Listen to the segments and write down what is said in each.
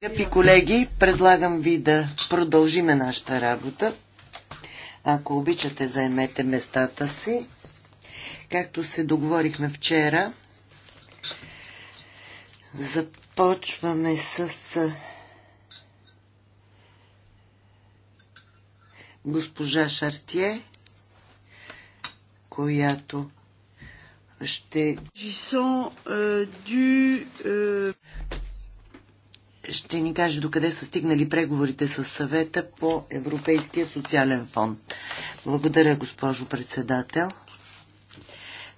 Скъпи колеги, предлагам ви да продължиме нашата работа. Ако обичате, заемете местата си. Както се договорихме вчера, започваме с госпожа Шартие, която ще... Euh, euh, ще ни каже до къде са стигнали преговорите с съвета по Европейския социален фонд. Благодаря, госпожо председател.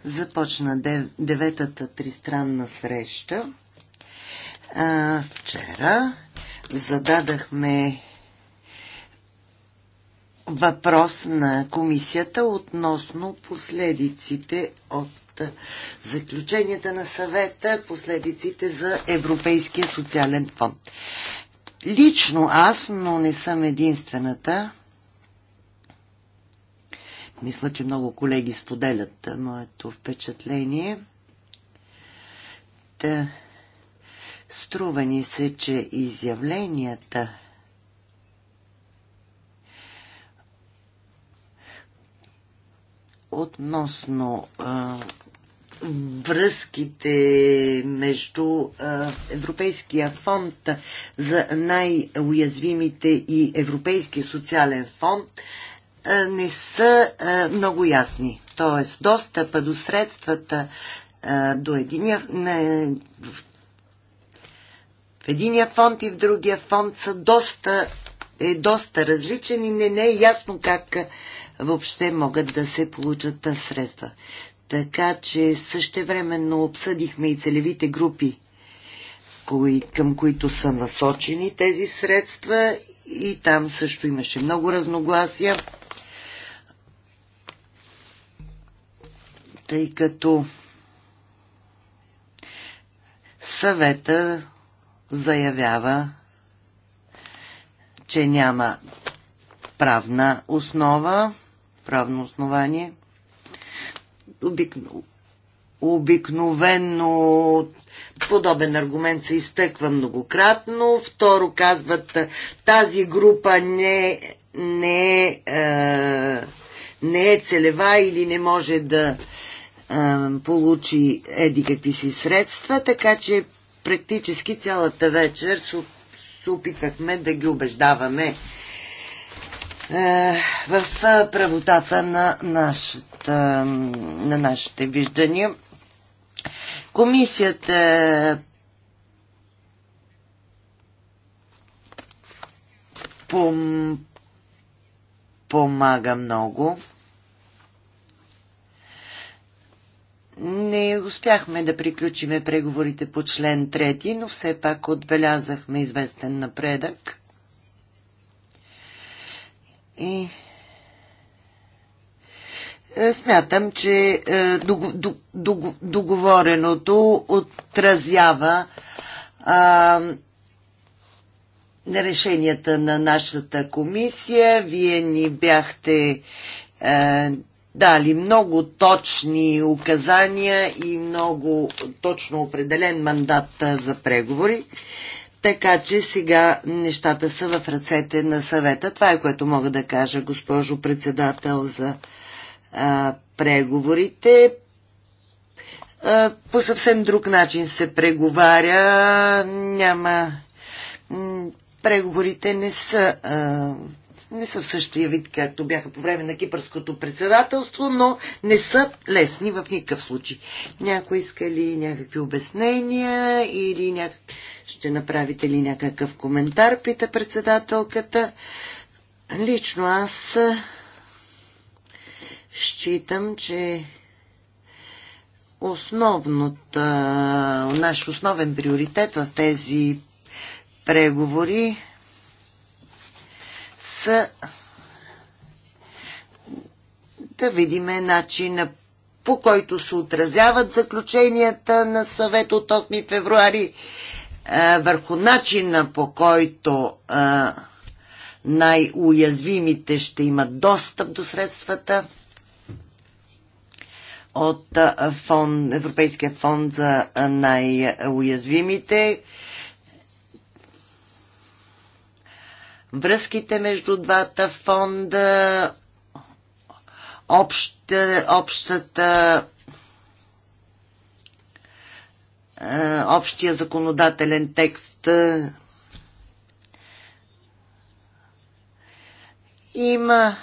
Започна деветата тристранна среща. А, вчера зададахме въпрос на комисията относно последиците от заключенията на съвета, последиците за Европейския социален фонд. Лично аз, но не съм единствената, мисля, че много колеги споделят моето впечатление. Та, струва ни се, че изявленията относно връзките между Европейския фонд за най-уязвимите и Европейския социален фонд не са много ясни. Тоест, достъпа до средствата до единия, не, в единия фонд и в другия фонд са доста, е доста различен и не, не е ясно как въобще могат да се получат средства. Така че същевременно обсъдихме и целевите групи, кои, към които са насочени тези средства и там също имаше много разногласия, тъй като съвета заявява, че няма правна основа, правно основание обикновено обикновенно подобен аргумент се изтъква многократно. Второ, казват, тази група не, не, е, е, не е целева или не може да е, получи еди какви си средства, така че практически цялата вечер се опитахме да ги убеждаваме е, в е, правотата на нашата на нашите виждания. Комисията пом... помага много. Не успяхме да приключиме преговорите по член 3, но все пак отбелязахме известен напредък. И е, смятам, че е, договореното отразява решенията на нашата комисия. Вие ни бяхте е, дали много точни указания и много точно определен мандат за преговори. Така че сега нещата са в ръцете на съвета. Това е което мога да кажа, госпожо председател, за а, преговорите. А, по съвсем друг начин се преговаря. Няма. Преговорите не са. А, не са в същия вид, както бяха по време на кипърското председателство, но не са лесни в никакъв случай. Някой иска ли някакви обяснения или няк... ще направите ли някакъв коментар, пита председателката. Лично аз считам, че основната, наш основен приоритет в тези преговори са да видиме начина по който се отразяват заключенията на съвет от 8 февруари върху начина по който най-уязвимите ще имат достъп до средствата от фон, Европейския фонд за най-уязвимите. Връзките между двата фонда, общата, общата общия законодателен текст има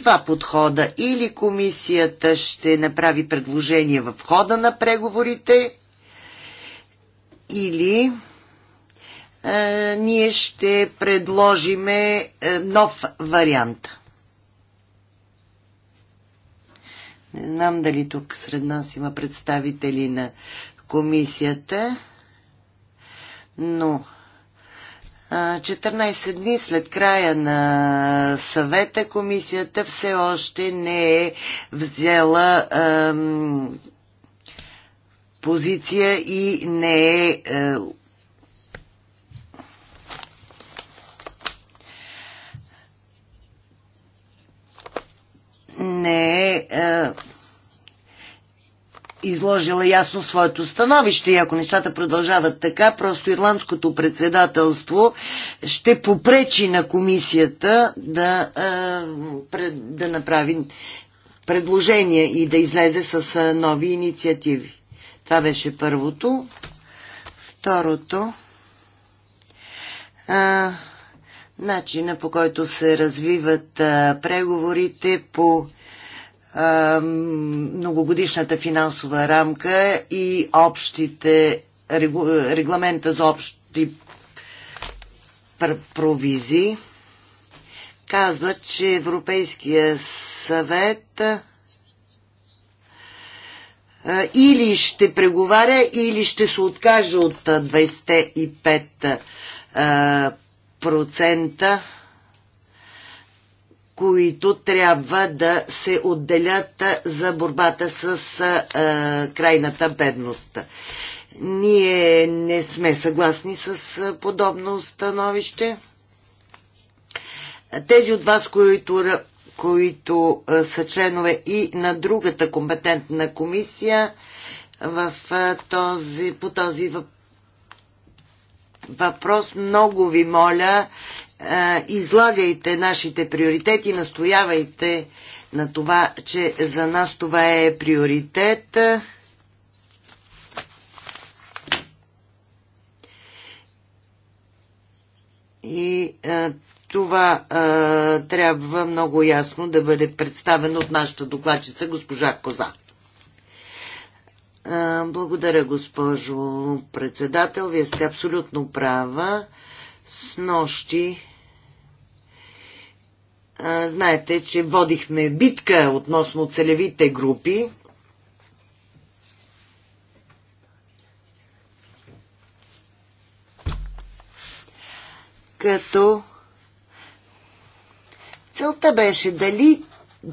два подхода. Или комисията ще направи предложение в хода на преговорите, или е, ние ще предложиме е, нов вариант. Не знам дали тук сред нас има представители на комисията, но 14 дни след края на съвета комисията все още не е взела позиция и не е, е не е, е изложила ясно своето становище и ако нещата продължават така, просто ирландското председателство ще попречи на комисията да, да направи предложения и да излезе с нови инициативи. Това беше първото. Второто. А, начина по който се развиват а, преговорите по многогодишната финансова рамка и общите регламента за общи провизии казва, че Европейския съвет или ще преговаря, или ще се откаже от 25% които трябва да се отделят за борбата с крайната бедност. Ние не сме съгласни с подобно становище. Тези от вас, които, които са членове и на другата компетентна комисия, в този, по този въпрос много ви моля излагайте нашите приоритети, настоявайте на това, че за нас това е приоритет. И а, това а, трябва много ясно да бъде представено от нашата докладчица госпожа Коза. А, благодаря, госпожо председател. Вие сте абсолютно права. С нощи Знаете, че водихме битка относно целевите групи. Като целта беше дали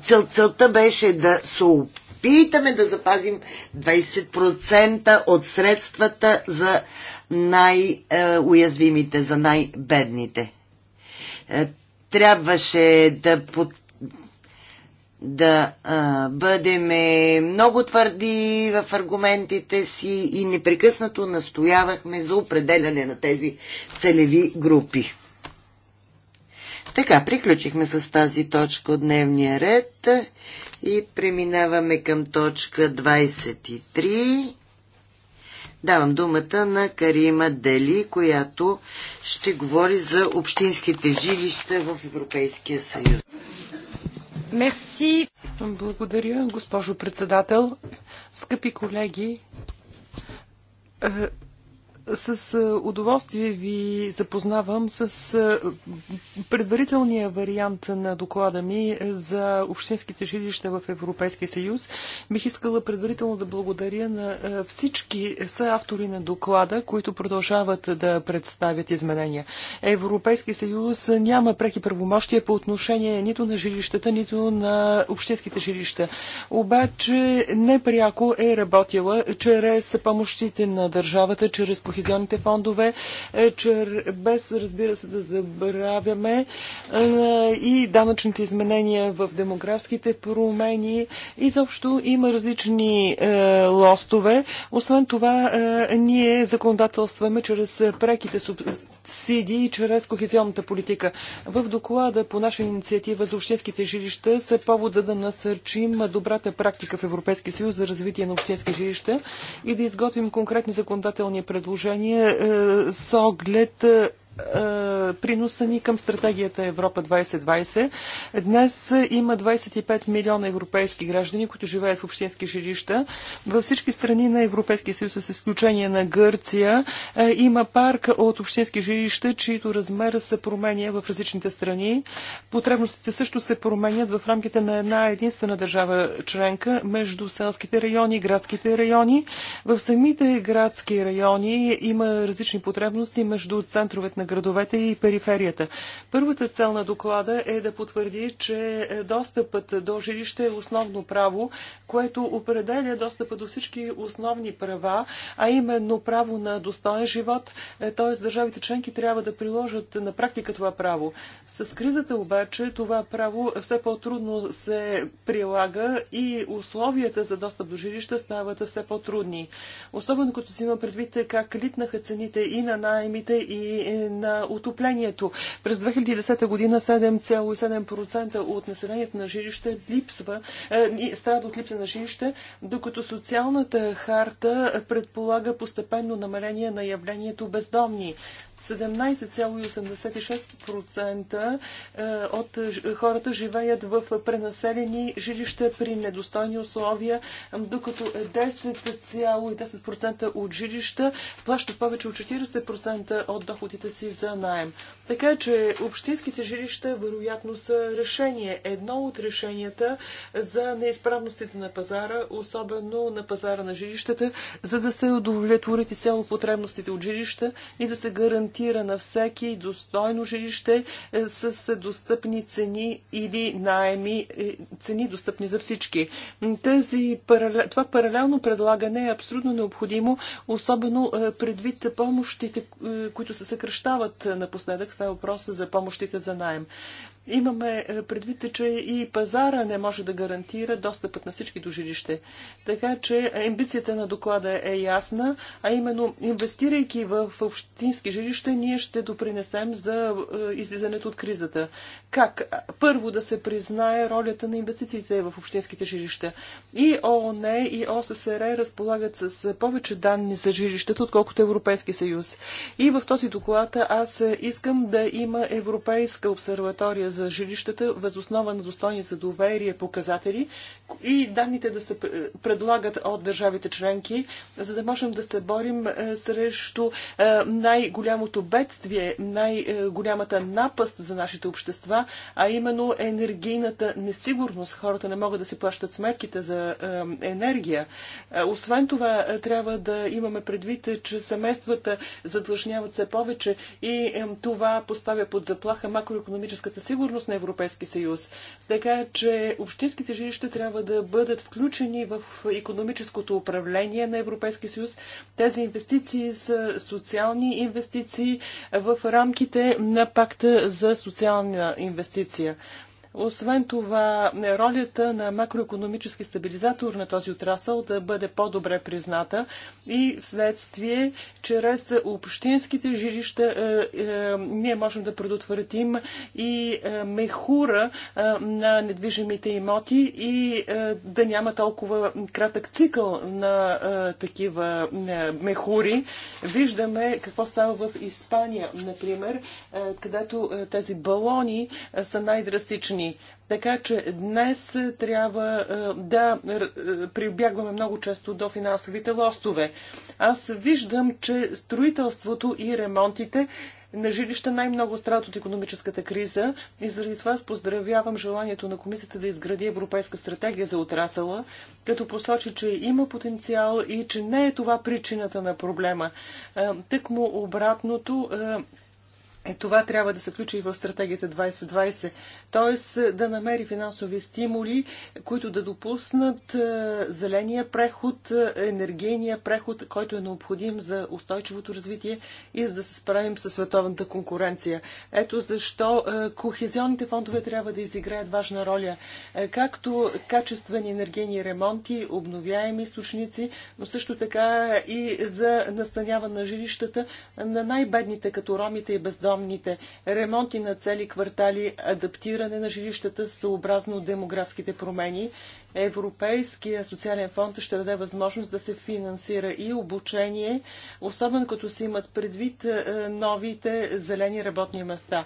цел, целта беше да се опитаме да запазим 20% от средствата за най-уязвимите, е, за най-бедните. Е, трябваше да под да а, бъдем много твърди в аргументите си и непрекъснато настоявахме за определяне на тези целеви групи. Така, приключихме с тази точка от дневния ред и преминаваме към точка 23. Давам думата на Карима Дели, която ще говори за общинските жилища в Европейския съюз. Мерси. Благодаря, госпожо председател. Скъпи колеги, е, с е, удоволствие ви запознавам с е, предварителния вариант на доклада ми е, за общинските жилища в Европейския съюз. Бих искала предварително да благодаря на всички съавтори на доклада, които продължават да представят изменения. Европейския съюз няма преки правомощия по отношение нито на жилищата, нито на общинските жилища. Обаче непряко е работила чрез помощите на държавата, чрез кохезионните фондове, е, че без, разбира се, да забравяме е, и данъчните изменения в демографските промени. Изобщо има различни е, лостове. Освен това, ние законодателстваме чрез преките субсидии и чрез кохезионната политика. В доклада по наша инициатива за общинските жилища са повод за да насърчим добрата практика в Европейския съюз за развитие на общински жилища и да изготвим конкретни законодателни предложения предложение с оглед е, е, приноса ни към стратегията Европа 2020. Днес има 25 милиона европейски граждани, които живеят в общински жилища. Във всички страни на Европейския съюз, с изключение на Гърция, е, има парк от общински жилища, чието размер се променя в различните страни. Потребностите също се променят в рамките на една единствена държава членка между селските райони и градските райони. В самите градски райони има различни потребности между центровете на градовете и периферията. Първата цел на доклада е да потвърди, че е, достъпът до жилище е основно право, което определя достъпа до всички основни права, а именно право на достоен живот, т.е. държавите членки трябва да приложат на практика това право. С кризата обаче това право все по-трудно се прилага и условията за достъп до жилища стават все по-трудни. Особено като си има предвид как литнаха цените и на найемите, и е, на отоплението. През 2010 година 7,7% от населението на жилище липсва, е, страда от липса на жилище, докато социалната харта предполага постепенно намаление на явлението бездомни. 17,86% е, от хората живеят в пренаселени жилища при недостойни условия, докато 10,10% е от жилища плащат повече от 40% от доходите си за найем. Така че общинските жилища вероятно са решение. Едно от решенията за неизправностите на пазара, особено на пазара на жилищата, за да се удовлетворят изцяло потребностите от жилища и да се гарантира на всеки достойно жилище е, с достъпни цени или найеми, е, цени достъпни за всички. Тези, това паралелно предлагане е абсолютно необходимо, особено е, предвид помощите, които се съкръщават напоследък става въпрос за помощите за найем. Имаме е, предвид, че и пазара не може да гарантира достъпът на всички до жилище. Така че е, амбицията на доклада е ясна, а именно инвестирайки в общински жилища, ние ще допринесем за е, излизането от кризата. Как? Първо да се признае ролята на инвестициите в общинските жилища. И ООН и ОССР разполагат с повече данни за жилището, отколкото Европейски съюз. И в този доклад аз искам да има Европейска обсерватория за жилищата възоснова на достойни за доверие показатели и данните да се е, предлагат от държавите членки, за да можем да се борим е, срещу е, най-голямото бедствие, най-голямата напаст за нашите общества, а именно енергийната несигурност. Хората не могат да си плащат сметките за енергия. Освен това, трябва да имаме предвид, че семействата задлъжняват все повече и това поставя под заплаха макроекономическата сигурност сигурност на Европейски съюз. Така че общинските жилища трябва да бъдат включени в економическото управление на Европейски съюз. Тези инвестиции са социални инвестиции в рамките на пакта за социална инвестиция. Освен това, ролята на макроекономически стабилизатор на този отрасъл да бъде по-добре призната и вследствие, чрез общинските жилища е, е, ние можем да предотвратим и е, мехура на недвижимите имоти и да няма толкова кратък цикъл на такива мехури. Виждаме какво става в Испания, например, където тези балони са най-драстични така че днес е, трябва е, да е, прибягваме много често до финансовите лостове. Аз виждам, че строителството и ремонтите на жилища най-много страдат от економическата криза и заради това аз поздравявам желанието на комисията да изгради европейска стратегия за отрасъла, като посочи, че има потенциал и че не е това причината на проблема. Тък му обратното това трябва да се включи и в стратегията 2020 т.е. да намери финансови стимули, които да допуснат е, зеления преход, е, енергийния преход, който е необходим за устойчивото развитие и за да се справим с световната конкуренция. Ето защо е, кохезионните фондове трябва да изиграят важна роля, както качествени енергийни ремонти, обновяеми източници, но също така и за настаняване на жилищата на най-бедните, като ромите и бездомните, ремонти на цели квартали, адаптирани финансиране на жилищата съобразно демографските промени. Европейския социален фонд ще даде възможност да се финансира и обучение, особено като се имат предвид е, новите зелени работни места.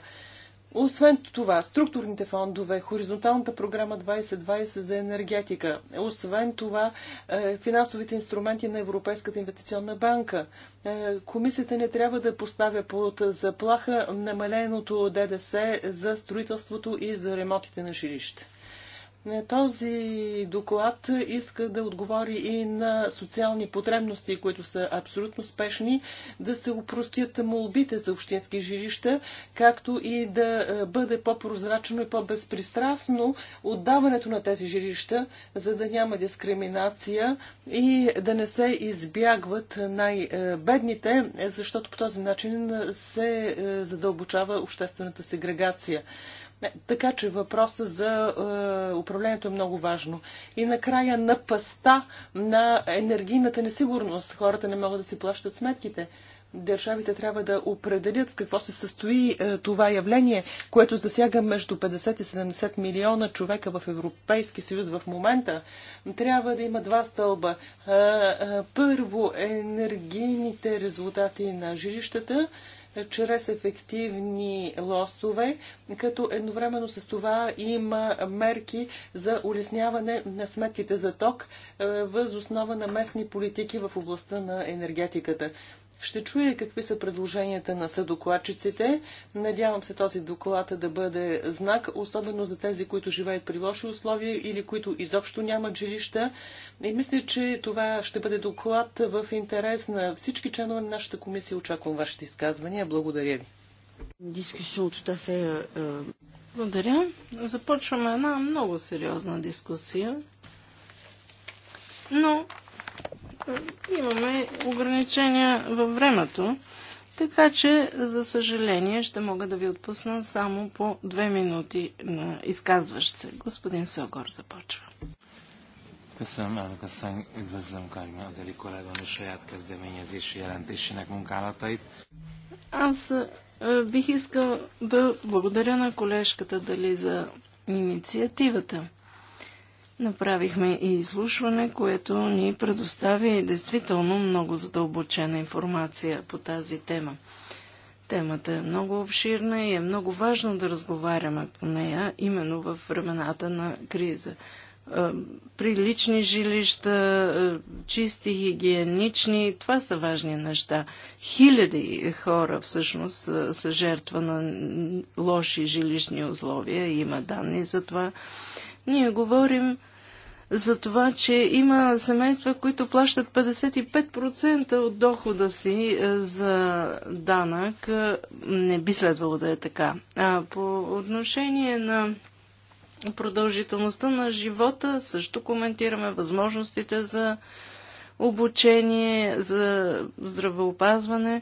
Освен това, структурните фондове, хоризонталната програма 2020 за енергетика, освен това, е, финансовите инструменти на Европейската инвестиционна банка. Е, комисията не трябва да поставя под заплаха намаленото ДДС за строителството и за ремонтите на жилище. Е, този доклад иска да отговори и на социални потребности, които са абсолютно спешни, да се упростят молбите за общински жилища, както и да е, бъде по-прозрачно и по-безпристрастно отдаването на тези жилища, за да няма дискриминация и да не се избягват най-бедните, защото по този начин се е, задълбочава обществената сегрегация. Не, така че въпроса за е, управлението е много важно. И накрая на паста на енергийната несигурност. Хората не могат да си плащат сметките. Държавите трябва да определят в какво се състои е, това явление, което засяга между 50 и 70 милиона човека в Европейски съюз в момента. Трябва да има два стълба. Е, е, първо, енергийните резултати на жилищата. Е, чрез ефективни лостове, като едновременно с това има мерки за улесняване на сметките за ток е, въз основа на местни политики в областта на енергетиката. Ще чуя какви са предложенията на съдокладчиците. Надявам се този доклад да бъде знак, особено за тези, които живеят при лоши условия или които изобщо нямат жилища. И мисля, че това ще бъде доклад в интерес на всички членове на нашата комисия. Очаквам вашите изказвания. Благодаря ви. Благодаря. Започваме една много сериозна дискусия. Но имаме ограничения във времето, така че, за съжаление, ще мога да ви отпусна само по две минути на изказващ се. Господин Согор започва. Köszönöm, elnök asszony, üdvözlöm Karima Adeli kolléganő saját kezdeményezési jelentésének munkálatait. Аз е, бих искал да благодаря на колежката Дали за инициативата. Направихме и изслушване, което ни предостави действително много задълбочена информация по тази тема. Темата е много обширна и е много важно да разговаряме по нея, именно в времената на криза. Е, Прилични жилища, е, чисти, хигиенични, това са важни неща. Хиляди хора всъщност е, са жертва на лоши жилищни условия, има данни за това. Ние говорим за това, че има семейства, които плащат 55% от дохода си е, за данък. Е, не би следвало да е така. А по отношение на продължителността на живота, също коментираме възможностите за обучение, за здравеопазване.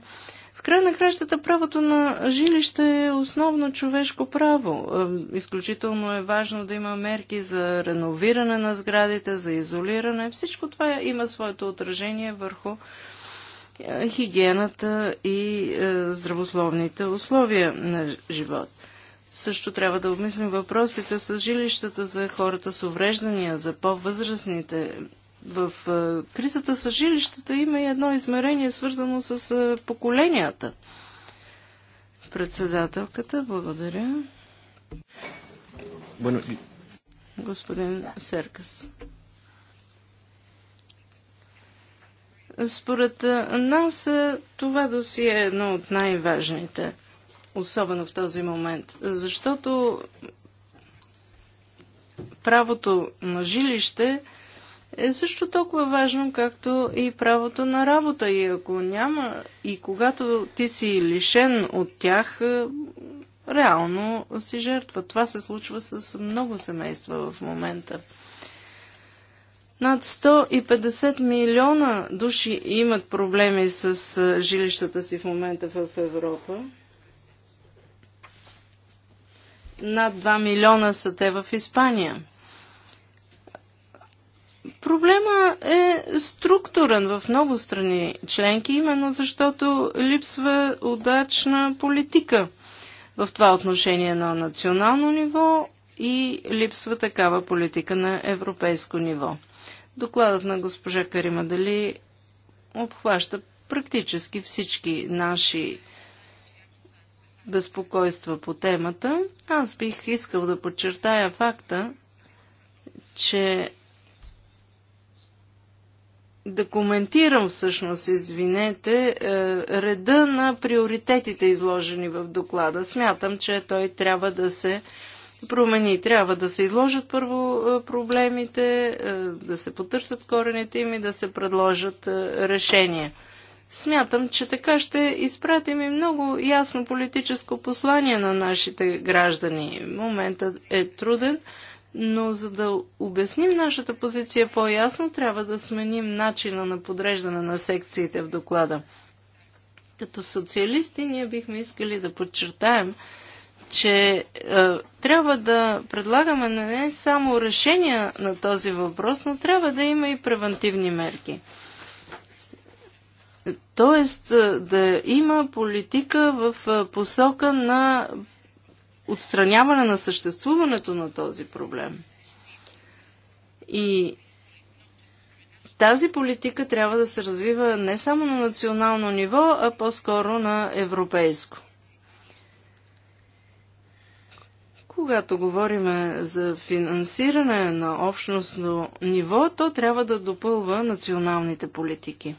В край на кращата правото на жилище е основно човешко право. Е, изключително е важно да има мерки за реновиране на сградите, за изолиране. Всичко това има своето отражение върху е, хигиената и е, здравословните условия на живот. Също трябва да обмислим въпросите с жилищата за хората с увреждания, за по-възрастните в е, кризата с жилищата има и едно измерение, свързано с е, поколенията. Председателката, благодаря. Господин Серкас. Според е, нас това доси е едно от най-важните, особено в този момент, защото правото на жилище е също толкова важно, както и правото на работа. И ако няма, и когато ти си лишен от тях, е, реално си жертва. Това се случва с много семейства в момента. Над 150 милиона души имат проблеми с е, жилищата си в момента в Европа. Над 2 милиона са те в Испания. Проблема е структурен в много страни членки, именно защото липсва удачна политика в това отношение на национално ниво и липсва такава политика на европейско ниво. Докладът на госпожа Карима Дали обхваща практически всички наши безпокойства по темата. Аз бих искал да подчертая факта, че да коментирам всъщност, извинете, е, реда на приоритетите изложени в доклада. Смятам, че той трябва да се промени. Трябва да се изложат първо е, проблемите, е, да се потърсят корените им и да се предложат решения. Смятам, че така ще изпратим и много ясно политическо послание на нашите граждани. Моментът е труден но за да обясним нашата позиция по-ясно, трябва да сменим начина на подреждане на секциите в доклада. Като социалисти ние бихме искали да подчертаем, че е, трябва да предлагаме не само решения на този въпрос, но трябва да има и превентивни мерки. Тоест е, да има политика в е, посока на отстраняване на съществуването на този проблем. И тази политика трябва да се развива не само на национално ниво, а по-скоро на европейско. Когато говорим за финансиране на общностно ниво, то трябва да допълва националните политики.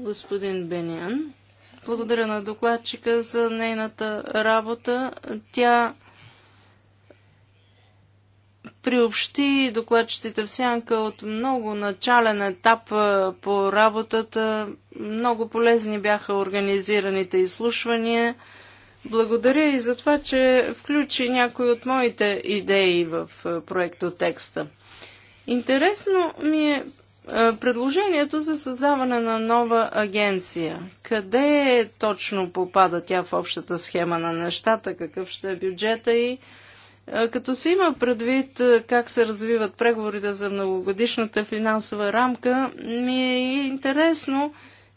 Господин Бениан. Благодаря на докладчика за нейната работа. Тя приобщи докладчиците в сянка от много начален етап по работата. Много полезни бяха организираните изслушвания. Благодаря и за това, че включи някои от моите идеи в проекто текста. Интересно ми е е, предложението за създаване на нова агенция. Къде е точно попада тя в общата схема на нещата? Какъв ще е бюджета и е, като се има предвид как се развиват преговорите за многогодишната финансова рамка, ми е интересно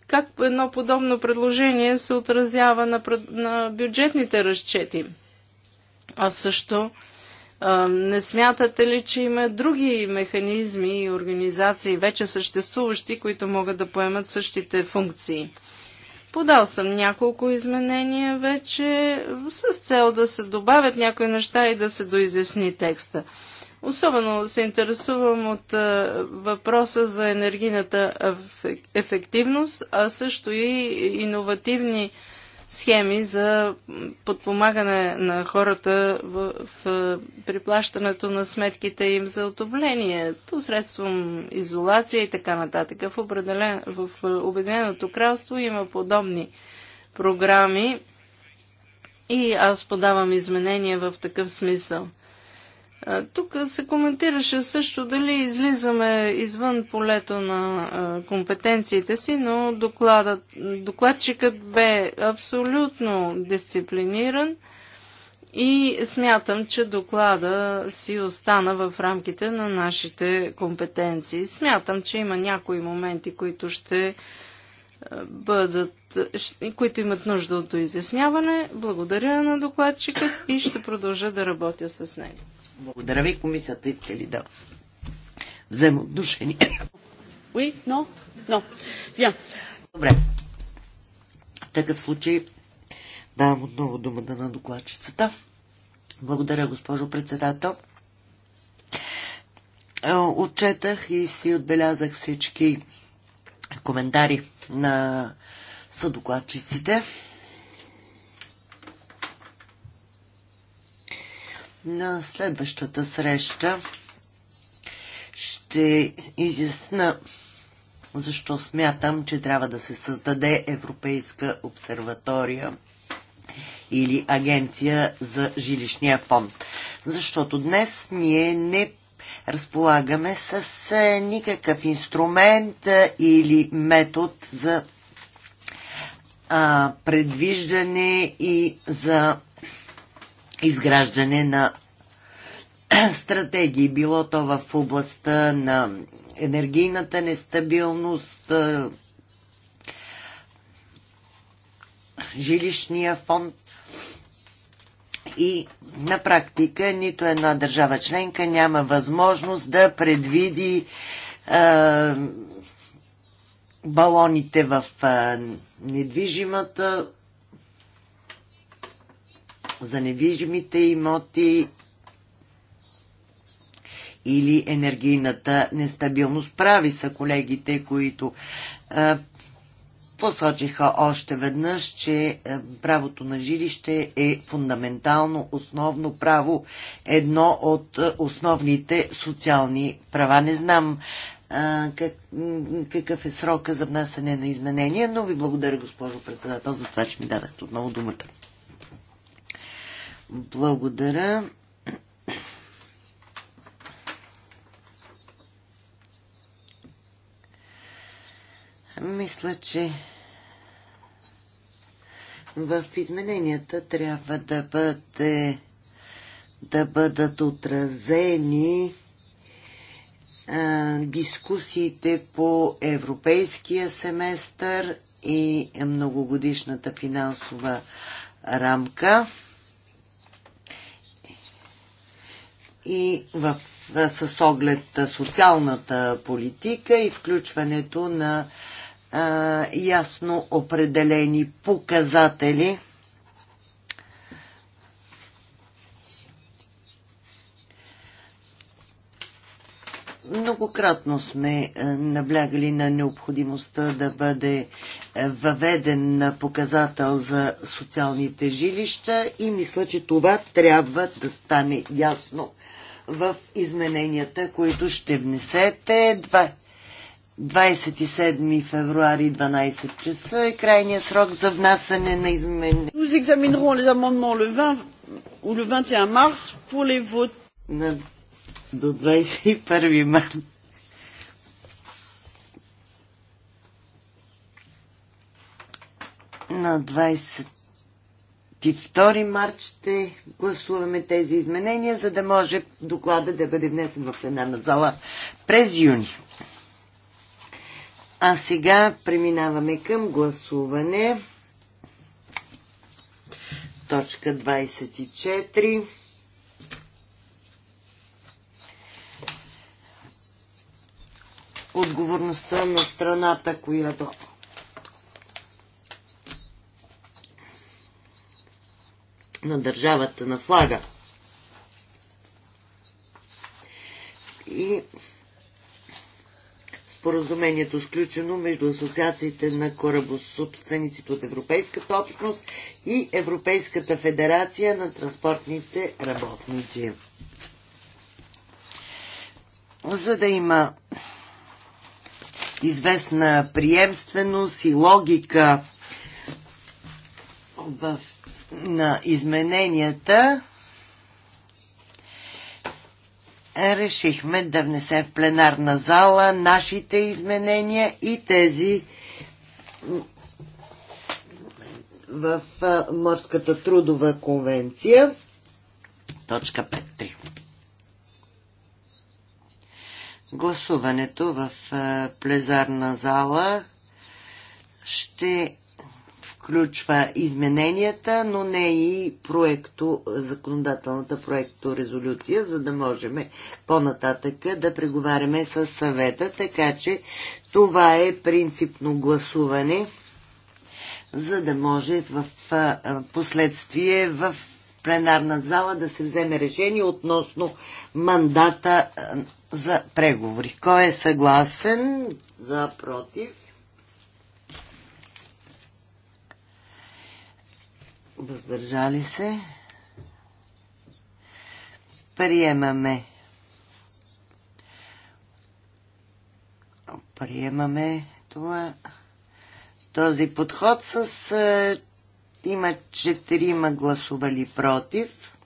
как едно подобно предложение се отразява на, на бюджетните разчети. А също не смятате ли, че има други механизми и организации, вече съществуващи, които могат да поемат същите функции? Подал съм няколко изменения вече с цел да се добавят някои неща и да се доизясни текста. Особено се интересувам от въпроса за енергийната ефективност, а също и иновативни схеми за подпомагане на хората в, в приплащането на сметките им за отопление, посредством изолация и така нататък. В, определен, в Обединеното кралство има подобни програми и аз подавам изменения в такъв смисъл – тук се коментираше също дали излизаме извън полето на компетенциите си, но докладът, докладчикът бе абсолютно дисциплиниран и смятам, че доклада си остана в рамките на нашите компетенции. Смятам, че има някои моменти, които ще бъдат, които имат нужда от изясняване. Благодаря на докладчикът и ще продължа да работя с него. Благодаря ви. Комисията иска ли да взема отношение? Уи, но, но. я. Добре. В такъв случай давам отново думата на докладчицата. Благодаря, госпожо председател. Е, отчетах и си отбелязах всички коментари на съдокладчиците. на следващата среща ще изясна защо смятам, че трябва да се създаде Европейска обсерватория или Агенция за жилищния фонд. Защото днес ние не разполагаме с е, никакъв инструмент е, или метод за а, предвиждане и за изграждане на стратегии, било то в областта на енергийната нестабилност, жилищния фонд и на практика нито една държава членка няма възможност да предвиди е, балоните в е, недвижимата за недвижимите имоти или енергийната нестабилност. Прави са колегите, които а, посочиха още веднъж, че правото на жилище е фундаментално основно право, едно от основните социални права. Не знам а, как, какъв е срока за внасяне на изменения, но ви благодаря, госпожо председател, за това, че ми дадахте отново думата. Благодаря. Мисля, че в измененията трябва да бъде да бъдат отразени а, дискусиите по европейския семестър и многогодишната финансова рамка. и в, с оглед социалната политика и включването на а, ясно определени показатели – Многократно сме е, наблягали на необходимостта да бъде е, въведен на показател за социалните жилища и мисля, че това трябва да стане ясно в измененията, които ще внесете. 27 февруари 12 часа е крайния срок за внасяне на изменения. На до 21 март. На 22 март ще гласуваме тези изменения, за да може доклада да бъде внесен в пленарна зала през юни. А сега преминаваме към гласуване. Точка 24. отговорността на страната, която на държавата на флага. И споразумението сключено между асоциациите на корабособствениците от Европейската общност и Европейската федерация на транспортните работници. За да има известна приемственост и логика в, на измененията, решихме да внесем в пленарна зала нашите изменения и тези в Морската трудова конвенция. Точка 5.3 гласуването в плезарна зала ще включва измененията, но не и проекто, законодателната проекто резолюция, за да можем по-нататък да преговаряме с съвета, така че това е принципно гласуване, за да може в последствие в пленарна зала да се вземе решение относно мандата е, за преговори. Кой е съгласен? За против? Въздържали се? Приемаме. Приемаме това, този подход с е, има четирима гласували против.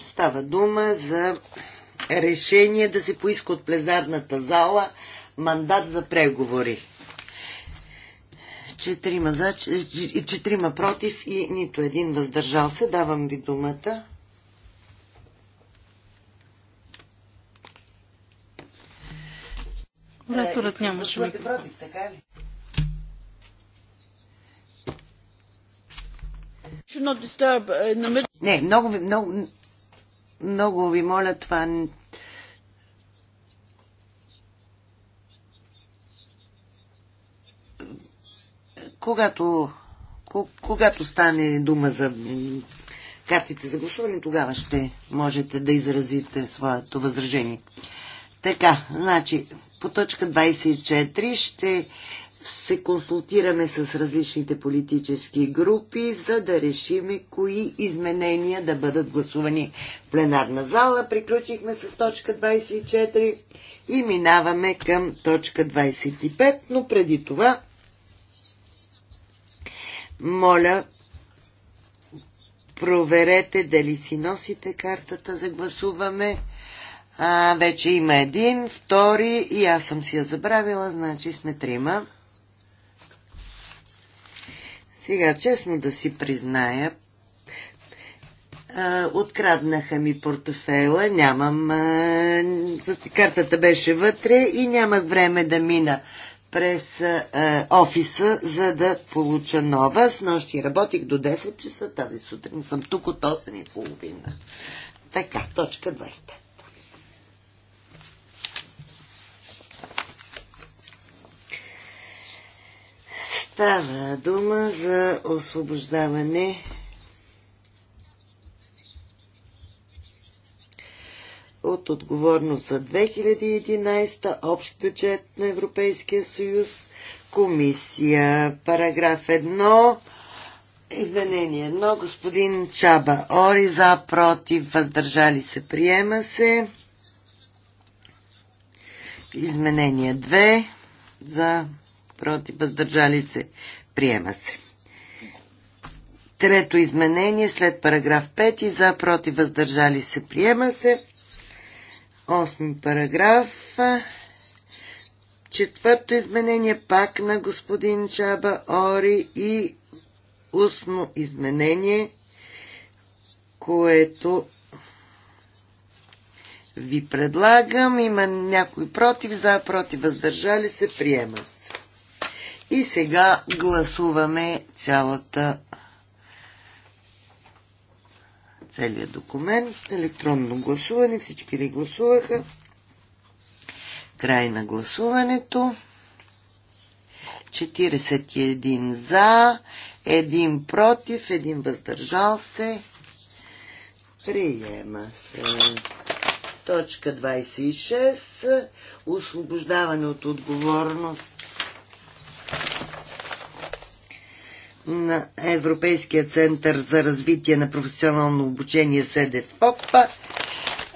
Става дума за решение да се поиска от плезарната зала мандат за преговори. Четирима, за, четирима против и нито един въздържал се. Давам ви думата. Лекторът нямаше. Против, така ли? Uh, Не, много ви, много, много ви моля това. Когато, когато стане дума за картите за гласуване, тогава ще можете да изразите своето възражение. Така, значи, по точка 24 ще се консултираме с различните политически групи, за да решиме кои изменения да бъдат гласувани в пленарна зала. Приключихме с точка 24 и минаваме към точка 25, но преди това моля проверете дали си носите картата за гласуваме. А, вече има един, втори и аз съм си я забравила, значи сме трима. Сега, честно да си призная, откраднаха ми портофела, нямам... Картата беше вътре и нямах време да мина през а, офиса, за да получа нова. С нощи работих до 10 часа, тази сутрин съм тук от 8.30. Така, точка 25. Става дума за освобождаване от отговорност за 2011 общ бюджет на Европейския съюз, комисия, параграф 1, изменение 1, господин Чаба Ори за, против, въздържали се, приема се. Изменение 2 за против, въздържали се, приема се. Трето изменение след параграф 5 за против въздържали се приема се. Осми параграф. Четвърто изменение пак на господин Чаба Ори и устно изменение, което ви предлагам. Има някой против, за против въздържали се приема се. И сега гласуваме цялата целият документ. Електронно гласуване. Всички ли гласуваха? Край на гласуването. 41 за, 1 против, 1 въздържал се. Приема се. Точка 26. Освобождаване от отговорност на Европейския център за развитие на професионално обучение СДФОП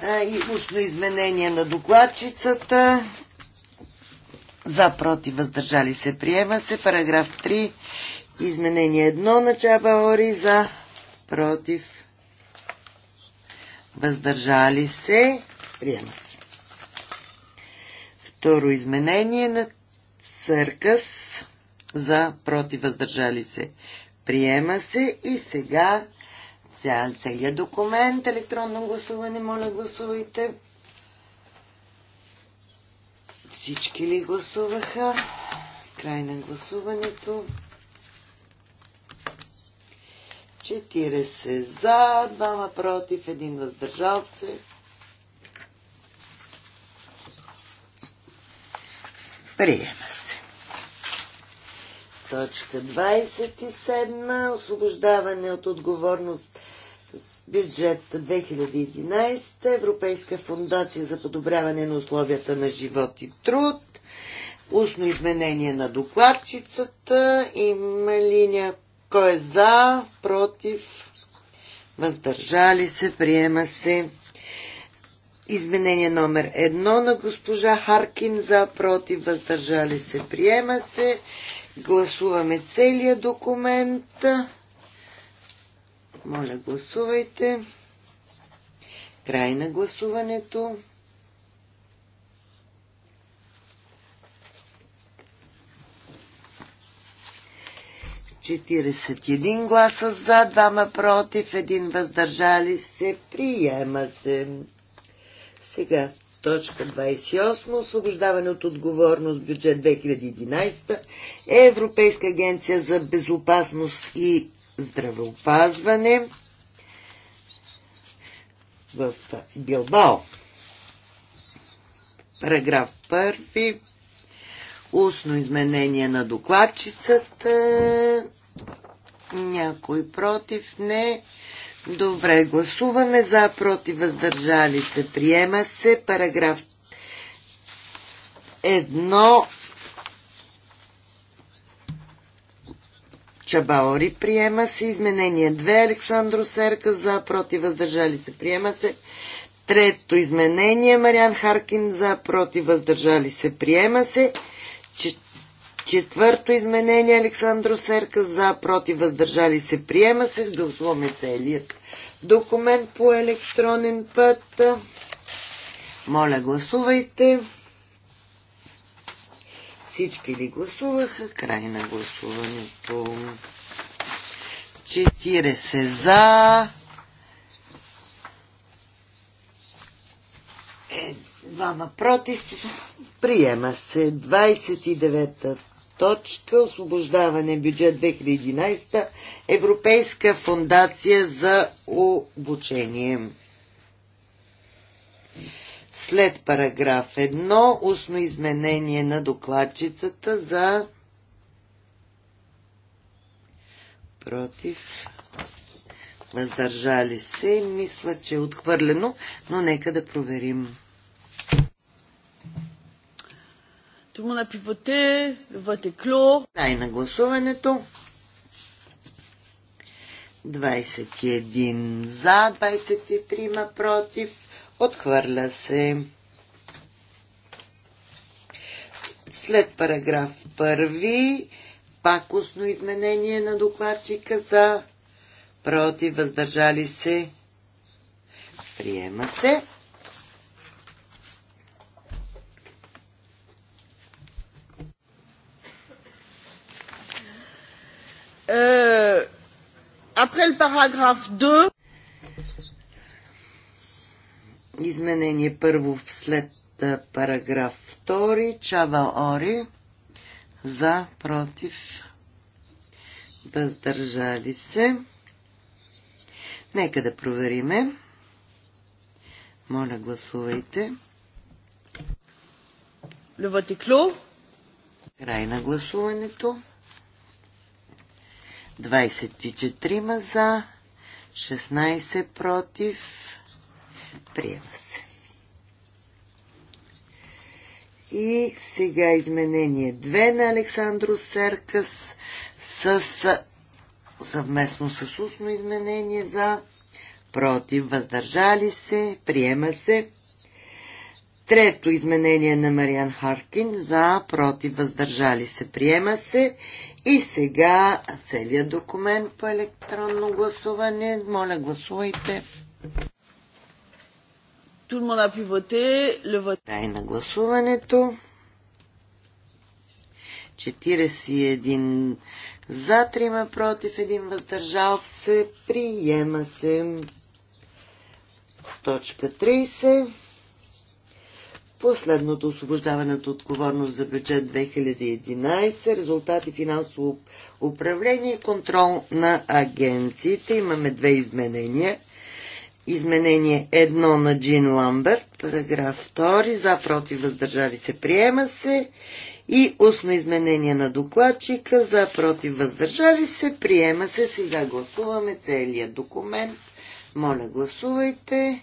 и устно изменение на докладчицата. За, против, въздържали се, приема се. Параграф 3, изменение 1 на чаба Ори, За, против, въздържали се, приема се. Второ изменение на Църкъс за против въздържали се. Приема се и сега цял, целият документ, електронно гласуване, моля гласувайте. Всички ли гласуваха? Край на гласуването. 40 за, 2 против, 1 въздържал се. Приема Точка 27. Освобождаване от отговорност с бюджет 2011. Европейска фундация за подобряване на условията на живот и труд. Устно изменение на докладчицата. Има ли някой е за, против, въздържали се, приема се. Изменение номер едно на госпожа Харкин за, против, въздържали се, приема се. Гласуваме целият документ. Моля, гласувайте. Край на гласуването. Четиридесет един гласа за, двама против, един въздържали се, приема се. Сега Точка 28. Освобождаване от отговорност бюджет 2011. Е Европейска агенция за безопасност и здравеопазване в Билбао. Параграф 1. Устно изменение на докладчицата. Някой против? Не. Добре, гласуваме за, против, въздържали се. Приема се параграф 1. Чабаори приема се. Изменение 2. Александро Серка за, против, въздържали се. Приема се. Трето изменение. Мариан Харкин за, против, въздържали се. Приема се. Че Четвърто изменение Александро Серка за, против, въздържали се, приема се. Гласуваме целият документ по електронен път. Моля, гласувайте. Всички ли гласуваха? Край на гласуването. 40 за. Е, двама против. Приема се. 29-та точка освобождаване бюджет 2011 Европейска фундация за обучение. След параграф 1 устно изменение на докладчицата за против въздържали се. Мисля, че е отхвърлено, но нека да проверим. Tout на пивоте, вътре кло. Край на гласуването. 21 за, 23 против. Отхвърля се. След параграф 1, пакусно изменение на докладчика за против, въздържали се. Приема се. Euh, après le paragraphe 2. Изменение първо след параграф 2. Чава Ори. За, против, въздържали се. Нека да провериме. Моля, гласувайте. кло. Край на гласуването. 24 за, 16 против. Приема се. И сега изменение 2 на Александро Серкас с съвместно с устно изменение за против, въздържали се, приема се. Трето изменение на Мариан Харкин за против въздържали се приема се. И сега целият документ по електронно гласуване. Моля, гласувайте. Край на гласуването. 41 за, 3 против, 1 въздържал се. Приема се. Точка 30. Последното освобождаване от отговорност за бюджет 2011, резултати финансово управление и контрол на агенциите. Имаме две изменения. Изменение 1 на Джин Ламберт, параграф 2, за против въздържали се, приема се. И устно изменение на докладчика, за против въздържали се, приема се. Сега гласуваме целият документ. Моля, гласувайте.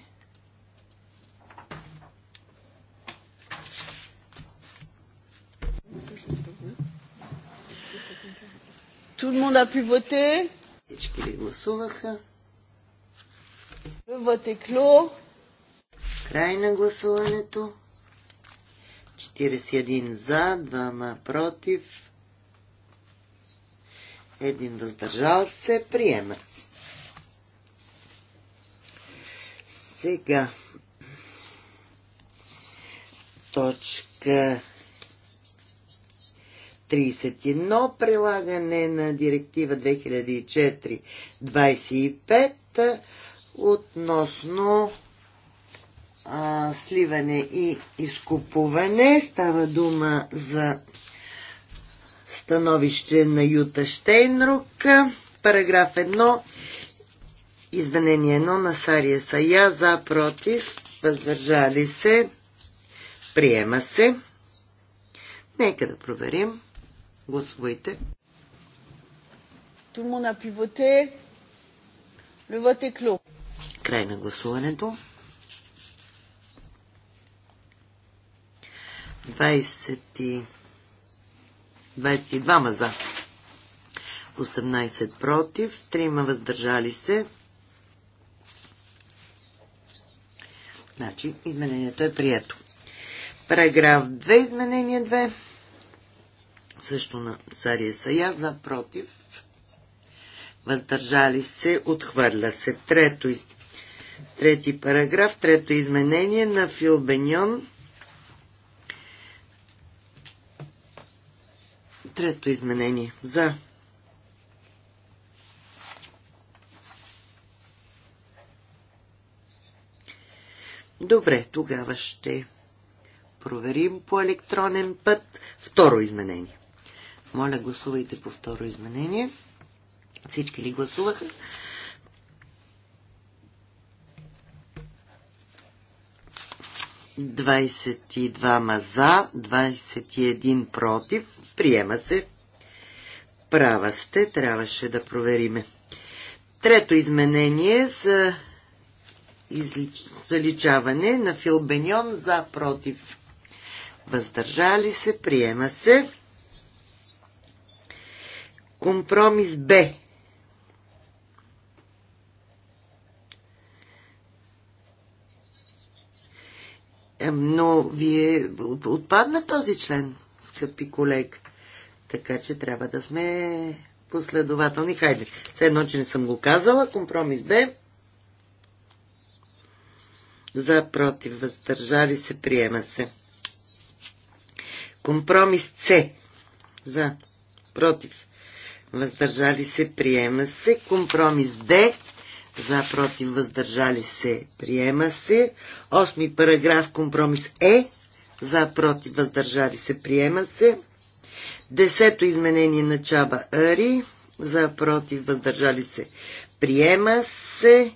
Tout le monde a pu voter. Le vote est clos. е гласуването. 41 за, 2 против, 1 въздържал се, приема се. Сега, точка 31, прилагане на директива 2004-25 относно а, сливане и изкупуване. Става дума за становище на Юта Штейнрук. Параграф 1. Изменение 1 на Сария Сая за против. Въздържали се. Приема се. Нека да проверим. Гласувайте. Tout le monde a pu voter. Le vote est clos. Край на гласуването. 22 за. 18 против, 3 въздържали се. Значи изменението е прието. Параграф 2, изменение 2 също на Сария Сая, за против, въздържали се, отхвърля се. Трето, трети параграф, трето изменение на Фил Беньон. Трето изменение за Добре, тогава ще проверим по електронен път второ изменение. Моля, гласувайте по второ изменение. Всички ли гласуваха? Двадесет и двама за, 21 против. Приема се. Права сте, трябваше да провериме. Трето изменение за заличаване на Филбеньон за против. Въздържали се, приема се. Компромис Б. Е, но вие отпадна този член, скъпи колег. Така че трябва да сме последователни. Хайде, все едно, че не съм го казала. Компромис Б. За против, въздържали се, приема се. Компромис С. За против, въздържали се, приема се. Компромис Д, за, против, въздържали се, приема се. Осми параграф, компромис Е, за, против, въздържали се, приема се. Десето изменение на Чаба Ари, за, против, въздържали се, приема се.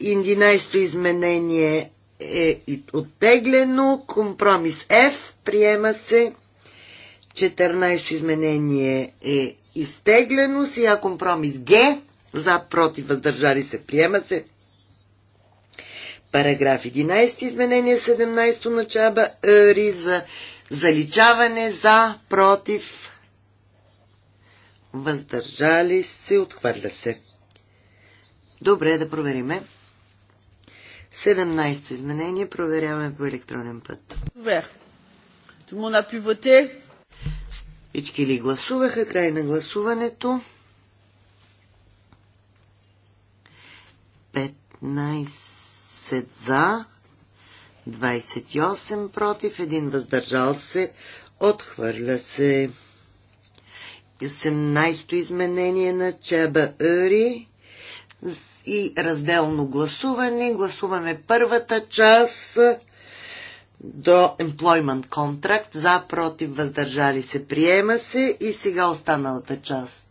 Индинайсто изменение е оттеглено. Компромис F приема се. 14 изменение е изтеглено. а компромис Г. За, против, въздържали се, приема се. Параграф 11, изменение 17 на Чаба Ри за заличаване за, против, въздържали се, отхвърля се. Добре, да провериме. 17-то изменение проверяваме по електронен път. Вер. Тому на пивоте. Всички ли гласуваха? Край на гласуването. 15 за, 28 против, един въздържал се, отхвърля се. 18-то изменение на Чеба Ъри и разделно гласуване. Гласуваме първата част до employment contract, за, против, въздържали се, приема се и сега останалата част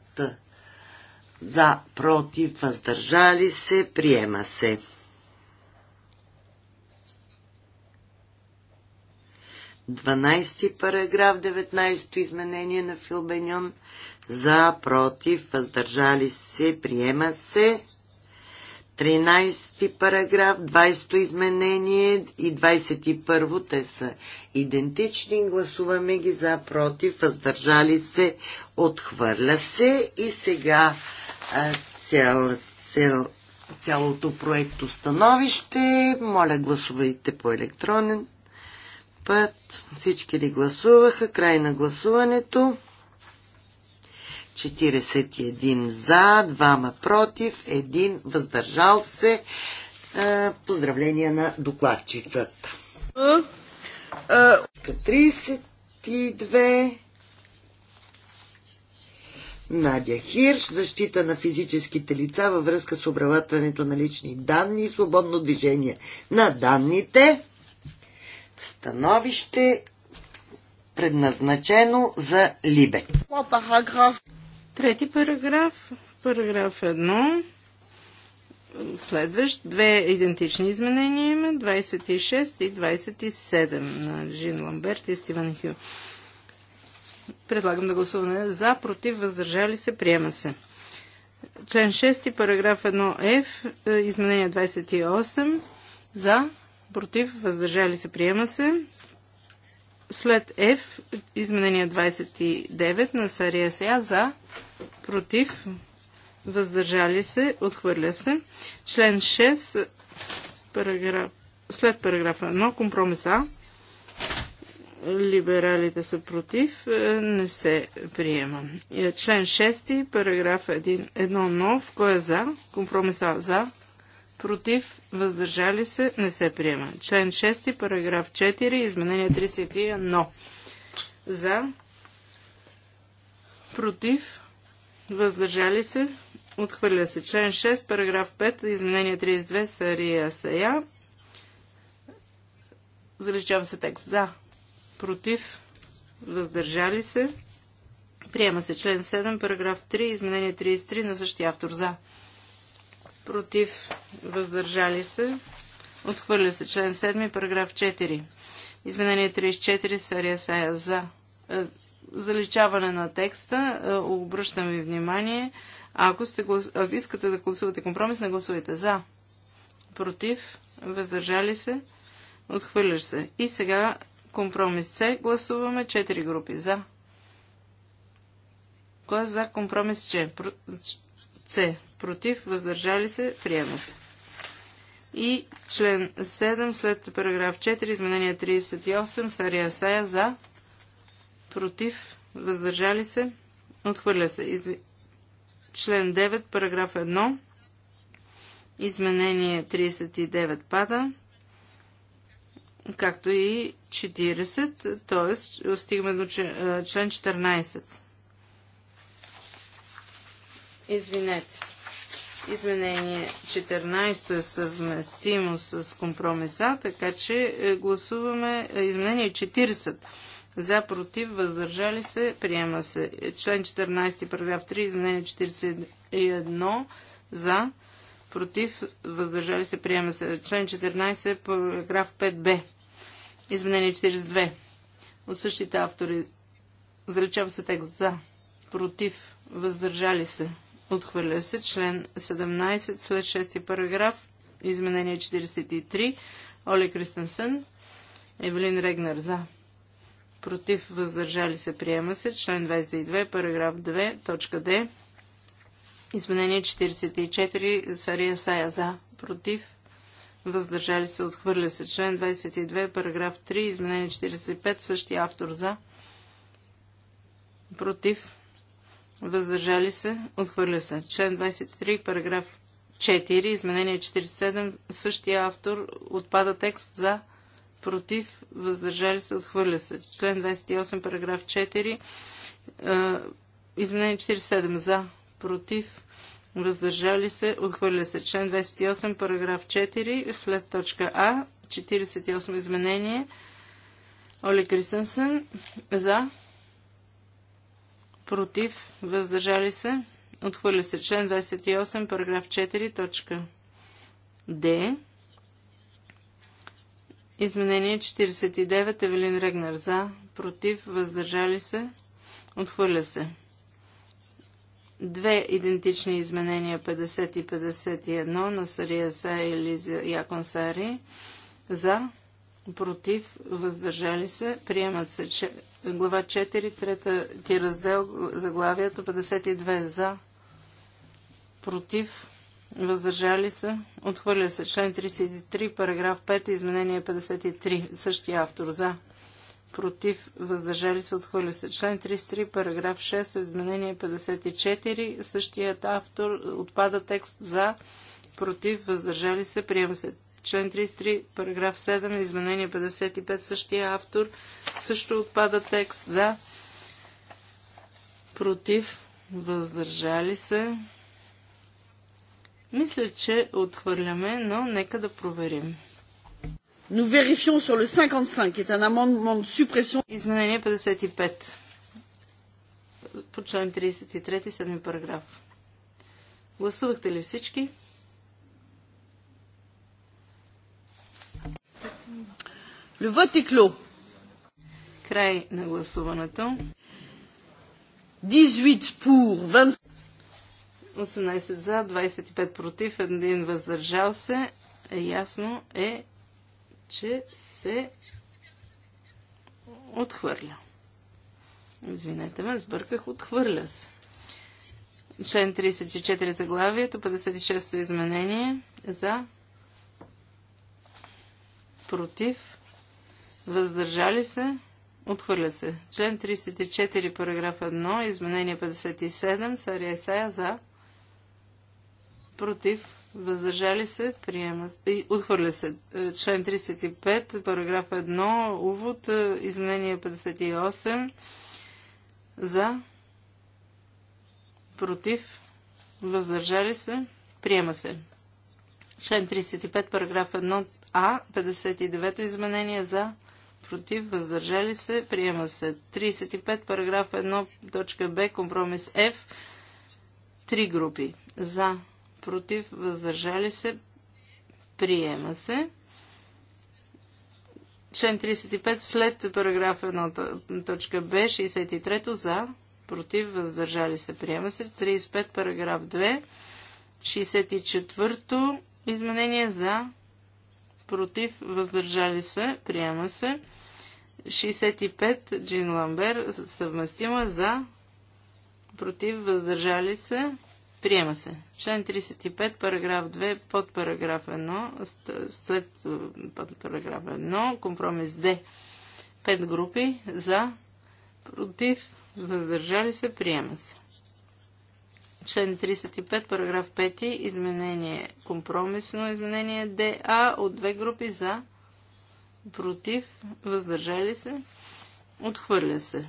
за, против, въздържали се, приема се. Дванайсти параграф, 19 изменение на Филбеньон. За, против, въздържали се, приема се. 13 параграф, 20 изменение и 21 те са идентични. Гласуваме ги за, против, въздържали се, отхвърля се и сега а, цял, цял, цялото проекто становище. Моля, гласувайте по електронен път. Всички ли гласуваха? Край на гласуването. 41 за, 2 против, 1 въздържал се. Е, поздравления на докладчицата. 32 Надя Хирш, защита на физическите лица във връзка с обработването на лични данни и свободно движение на данните. Становище предназначено за Либе. Трети параграф, параграф 1, следващ, две идентични изменения има, 26 и 27 на Жин Ламберт и Стивен Хю. Предлагам да гласуваме за, против, въздържали се, приема се. Член 6, параграф 1F, е, изменение 28, за, против, въздържали се, приема се след F, изменение 29 на серия СЯ за, против, въздържали се, отхвърля се. Член 6, параграф, след параграф 1, компромиса. Либералите са против, е, не се приема. Е, член 6, параграф 1, 1 нов, кой е за? Компромиса за, против, въздържали се, не се приема. Член 6, параграф 4, изменение 31, но за, против, въздържали се, отхвърля се. Член 6, параграф 5, изменение 32, Сария Сая, заличава се текст за, против, въздържали се, приема се. Член 7, параграф 3, изменение 33 на същия автор за против, въздържали се. Отхвърля се член 7, параграф 4. Изменение 34, серия сая за. Е, заличаване на текста. Е, обръщам ви внимание. Ако, сте, ако искате да гласувате компромис, не гласувайте за. Против, въздържали се, отхвърляш се. И сега компромис С. Гласуваме 4 групи за. Кой е за компромис С? С против, въздържали се, приема се. И член 7 след параграф 4, изменение 38, Сария Сая за, против, въздържали се, отхвърля се. Из... Член 9, параграф 1, изменение 39 пада, както и 40, т.е. стигаме до член 14. Извинете. Изменение 14 е съвместимо с компромиса, така че е, гласуваме е, изменение 40. Е, за, против, въздържали се, приема се. Член 14, параграф 3, изменение 41. За, против, въздържали се, приема се. Член 14, параграф 5б. Изменение 42. От същите автори. Заличава се текст за, против, въздържали се. Отхвърля се член 17 след 6 параграф. Изменение 43. Оли Кристенсън, Евелин Регнер за. Против въздържали се приема се. Член 22 параграф 2 точка Д. Изменение 44. Сария Сая за. Против въздържали се, отхвърля се. Член 22, параграф 3, изменение 45, същия автор за, против, въздържали се, отхвърля се. Член 23, параграф 4, изменение 47, същия автор, отпада текст за, против, въздържали се, отхвърля се. Член 28, параграф 4, е, изменение 47, за, против, въздържали се, отхвърля се. Член 28, параграф 4, след точка А, 48 изменение, Оли Кристенсен, за, против, въздържали се, отхвърля се член 28, параграф 4, точка Д. Изменение 49, Евелин Регнер за, против, въздържали се, отхвърля се. Две идентични изменения 50 и 51 на Сария Са и Лиза Якон Сари за, против, въздържали се, приемат се че, глава 4, трета ти раздел, заглавието 52 за, против, въздържали се, отхвърля се член 33, параграф 5, изменение 53, същия автор за, против, въздържали се, отхвърля се член 33, параграф 6, изменение 54, същият автор отпада текст за, против, въздържали се, приема се Член 33, параграф 7, изменение 55, същия автор. Също отпада текст за, против, въздържали се. Мисля, че отхвърляме, но нека да проверим. Nous vérifions sur le 55, qui est un amendement de suppression. Изменение 55 по член 33, 7 параграф. Гласувахте ли всички? Le vote est clos. Край на гласуването. 18 пур, 20... 18 за, 25 против, един въздържал се. Е, ясно е, че се отхвърля. Извинете ме, сбърках, отхвърля се. Член 34 заглавието, 56-то изменение за, против, въздържали се, отхвърля се. Член 34, параграф 1, изменение 57, Сария Исая за, против, въздържали се, приема, отхвърля се. Е, член 35, параграф 1, увод, е, изменение 58, за, против, въздържали се, приема се. Член 35, параграф 1, а, 59 изменение за, против, въздържали се, приема се. 35, параграф 1, точка Б, компромис F, три групи. За, против, въздържали се, приема се. Член 35 след параграф 1 точка Б, 63 за, против, въздържали се, приема се. 35 параграф 2, 64 изменение за, против, въздържали се, приема се. 65 Джин Ламбер съвместима за против въздържали се приема се. Член 35 параграф 2 под параграф 1 след е, под параграф 1 компромис Д. 5 групи за против въздържали се приема се. Член 35 параграф 5 изменение компромисно изменение ДА от две групи за против, въздържали се, отхвърля се.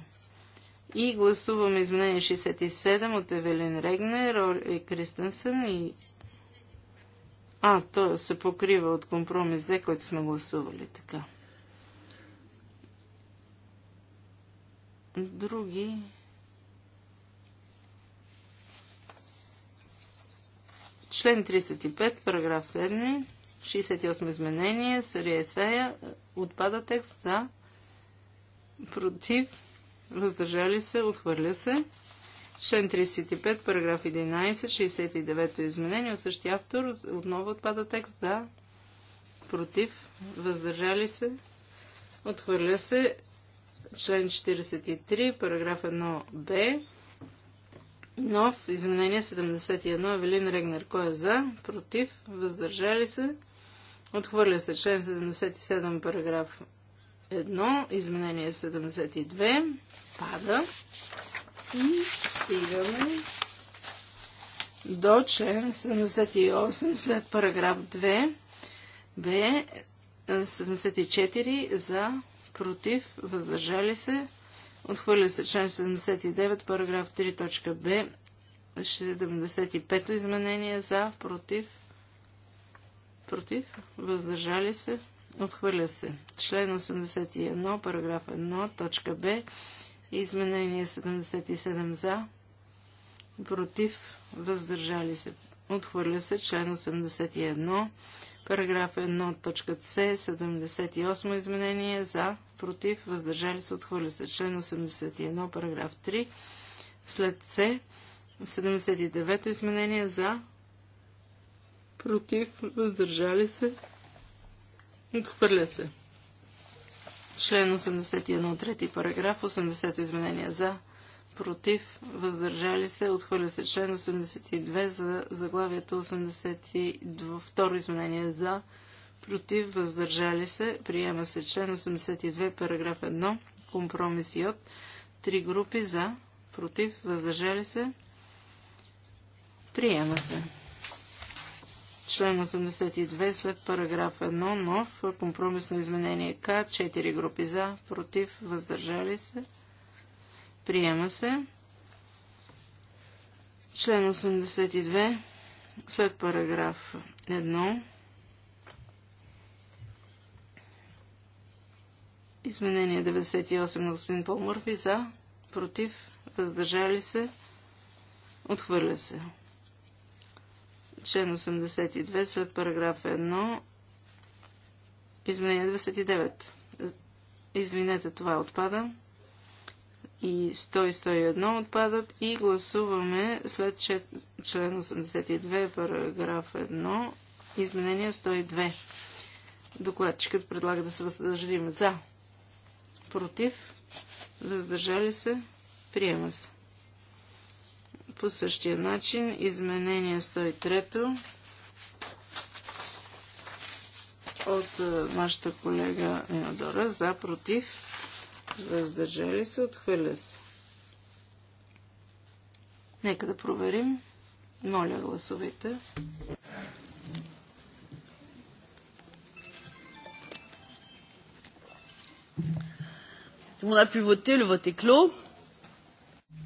И гласуваме изменение 67 от Евелин Регнер, Роли Кристенсен и... А, то се покрива от компромис Д, който сме гласували така. Други... Член 35, параграф 7. 68 изменение, Сария Исая, отпада текст за, против, въздържали се, отхвърля се. Член 35, параграф 11, 69 изменение от същия автор, отново отпада текст за, против, въздържали се, отхвърля се. Член 43, параграф 1б, нов, изменение 71, Евелин Регнер. Кой е за? Против? Въздържали се? Отхвърля се член 77, параграф 1, изменение 72, пада и стигаме до член 78 след параграф 2, Б, 74 е, за, против, въздържали се. Отхвърля се член 79, параграф 3, точка Б, 75 изменение за, против, против, въздържали се, отхвърля се. Член 81, параграф 1, точка Б, изменение 77 за, против, въздържали се, отхвърля се. Член 81, параграф 1, точка С, 78 изменение за, против, въздържали се, отхвърля се. Член 81, параграф 3, след С, 79 изменение за, против, въздържали се, отхвърля се. Член 81 от трети параграф, 80 изменения за, против, въздържали се, отхвърля се. Член 82 за заглавието 82 второ изменение за, против, въздържали се, приема се. Член 82 параграф 1, компромис от три групи за, против, въздържали се, приема се. Член 82 след параграф 1 нов компромисно изменение К. 4 групи за, против, въздържали се. Приема се. Член 82 след параграф 1 Изменение 98 на господин Пол Мърфи за, против, въздържали се, отхвърля се. Член 82 след параграф 1. Изменение 29. Извинете, това отпада. И 100 и 101 отпадат. И гласуваме след член 82, параграф 1, изменение 102. Докладчикът предлага да се въздържим за. Против. Въздържали се. Приема се по същия начин. Изменение 103 от е, нашата колега Енадора за против. Въздържали се, отхвърля се. Нека да проверим. Моля, гласовете. Tout le monde a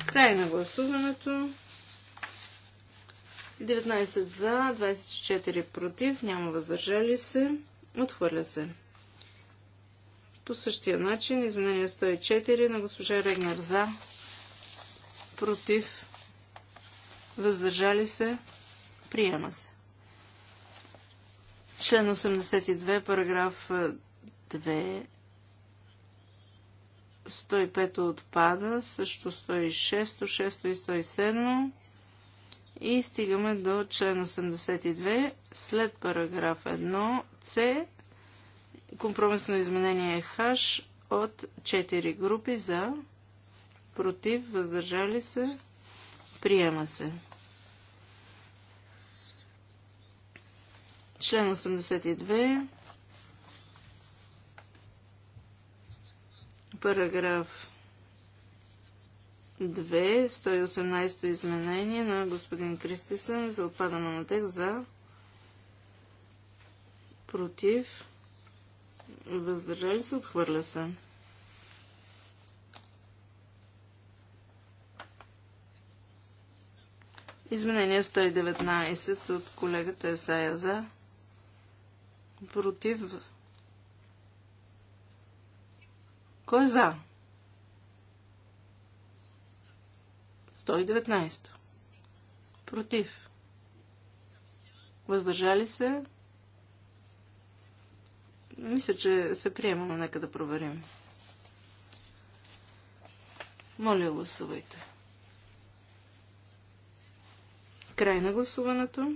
Край на гласуването. 19 за, 24 против, няма въздържали се, отхвърля се. По същия начин изменение 104 на госпожа Регнер за, против, въздържали се, приема се. Член 82, параграф 2, 105 отпада, също 106, 106 и 107. И стигаме до член 82, след параграф 1, С, компромисно изменение е ХАш от 4 групи за, против, въздържали се, приема се. Член 82, параграф 2, 118 изменение на господин Кристисън за отпадане на текст за против въздържали се, отхвърля се. Изменение 119 от колегата Есая за против кой е за? 119. Против. Въздържали се. Мисля, че се приема, но нека да проверим. Моля, гласувайте. Край на гласуването.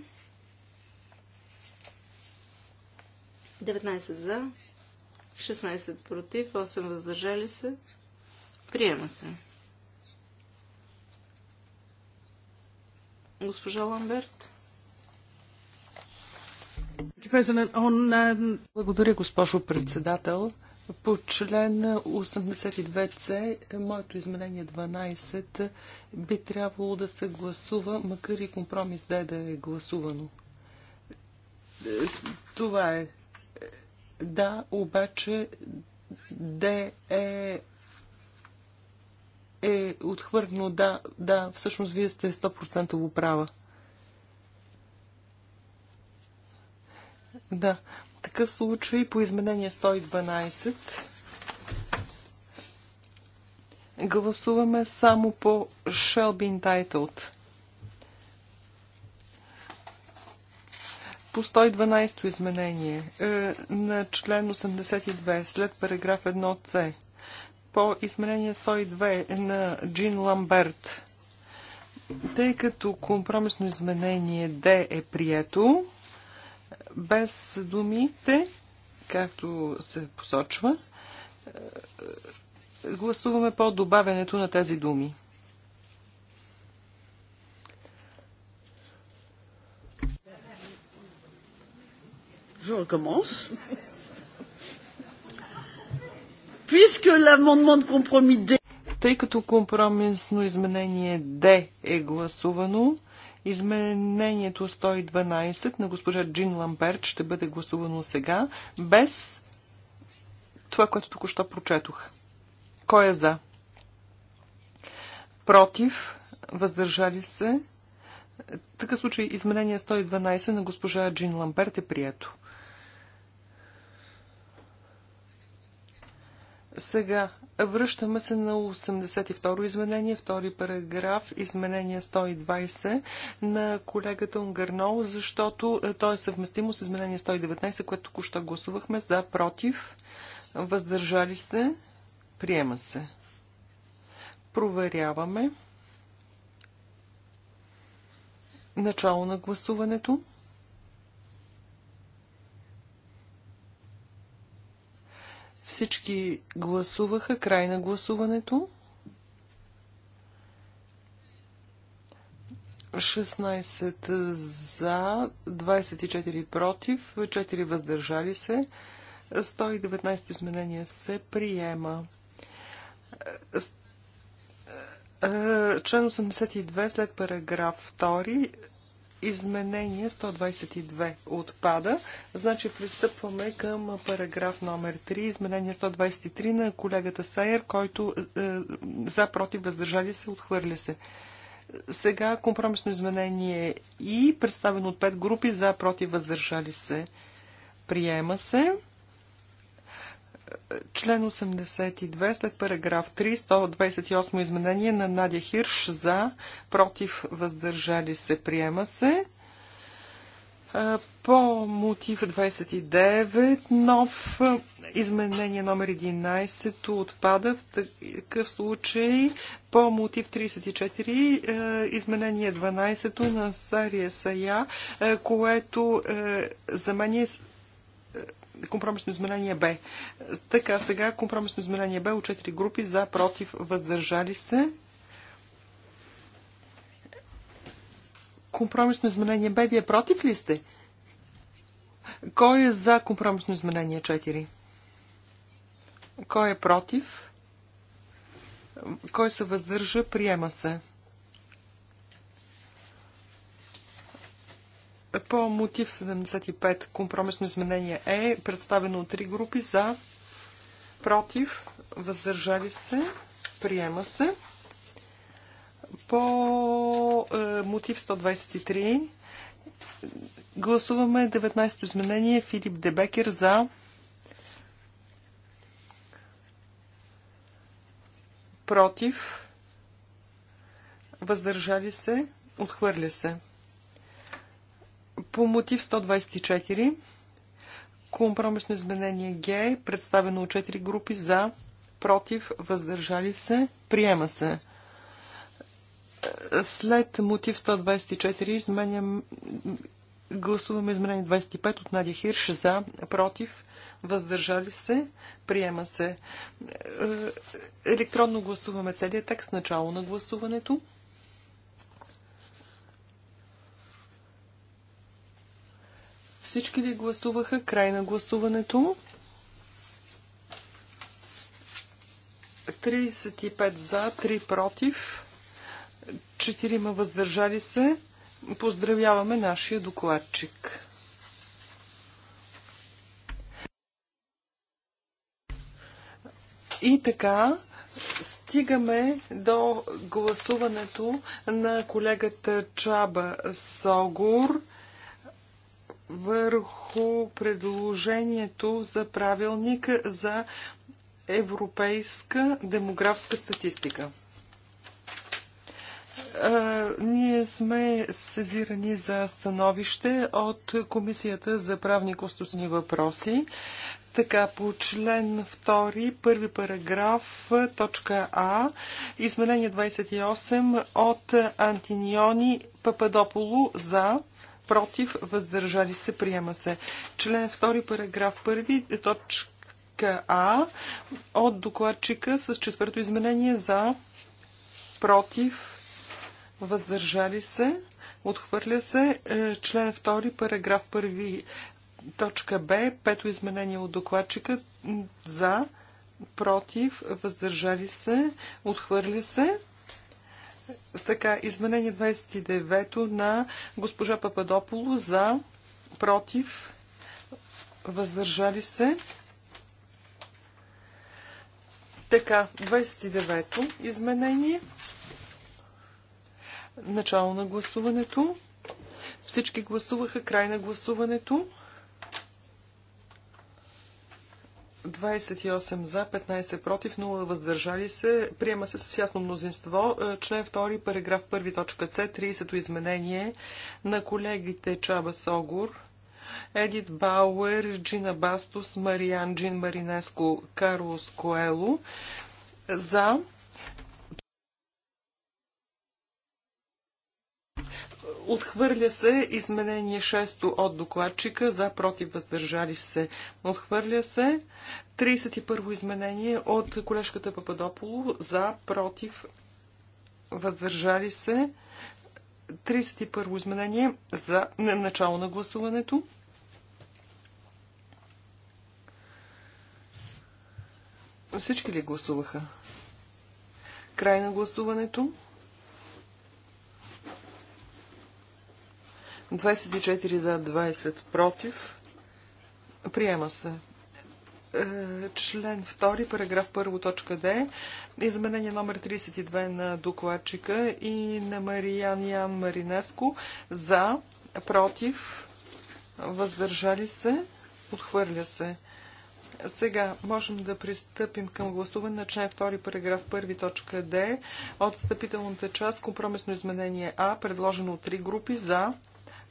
19 за, 16 против, 8 въздържали се. Приема се. Госпожа Ламберт. Благодаря, госпожо председател. По член 82c, моето изменение 12 би трябвало да се гласува, макар и компромис е, да е гласувано. Това е. Да, обаче да е е отхвърлено. Да, да, всъщност вие сте 100% права. Да. такъв случай по изменение 112 гласуваме само по Shall be entitled. По 112 изменение е, на член 82 след параграф 1c по изменение 102 на Джин Ламберт. Тъй като компромисно изменение Д е прието, без думите, както се посочва, гласуваме по добавянето на тези думи. Je recommence puisque l'amendement de compromis D... Тъй като компромисно изменение Д е гласувано, изменението 112 на госпожа Джин Ламберт ще бъде гласувано сега, без това, което току-що прочетох. Кой е за? Против? Въздържали се? В такъв случай изменение 112 на госпожа Джин Ламберт е прието. Сега връщаме се на 82-ро изменение, втори параграф, изменение 120 на колегата Унгарнол, защото е, то е съвместимо с изменение 119, което току-що гласувахме за против, въздържали се, приема се. Проверяваме. Начало на гласуването. Всички гласуваха. Край на гласуването. 16 за, 24 против, 4 въздържали се. 119 изменение се приема. Е, е, е, член 82 след параграф 2 Изменение 122 отпада. Значи пристъпваме към параграф номер 3, изменение 123 на колегата Сайер, който е, за против въздържали се, отхвърля се. Сега компромисно изменение и представено от 5 групи за против въздържали се. Приема се. Член 82 след параграф 3, 128 изменение на Надя Хирш за, против, въздържали се, приема се. По мотив 29, нов изменение номер 11 отпада в такъв случай. По мотив 34, изменение 12 на Сария Сая, което за мен е компромисно измерение Б. Така, сега компромисно измерение Б от 4 групи за, против, въздържали се. Компромисно изменение Б, вие против ли сте? Кой е за компромисно изменение 4? Кой е против? Кой се въздържа? Приема се. По мотив 75 компромисно изменение е представено от три групи за, против, въздържали се, приема се. По е, мотив 123 гласуваме 19-то изменение Филип Дебекер за против, въздържали се, отхвърля се. По мотив 124, компромисно изменение Г, представено от 4 групи за, против, въздържали се, приема се. След мотив 124 изменям, гласуваме изменение 25 от Надя Хирш за, против, въздържали се, приема се. Е, електронно гласуваме целият текст, начало на гласуването. Всички ли гласуваха? Край на гласуването. 35 за, 3 против, 4 въздържали се. Поздравяваме нашия докладчик. И така, стигаме до гласуването на колегата Чаба Согор върху предложението за правилника за европейска демографска статистика. Ние сме сезирани за становище от Комисията за правни конституционни въпроси. Така, по член 2, първи параграф, точка А, изменение 28 от Антиниони Пападополо за против, въздържали се, приема се. Член 2, параграф 1, точка А от докладчика с четвърто изменение за против, въздържали се, отхвърля се. Е, член 2, параграф 1, точка Б, пето изменение от докладчика за против, въздържали се, отхвърля се. Така, изменение 29-то на госпожа Пападополо за, против, въздържали се. Така, 29-то изменение. Начало на гласуването. Всички гласуваха край на гласуването. 28 за, 15 против, 0 въздържали се. Приема се с ясно мнозинство. Е, член 2, параграф 1, точка С, 30-то изменение на колегите Чаба Согор, Едит Бауер, Джина Бастус, Мариан Джин Маринеско, Карлос Коело. За Отхвърля се изменение 6 от докладчика за против въздържали се. Отхвърля се 31 изменение от колежката Пападополо за против въздържали се. 31 изменение за начало на гласуването. Всички ли гласуваха? Край на гласуването. 24 за 20 против. Приема се. Е, член 2, параграф 1, точка Д. Изменение номер 32 на докладчика и на Мариян Ян Маринеско. За, против, въздържали се, отхвърля се. Сега можем да пристъпим към гласуване на член 2, параграф 1, точка Д от встъпителната част, компромисно изменение А, предложено от три групи за,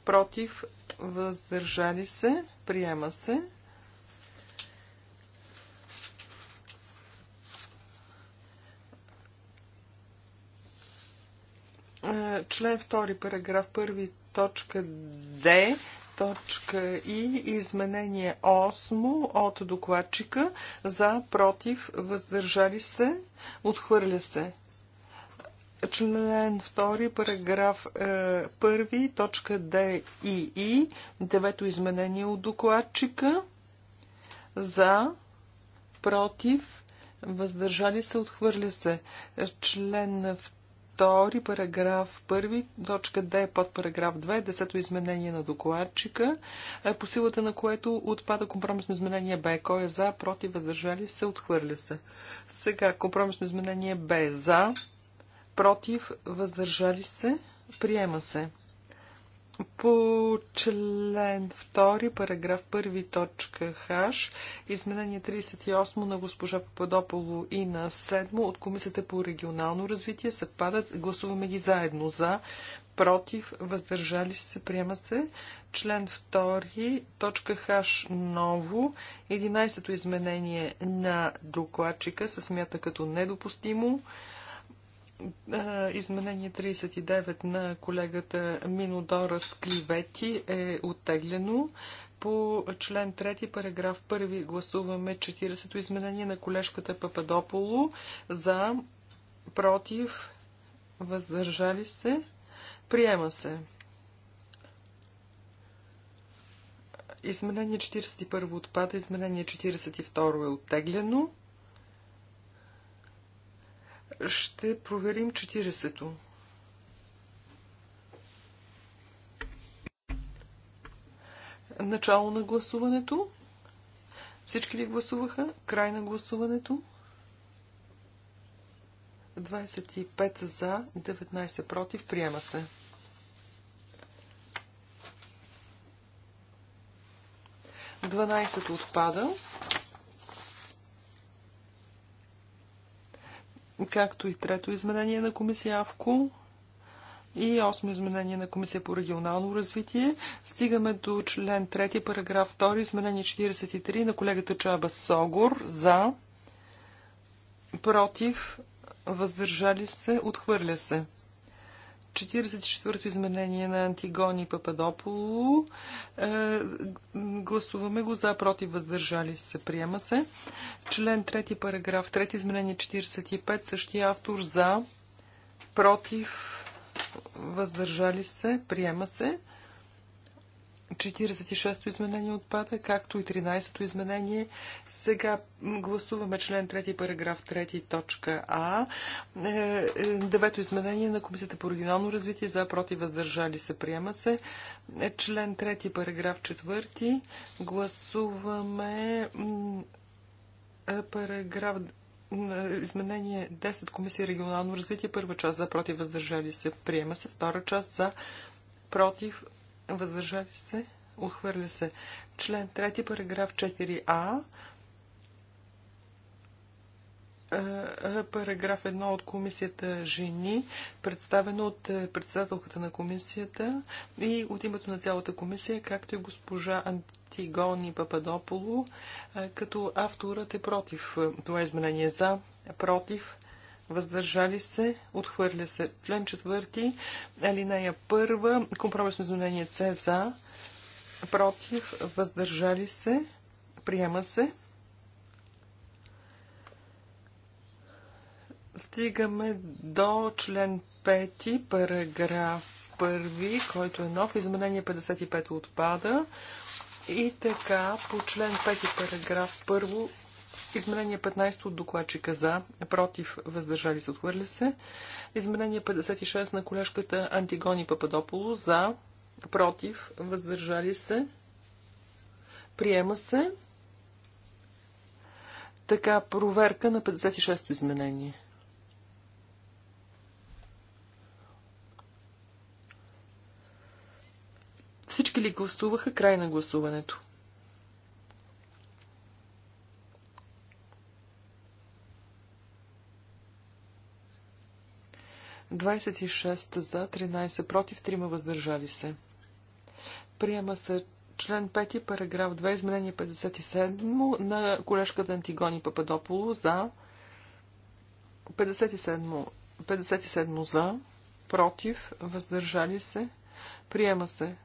против, въздържали се, приема се. Член 2, параграф 1, точка Д, точка И, изменение 8 от докладчика, за, против, въздържали се, отхвърля се член 2, параграф 1, е, точка Д и И, девето изменение от докладчика, за, против, въздържали се, отхвърля се. Член 2, параграф 1, точка Д под параграф 2, десето изменение на докладчика, е, по силата на което отпада компромисно изменение Б. Кой е за, против, въздържали се, отхвърля се. Сега компромисно изменение Б за, против, въздържали се, приема се. По член 2, параграф 1, точка Х, изменение 38 на госпожа Пападополо и на 7 от Комисията по регионално развитие съвпадат. Гласуваме ги заедно за, против, въздържали се, приема се. Член 2, точка Х, ново, 11-то изменение на докладчика се смята като недопустимо. Е, изменение 39 на колегата Минодора Скливети е оттеглено. По член 3, параграф 1 гласуваме 40-то изменение на колежката Пападополо за, против, въздържали се, приема се. Изменение 41 отпада, изменение 42 е оттеглено. Ще проверим 40-то. Начало на гласуването. Всички ли гласуваха? Край на гласуването. 25 за, 19 против. Приема се. Дванайсет отпада. както и трето изменение на комисия АВКО и осмо изменение на комисия по регионално развитие. Стигаме до член 3, параграф 2, изменение 43 на колегата Чаба Согор за, против, въздържали се, отхвърля се. 44-то изменение на Антигони Пападополо. Е, гласуваме го за, против, въздържали се, приема се. Член 3, параграф 3, изменение 45, същия автор за, против, въздържали се, приема се. 46-то изменение отпада, както и 13-то изменение. Сега гласуваме член 3, параграф 3, точка А. Е, е, девето изменение на Комисията по регионално развитие за против въздържали се приема се. Е, член 3, параграф 4. Гласуваме параграф изменение 10 Комисия регионално развитие. Първа част за против въздържали се приема се. Втора част за против въздържали се, отхвърля се. Член 3, параграф 4а, е, е, параграф 1 от комисията Жени, представено от е, председателката на комисията и от името на цялата комисия, както и госпожа Антигони Пападополо, като авторът е против това изменение за, против, въздържали се, отхвърля се. Член 4, алинея 1, компромисно изменение С за, против, въздържали се, приема се. Стигаме до член 5, параграф 1, който е нов. Изменение 55 отпада. И така, по член 5, параграф 1, Изменение 15 от докладчика за, против, въздържали се, отхвърля се. Изменение 56 на колежката Антигони Пападополо за, против, въздържали се, приема се. Така, проверка на 56-то изменение. Всички ли гласуваха край на гласуването? 26 за, 13 против, 3 въздържали се. Приема се член 5, параграф 2, изменение 57 на колежката Антигони Пападополо за 57, 57 за, против, въздържали се. Приема се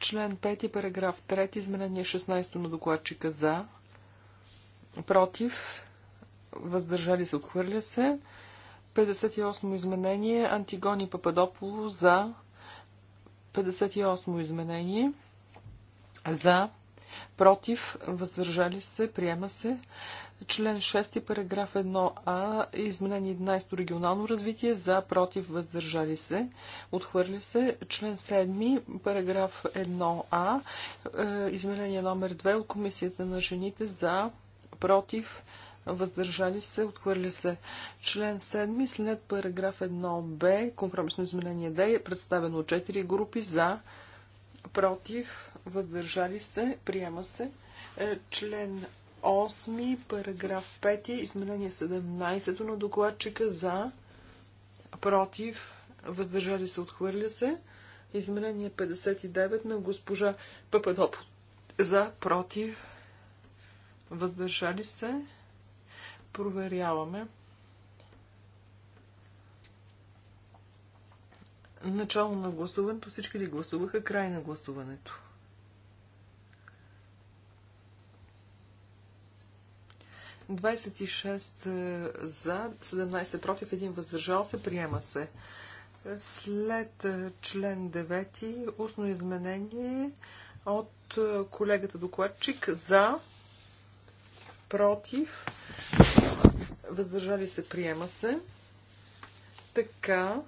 член 5, параграф 3, изменение 16 на докладчика за, против, въздържали се, отхвърля се. 58 изменение. Антигони Пападополо за. 58 изменение. За. Против. Въздържали се. Приема се. Член 6, параграф 1а, изменение 11 регионално развитие, за, против, въздържали се, отхвърли се. Член 7, параграф 1а, е, изменение номер 2 от Комисията на жените, за, против, въздържали се, отхвърля се. Член 7, след параграф 1б, компромисно изменение Д е представено от 4 групи за, против, въздържали се, приема се. Е, член 8, параграф 5, изменение 17 на докладчика за, против, въздържали се, отхвърля се. Изменение 59 на госпожа Пападоп. За, против, въздържали се. Проверяваме. Начало на гласуването. Всички ли гласуваха? Край на гласуването. Двадесет шест е, за, 17 против, един въздържал се, приема се. След е, член 9, устно изменение от е, колегата докладчик за против, въздържали се, приема се. Така,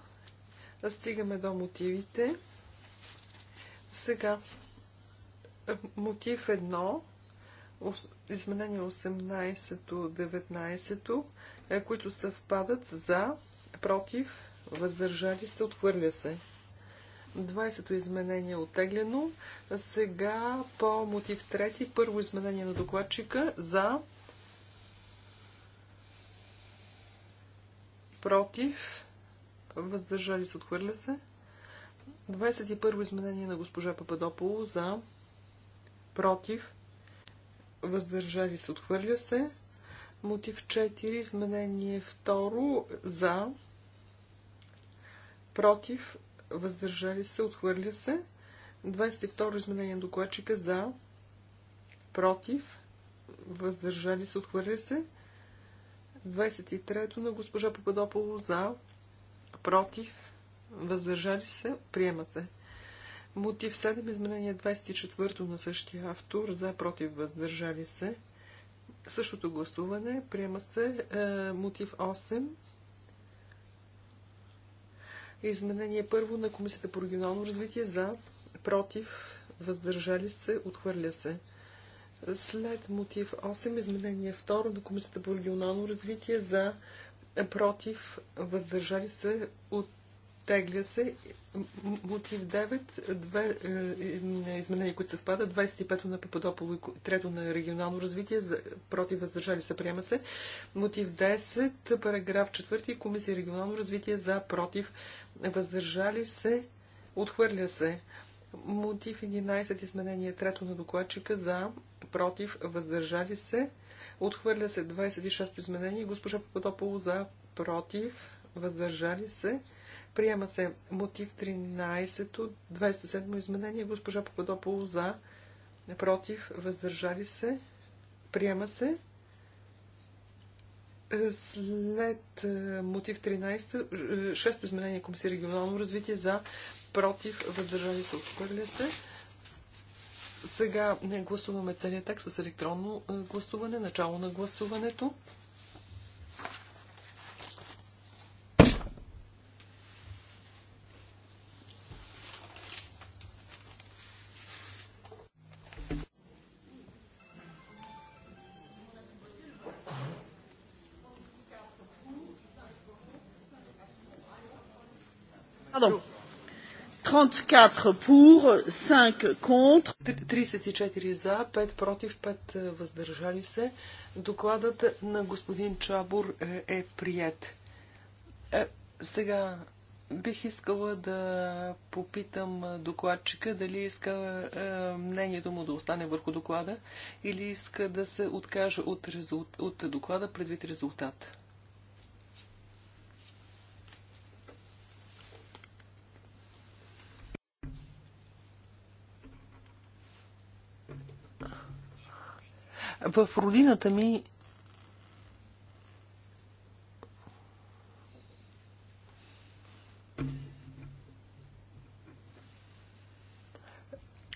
стигаме до мотивите. Сега, мотив 1, изменение 18-19, е, които съвпадат за, против, въздържали се, отхвърля се. 20-то изменение е оттеглено. Сега по мотив 3, първо изменение на докладчика за против въздържали се, отхвърля се. 21 изменение на госпожа Пападополо за против въздържали се, отхвърля се. Мотив 4, изменение 2 за против въздържали се, отхвърля се. 22 изменение на докладчика за, против, въздържали се, отхвърля се. 23 на госпожа Попадополо за, против, въздържали се, приема се. Мотив 7, изменение 24 на същия автор, за, против, въздържали се. Същото гласуване, приема се е, мотив 8 Изменение първо на Комисията по регионално развитие за, против, въздържали се, отхвърля се. След мотив 8, изменение второ на Комисията по регионално развитие за, против, въздържали се, от, Оттегля се мотив 9, две е, изменения, които съвпадат, 25-то на Пападополо и 3-то на регионално развитие, за, против въздържали се, приема се. Мотив 10, параграф 4, комисия регионално развитие, за, против, въздържали се, отхвърля се. Мотив 11, изменение 3 на докладчика, за, против, въздържали се, отхвърля се 26-то изменение, госпожа Пападополо за, против, въздържали се, Приема се мотив 13-то, 27-мо изменение. Госпожа Покадопол за, против, въздържали се. Приема се. Е, след е, мотив 13, 6-то е, изменение Комисия регионално развитие за, против, въздържали се, отхвърля се. Сега не гласуваме целият текст с електронно гласуване, начало на гласуването. 34 pour, 5 contre. 34 за, 5 против, 5 въздържали се. Докладът на господин Чабур е, е прият. Е, сега бих искала да попитам докладчика дали иска е, мнението му да остане върху доклада или иска да се откаже от, от доклада предвид резултата. В родината ми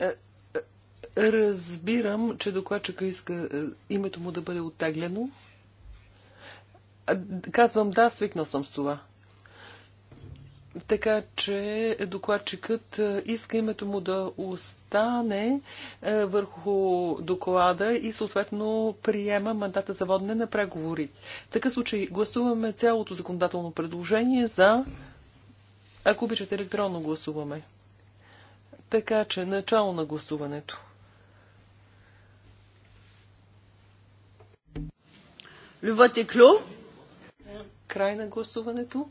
е, е, Разбирам, че докладчика иска е, името му да бъде оттеглено. Казвам да, свикнал съм с това. Така че докладчикът е, иска името му да остане е, върху доклада и съответно приема мандата за водене на преговори. В случай гласуваме цялото законодателно предложение за... Ако обичате електронно гласуваме. Така че начало на гласуването. Le vote Край на гласуването.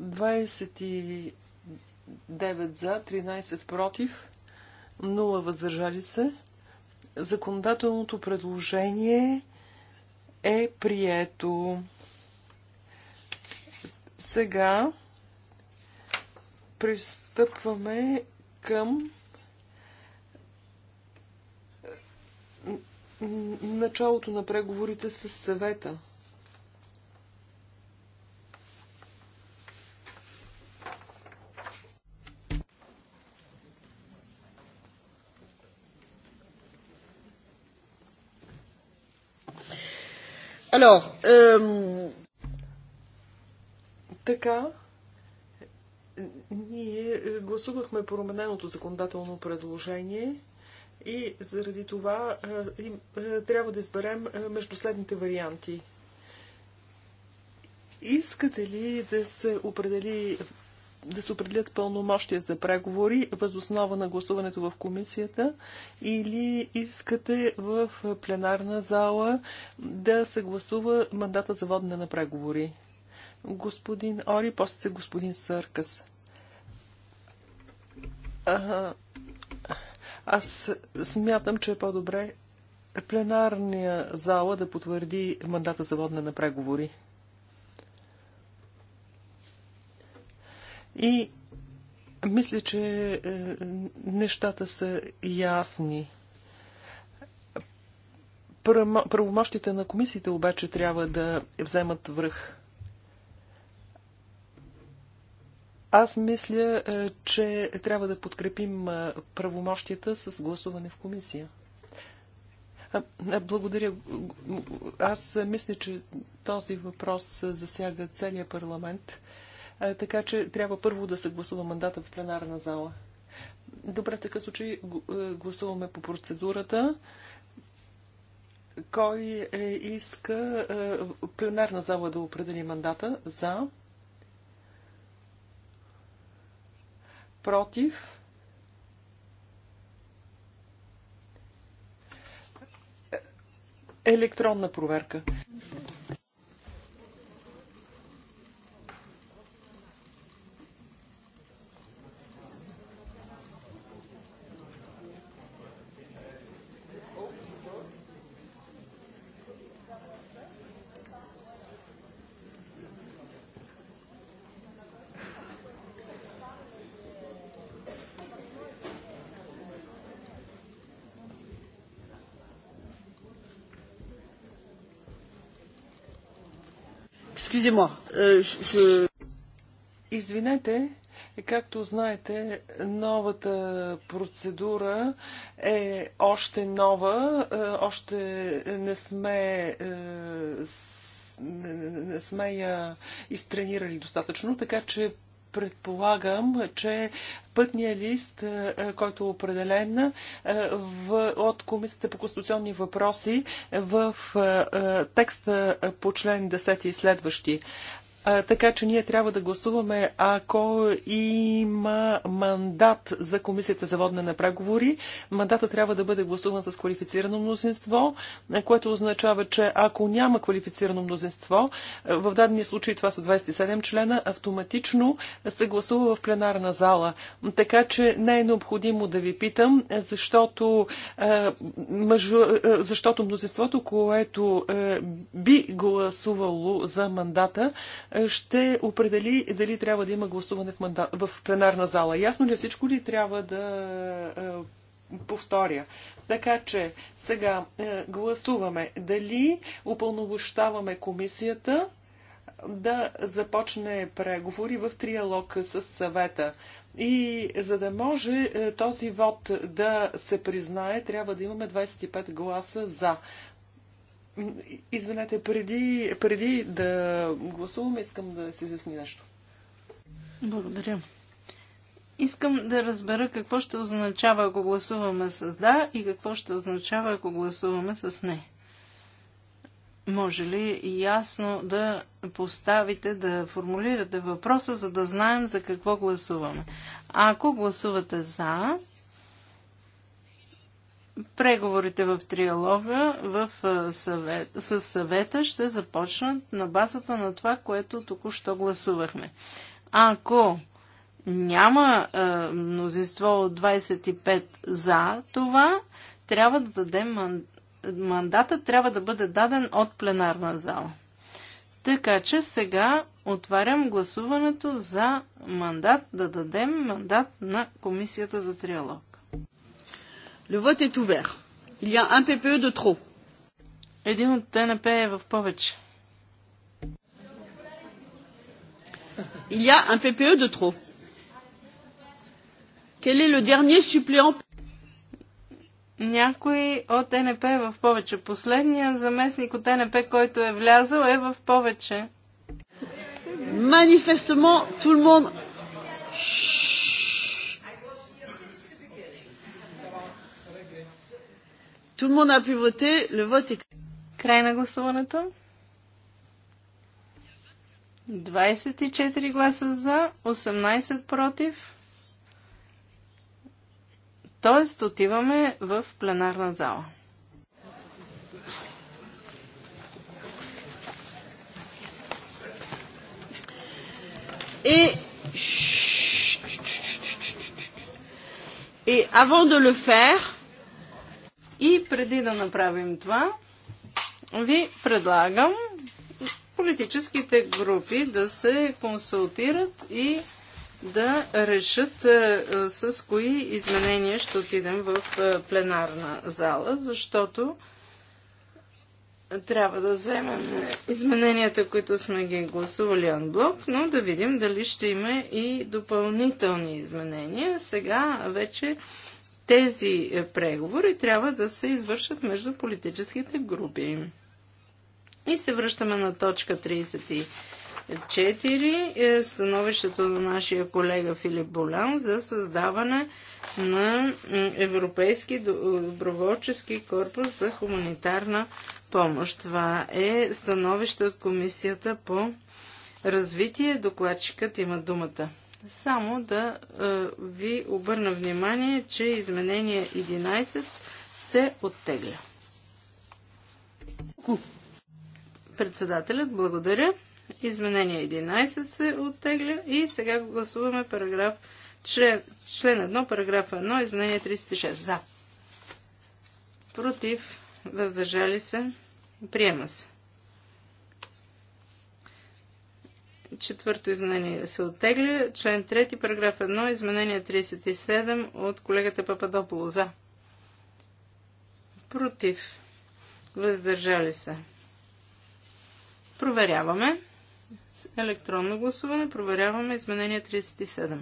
29 за, 13 против, 0 въздържали се. Законодателното предложение е прието. Сега пристъпваме към началото на преговорите с съвета. Alors, euh, Така, ние е, гласувахме промененото законодателно предложение и заради това е, е, трябва да изберем между следните варианти. Искате ли да се определи да се определят пълномощия за преговори възоснова на гласуването в комисията или искате в пленарна зала да се гласува мандата за водене на преговори? Господин Ори, после господин Съркас. аз смятам, че е по-добре пленарния зала да потвърди мандата за водене на преговори. И мисля, че е, нещата са ясни. Правомощите на комисиите обаче трябва да вземат връх. Аз мисля, е, че трябва да подкрепим е, правомощията с гласуване в комисия. Благодаря. Аз мисля, че този въпрос засяга целият парламент така че трябва първо да се гласува мандата в пленарна зала. Добре, в такъв случай е, гласуваме по процедурата. Кой е, иска е, пленарна зала да определи мандата? За. Против. Е, електронна проверка. Excusez-moi. Euh, je... Извинете, Както знаете, новата процедура е още нова, е, още не сме е, не сме я изтренирали достатъчно, така че предполагам, че пътният лист, е, е, който е определен е, от Комисията по конституционни въпроси в текста по член 10 и следващи така че ние трябва да гласуваме, ако има мандат за Комисията за водна на преговори, мандата трябва да бъде гласуван с квалифицирано мнозинство, което означава, че ако няма квалифицирано мнозинство, в дадения случай това са 27 члена, автоматично се гласува в пленарна зала. Така че не е необходимо да ви питам, защото, защото мнозинството, което би гласувало за мандата, ще определи дали трябва да има гласуване в, манда... в пленарна зала. Ясно ли е всичко ли трябва да е, повторя. Така че сега е, гласуваме дали упълновощаваме комисията да започне преговори в триалог с съвета. И за да може е, този вод да се признае, трябва да имаме 25 гласа за. Извинете, преди, преди да гласуваме, искам да се засни нещо. Благодаря. Искам да разбера какво ще означава, ако гласуваме с да и какво ще означава, ако гласуваме с не. Може ли ясно да поставите, да формулирате въпроса, за да знаем за какво гласуваме? Ако гласувате за, Преговорите в триалога в съвет, с съвета ще започнат на базата на това, което току-що гласувахме. Ако няма е, мнозинство от 25 за това, трябва да дадем мандата трябва да бъде даден от пленарна зала. Така че сега отварям гласуването за мандат да дадем мандат на комисията за триалог. Le vote est ouvert. Il y a un PPE de trop. Един от е в повече. Il y a un PPE de trop. Quel est le dernier suppléant e? Някой от НП е в повече. Последния заместник от НП, е, който е влязъл, е в повече. Манифестно, tout le monde... Tout le monde a pu voter, le vote est... Край на гласуването. 24 гласа за, 18 против. Тоест отиваме в пленарна зала. Et, et avant de le faire, и преди да направим това, ви предлагам политическите групи да се консултират и да решат е, с кои изменения ще отидем в е, пленарна зала, защото трябва да вземем измененията, които сме ги гласували анблок, но да видим дали ще има и допълнителни изменения. Сега вече тези е, преговори трябва да се извършат между политическите групи. И се връщаме на точка 34, е, становището на нашия колега Филип Болян за създаване на Европейски е, доброволчески корпус за хуманитарна помощ. Това е становище от Комисията по развитие. Докладчикът има думата. Само да е, ви обърна внимание, че изменение 11 се оттегля. Председателят, благодаря. Изменение 11 се оттегля и сега гласуваме параграф член, член 1, параграф 1, изменение 36. За. Против. Въздържали се. Приема се. Четвърто изменение се оттегля. Член 3, параграф 1, изменение 37 от колегата Пападополо. За. Против. Въздържали се. Проверяваме. С електронно гласуване проверяваме изменение 37.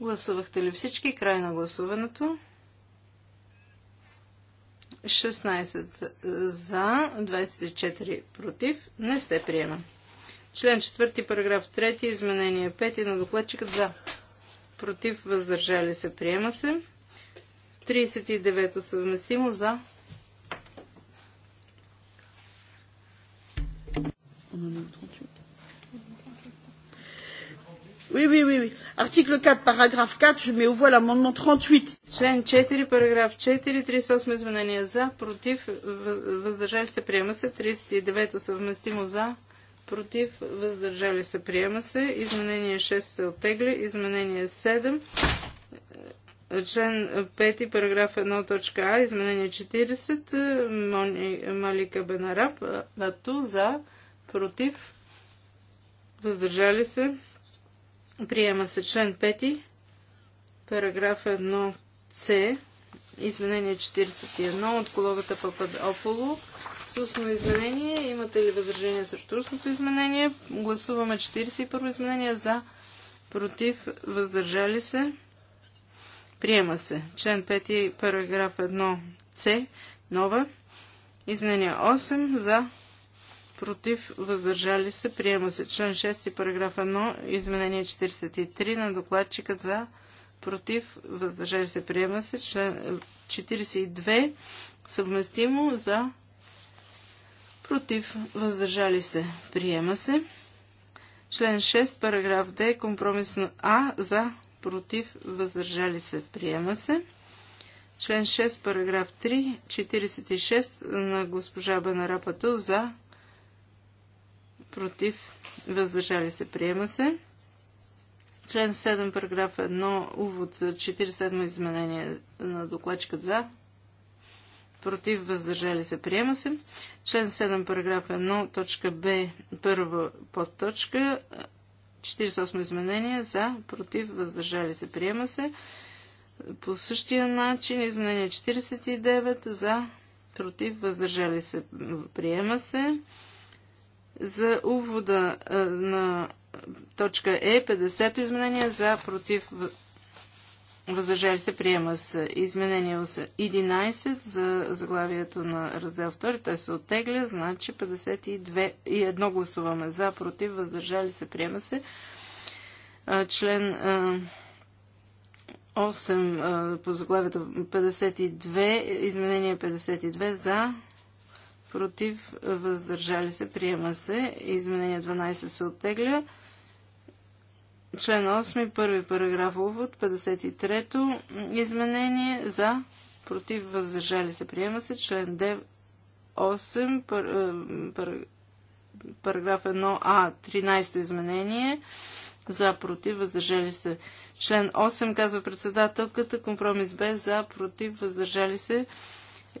Гласувахте ли всички? Край на гласуването. 16 е, за, 24 против. Не се приема. Член 4, параграф 3, изменение 5 на докладчикът за. Против, въздържали се, приема се. 39 съвместимо за. On en Article 4, параграф 4, je mets au l'amendement 38. Член 4, параграф 4, 38 изменения за, против, въздържали се, приема се. 39 съвместимо за, против, въздържали се, приема се. Изменение 6 се оттегли. Изменение 7. Член 5, параграф 1, точка А, изменение 40, Мони, Малика Бенараб, Ату, за, против, въздържали се, Приема се член 5, параграф 1c, изменение 41 от колегата Пападополо. С устно изменение, имате ли възражение срещу устното изменение? Гласуваме 41 изменение за, против, въздържали се. Приема се. Член 5, параграф 1c, нова. Изменение 8 за, против, въздържали се, приема се. Член 6, параграф 1, изменение 43 на докладчика за, против, въздържали се, приема се. Член 42, е, съвместимо за, против, въздържали се, приема се. Член 6, параграф Д, компромисно А, за, против, въздържали се, приема се. Член 6, параграф 3, 46 на госпожа Бенарапато за, против, въздържали се, приема се. Член 7, параграф 1, увод 47 изменение на докладчикът за, против, въздържали се, приема се. Член 7, параграф 1, точка Б, първа подточка, 48 изменение за, против, въздържали се, приема се. По същия начин изменение 49 за, против, въздържали се, приема се. За увода на точка Е, 50-то изменение за против въздържали се приема с изменение 11 за заглавието на раздел 2. Той се оттегля, значи 52 и едно гласуваме за, против, въздържали се, приема се. Член 8 по заглавието 52, изменение 52 за, против, въздържали се, приема се. Изменение 12 се оттегля. Член 8, първи параграф увод, 53-то изменение за, против, въздържали се, приема се. Член 8, е, параграф 1а, 13-то изменение за, против, въздържали се. Член 8, казва председателката, компромис без за, против, въздържали се.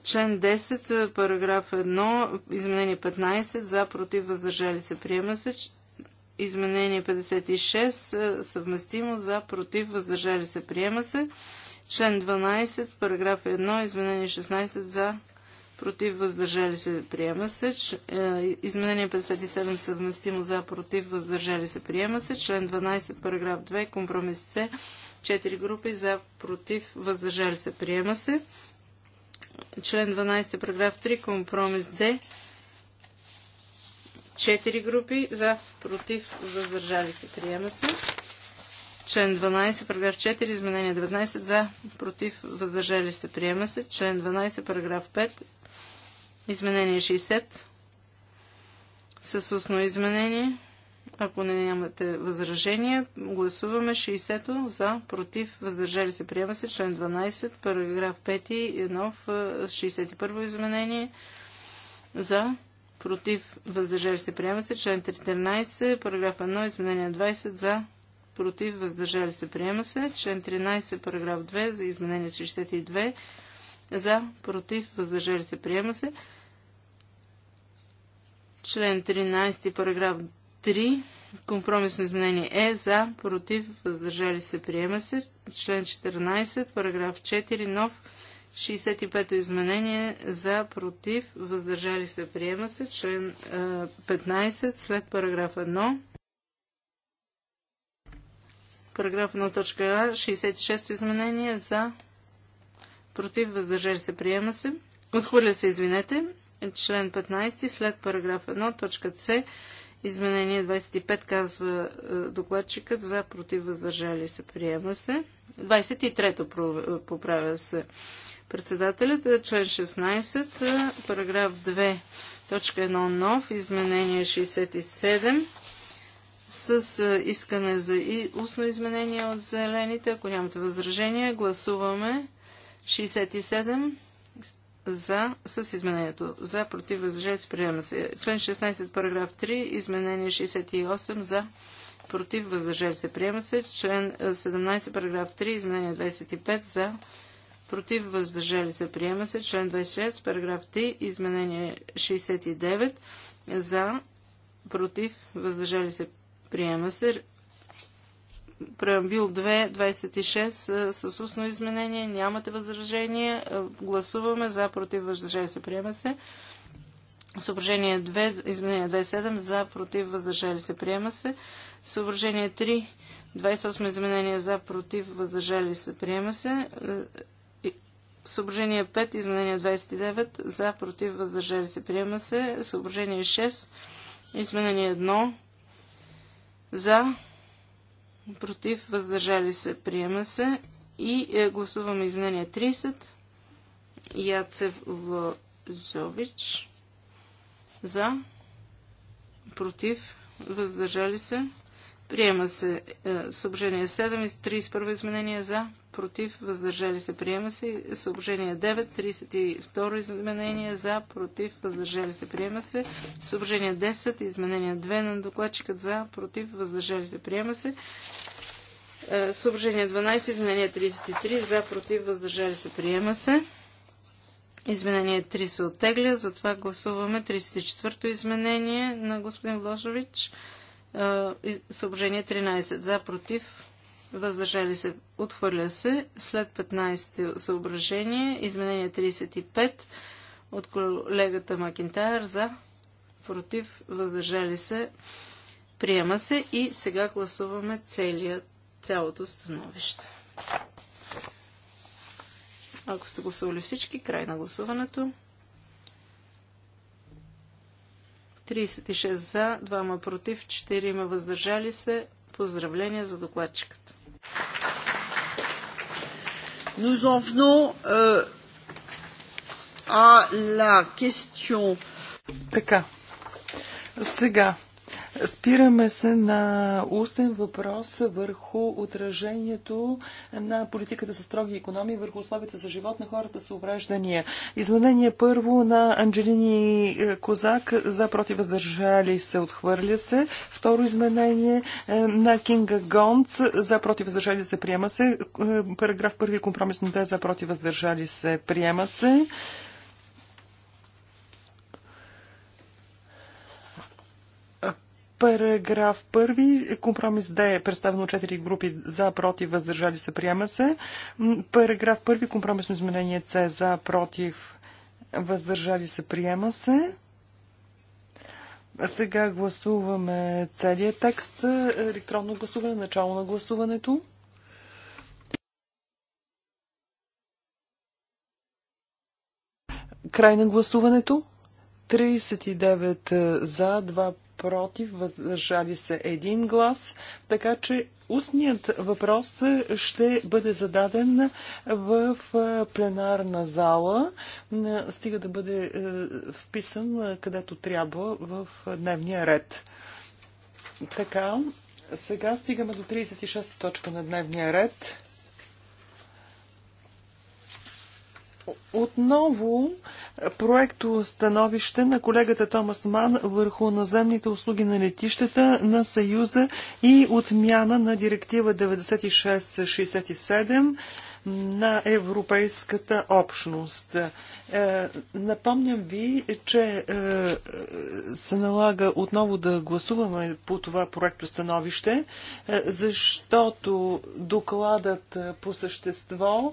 Член 10, е, параграф 1, изменение 15, за, против, въздържали се, приема се. Изменение 56, е, съвместимо, за, против, въздържали се, приема се. Член 12, параграф 1, изменение 16, за, против, въздържали се, приема се. Е, изменение 57, съвместимо, за, против, въздържали се, приема се. Член 12, параграф 2, компромис С, 4 групи, за, против, въздържали се, приема се член 12, параграф 3, компромис Д. Четири групи за, против, въздържали се. Приема се. Член 12, параграф 4, изменение 19 за, против, въздържали се. Приема се. Член 12, параграф 5, изменение 60 с устно изменение. Ако не нямате възражения, гласуваме 60-то за, против, въздържали се, приема се, член 12, параграф 5, нов, 61-во изменение, за, против, въздържали се, приема се, член 13, параграф 1, изменение 20, за, против, въздържали се, приема се, член 13, параграф 2, за изменение 62, за, против, въздържали се, приема се, член 13, параграф 2, 3. Компромисно изменение е за, против, въздържали се, приема се. Член 14, параграф 4, нов 65-то изменение за, против, въздържали се, приема се. Член 15, след параграф 1. Параграф 1, точка А, 66-то изменение за, против, въздържали се, приема се. Отхвърля се, извинете. Член 15, след параграф 1, точка С. Изменение 25 казва е, докладчикът за против въздържали се приема се. 23-то е, поправя се председателят. Е, член 16, параграф 2, точка 1 нов, изменение 67 с искане за и устно изменение от зелените. Ако нямате възражение, гласуваме 67 за, с изменението. За, против, въздържали се, приема се. Член 16, параграф 3, изменение 68, за, против, въздържали се, приема се. Член 17, параграф 3, изменение 25, за, против, въздържали се, приема се. Член 26, параграф 3, изменение 69, за, против, въздържали се, приема се преамбил 2, 26 с устно изменение, нямате възражение, гласуваме за, против, въздържали се, приема се. Съображение 2, изменение 27, за, против, въздържали се, приема се. Съображение 3, 28 изменение за, против, въздържали се, приема се. Съображение 5, изменение 29, за, против, въздържали се, приема се. Съображение 6, изменение 1, за, против, въздържали се, приема се. И е, гласуваме изменение 30. Яцев Зович. за, против, въздържали се, Приема се е, съобщение 7 и 31 изменение за, против, въздържали се. Приема се съобщение 9, 32 изменение за, против, въздържали се. Приема се съобщение 10, изменение 2 на докладчикът за, против, въздържали се. Приема се е, съобщение 12, изменение 33 за, против, въздържали се. Приема се. Изменение 3 се оттегля, затова гласуваме 34-то изменение на господин Вложович. Съображение 13. За, против, въздържали се, отхвърля се. След 15 съображение, изменение 35 от колегата Макинтайр за, против, въздържали се, приема се и сега гласуваме цялото становище. Ако сте гласували всички, край на гласуването. 36 за, 2 против, 4 въздържали се. Поздравления за докладчиката. Nous en venons euh, à la question. Така. Сега Спираме се на устен въпрос върху отражението на политиката за строги економии върху условията за живот на хората с увреждания. Изменение първо на Анджелини Козак за против въздържали се отхвърля се. Второ изменение е, на Кинга Гонц за против въздържали се приема се. Е, параграф първи компромисно те за против въздържали се приема се. Параграф първи Компромис Д е представено 4 групи за, против, въздържали се, приема се. Параграф първи, Компромисно изменение С за, против, въздържали се, приема се. Сега гласуваме целият текст. Е, електронно гласуване, начало на гласуването. Край на гласуването. 39 е, за, 2 против, въздържали се един глас, така че устният въпрос ще бъде зададен в пленарна зала, стига да бъде е, вписан където трябва в дневния ред. Така, сега стигаме до 36 точка на дневния ред. Отново е, проекто становище на колегата Томас Ман върху наземните услуги на летищата на Съюза и отмяна на директива 9667 на Европейската общност. Е, напомням ви, че е, се налага отново да гласуваме по това проекто становище, защото докладът по същество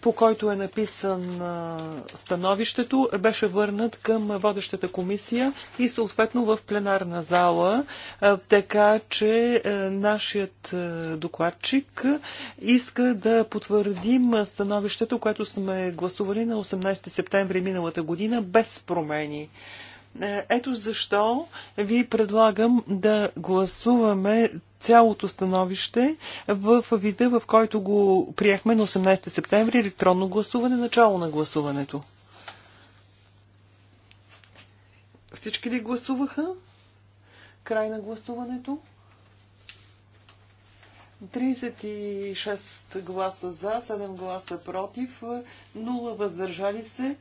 по който е написан становището, беше върнат към водещата комисия и съответно в пленарна зала, така че нашият докладчик иска да потвърдим становището, което сме гласували на 18 септември миналата година без промени. Ето защо ви предлагам да гласуваме цялото становище в вида, в който го приехме на 18 септември, електронно гласуване, начало на гласуването. Всички ли гласуваха? Край на гласуването. 36 гласа за, 7 гласа против, 0 въздържали се.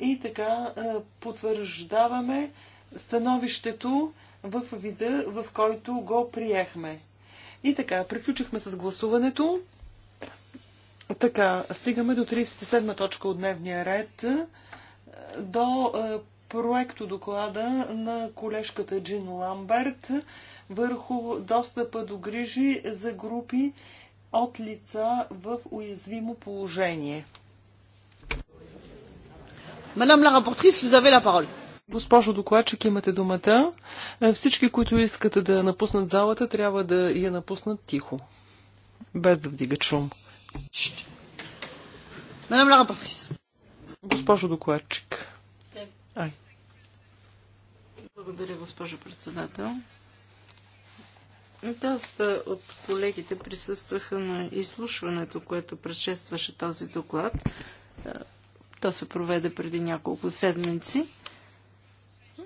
И така е, потвърждаваме становището в вида, в който го приехме. И така, приключихме с гласуването. Така, стигаме до 37-ма точка от дневния ред, е, до е, проекто доклада на колежката Джин Ламберт върху достъпа до грижи за групи от лица в уязвимо положение. Мадам ла рапортрис, vous avez la parole. Госпожо докладчик, имате думата. Е, всички, които искат да напуснат залата, трябва да я напуснат тихо, без да вдигат шум. Мадам Госпожо докладчик. Ай. Благодаря, госпожо председател. Доста от колегите присъстваха на изслушването, което предшестваше този доклад. Е, то се проведе преди няколко седмици.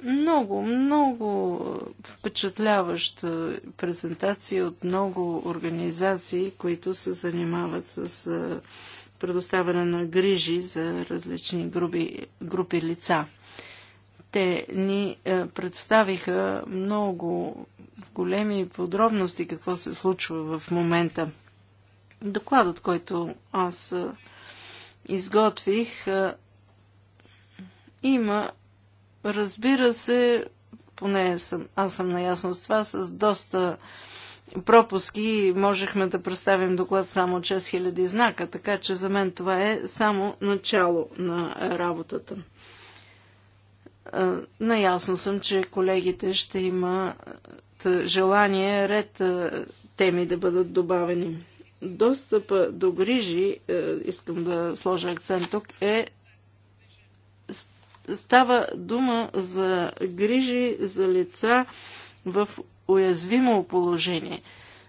Много, много впечатляваща презентация от много организации, които се занимават с предоставяне на грижи за различни групи, групи лица. Те ни представиха много в големи подробности какво се случва в момента. Докладът, който аз изготвих, има Разбира се, поне съм, аз съм наясно с това, с доста пропуски можехме да представим доклад само 6000 знака, така че за мен това е само начало на работата. Наясно съм, че колегите ще имат желание ред теми да бъдат добавени. Достъпа до грижи, искам да сложа акцент тук, е Става дума за грижи за лица в уязвимо положение.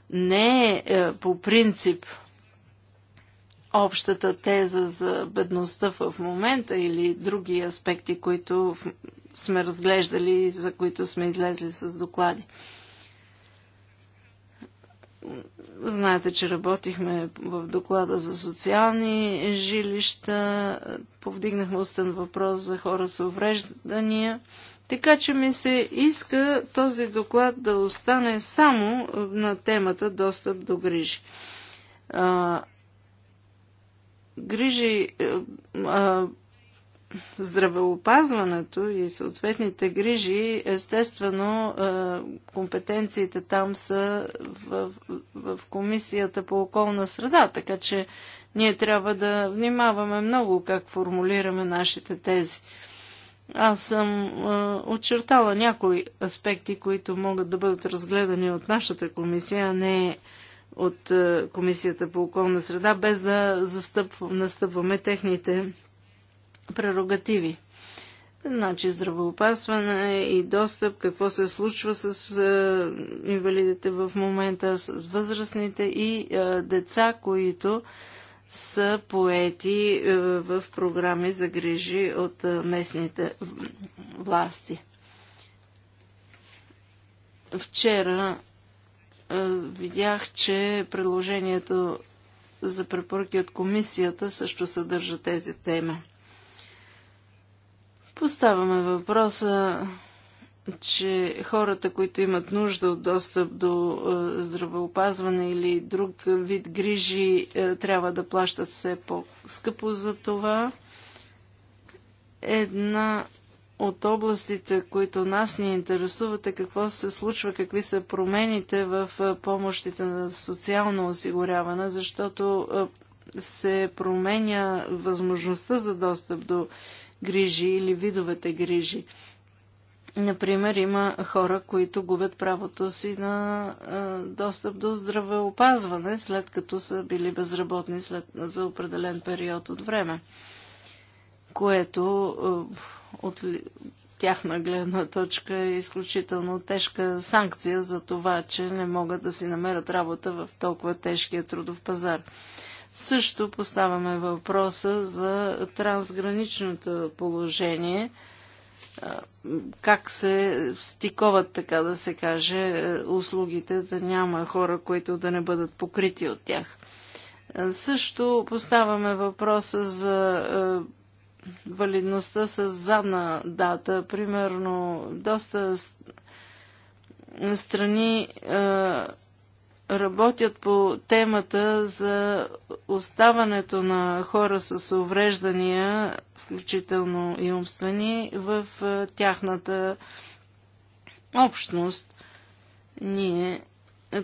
Не е, е по принцип общата теза за бедността в момента или други аспекти, които сме разглеждали и за които сме излезли с доклади. Знаете, че работихме в доклада за социални жилища, повдигнахме устен въпрос за хора с увреждания. Така че ми се иска този доклад да остане само на темата достъп до грижи. А, грижи, а, здравеопазването и съответните грижи, естествено е, компетенциите там са в, в Комисията по околна среда, така че ние трябва да внимаваме много как формулираме нашите тези. Аз съм е, очертала някои аспекти, които могат да бъдат разгледани от нашата комисия, а не от е, Комисията по околна среда, без да застъпваме настъпваме техните прерогативи. Значи здравеопасване и достъп, какво се случва с е, инвалидите в момента, с възрастните и е, деца, които са поети е, в програми за грижи от е, местните власти. Вчера е, видях, че предложението за препоръки от комисията също съдържа тези теми. Поставяме въпроса, че хората, които имат нужда от достъп до е, здравеопазване или друг вид грижи, е, трябва да плащат все по-скъпо за това. Една от областите, които нас ни интересуват е какво се случва, какви са промените в е, помощите на социално осигуряване, защото се променя възможността за достъп до грижи или видовете грижи. Например, има хора, които губят правото си на достъп до здравеопазване, след като са били безработни след, за определен период от време, което от тяхна гледна точка е изключително тежка санкция за това, че не могат да си намерят работа в толкова тежкия трудов пазар. Също поставяме въпроса за трансграничното положение, как се стиковат, така да се каже, е, услугите, да няма хора, които да не бъдат покрити от тях. Също поставяме въпроса за е, валидността с задна дата. Примерно, доста страни е, работят по темата за оставането на хора с увреждания, включително и умствени, в тяхната общност. Ние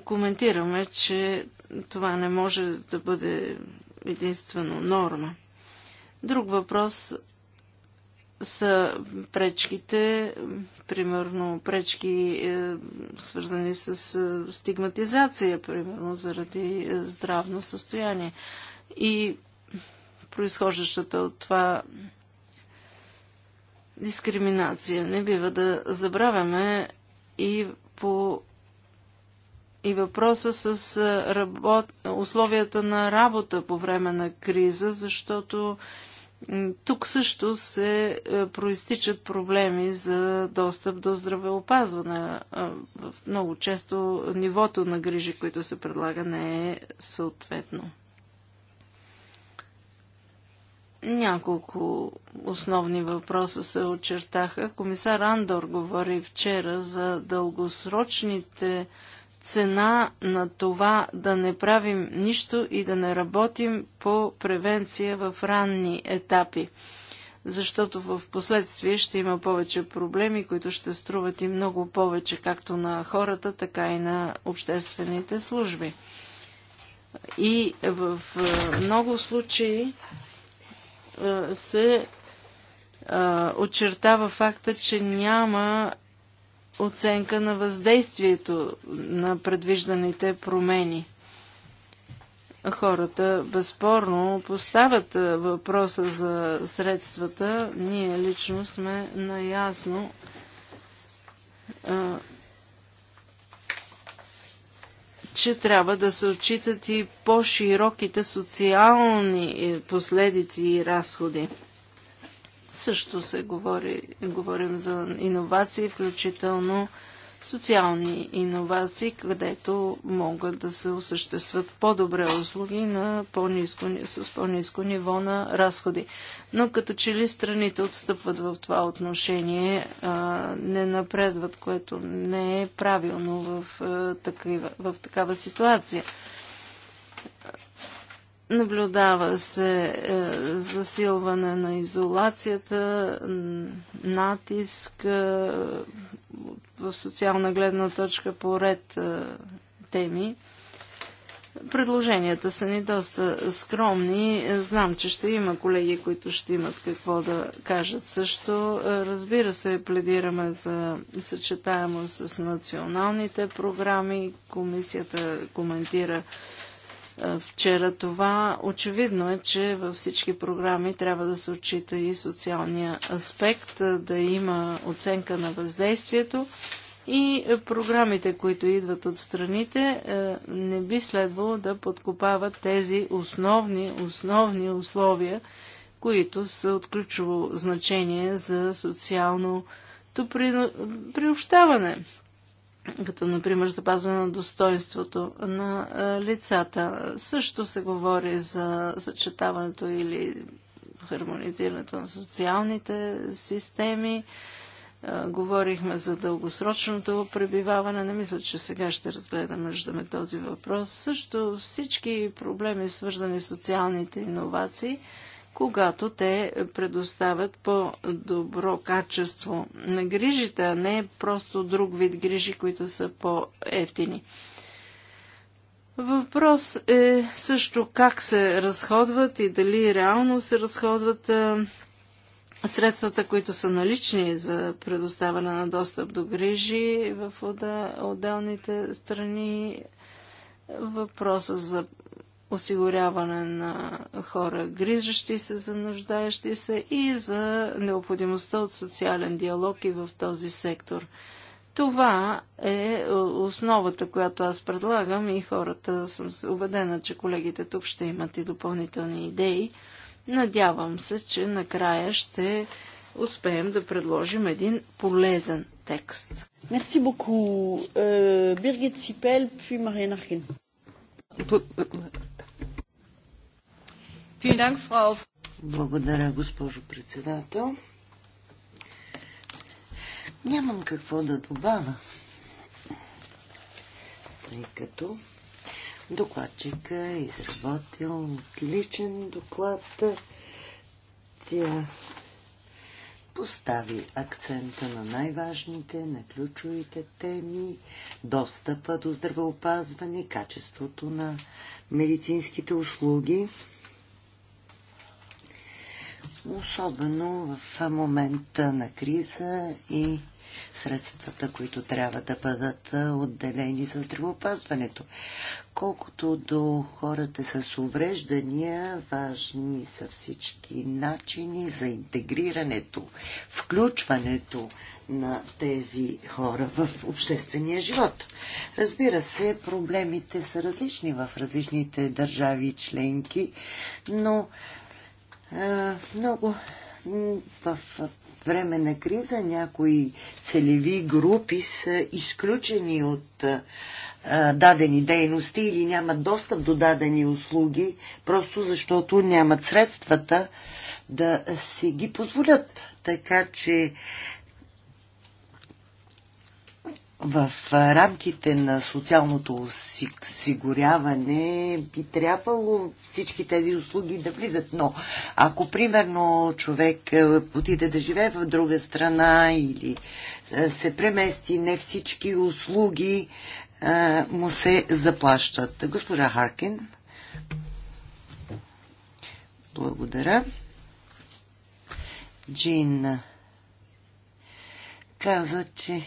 коментираме, че това не може да бъде единствено норма. Друг въпрос са пречките, примерно пречки е, свързани с е, стигматизация, примерно заради е, здравно състояние и произхождащата от това дискриминация. Не бива да забравяме и по и въпроса с работ... условията на работа по време на криза, защото тук също се е, проистичат проблеми за достъп до здравеопазване. Много често нивото на грижи, които се предлага, не е съответно. Няколко основни въпроса се очертаха. Комисар Андор говори вчера за дългосрочните цена на това да не правим нищо и да не работим по превенция в ранни етапи. Защото в последствие ще има повече проблеми, които ще струват и много повече както на хората, така и на обществените служби. И в е, много случаи е, се е, очертава факта, че няма оценка на въздействието на предвижданите промени. Хората безспорно поставят въпроса за средствата. Ние лично сме наясно че трябва да се отчитат и по-широките социални е, последици и разходи също се говори, говорим за иновации, включително социални иновации, където могат да се осъществят по-добре услуги на по-низко, с по-низко ниво на разходи. Но като че ли страните отстъпват в това отношение, не напредват, което не е правилно в, такава, в такава ситуация. Наблюдава се е, засилване на изолацията, натиск е, в социална гледна точка по ред е, теми. Предложенията са ни доста скромни. Знам, че ще има колеги, които ще имат какво да кажат също. Е, разбира се, пледираме за съчетаемост с националните програми. Комисията коментира е, вчера това, очевидно е, че във всички програми трябва да се отчита и социалния аспект, е, да има оценка на въздействието и е, програмите, които идват от страните, не би следвало да подкопават тези основни, основни условия, които са от ключово значение за социалното приобщаване като например запазване на достоинството на лицата. Също се говори за съчетаването или хармонизирането на социалните системи. Говорихме за дългосрочното пребиваване. Не мисля, че сега ще разгледаме ждаме този въпрос. Също всички проблеми, свързани с социалните иновации, когато те предоставят по-добро качество на грижите, а не просто друг вид грижи, които са по-ефтини. Въпрос е също как се разходват и дали реално се разходват средствата, които са налични за предоставяне на достъп до грижи в отделните страни, въпроса за осигуряване на хора, грижащи се за нуждаещи се и за необходимостта от социален диалог и в този сектор. Това е основата, която аз предлагам и хората съм убедена, че колегите тук ще имат и допълнителни идеи. Надявам се, че накрая ще успеем да предложим един полезен текст. Мерси боку, Биргит Сипел, пи Мария Нахин. Благодаря, госпожо председател. Нямам какво да добавя, тъй като докладчика е изработил отличен доклад. Тя постави акцента на най-важните, на ключовите теми, достъпа до здравеопазване, качеството на медицинските услуги особено в момента на криза и средствата, които трябва да бъдат отделени за здравеопазването. Колкото до хората с увреждания, важни са всички начини за интегрирането, включването на тези хора в обществения живот. Разбира се, проблемите са различни в различните държави членки, но много в време на криза някои целеви групи са изключени от дадени дейности или нямат достъп до дадени услуги, просто защото нямат средствата да си ги позволят. Така че в рамките на социалното осигуряване би трябвало всички тези услуги да влизат. Но ако, примерно, човек отиде да живее в друга страна или се премести, не всички услуги му се заплащат. Госпожа Харкин. Благодаря. Джин каза, че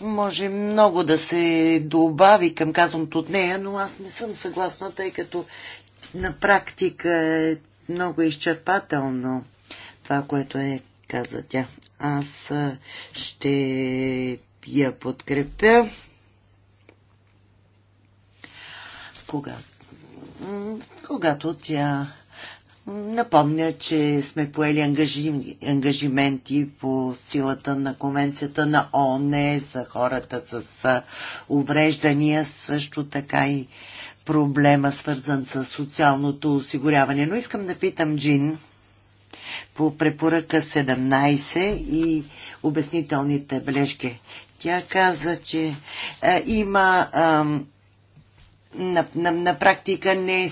може много да се добави към казаното от нея, но аз не съм съгласна, тъй като на практика е много изчерпателно това, което е каза тя. Аз ще я подкрепя. Кога? Когато тя Напомня, че сме поели ангажи... ангажименти по силата на конвенцията на ООН за хората с увреждания, също така и проблема свързан с социалното осигуряване. Но искам да питам Джин по препоръка 17 и обяснителните бележки. Тя каза, че а, има а, на, на, на практика не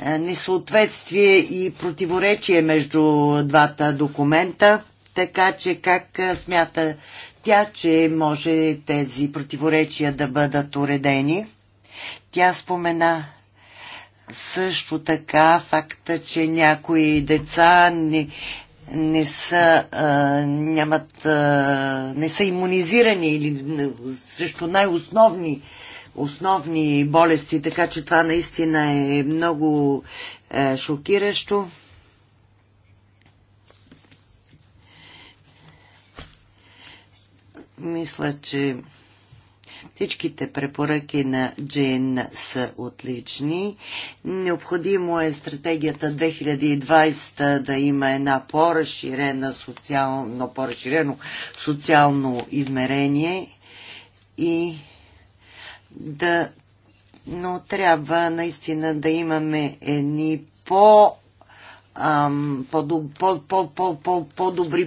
е, несъответствие и противоречие между двата документа, така че как е, смята тя, че може тези противоречия да бъдат уредени. Тя спомена също така факта, че някои деца не, не са, а, е, нямат, а, не са иммунизирани или срещу най-основни а, основни болести, така че това наистина е много е, шокиращо. Мисля, че всичките препоръки на Джин са отлични. Необходимо е стратегията 2020 да има една по-разширена социално, по-разширено социално измерение и да, но трябва наистина да имаме едни по по-добри, по, по, по,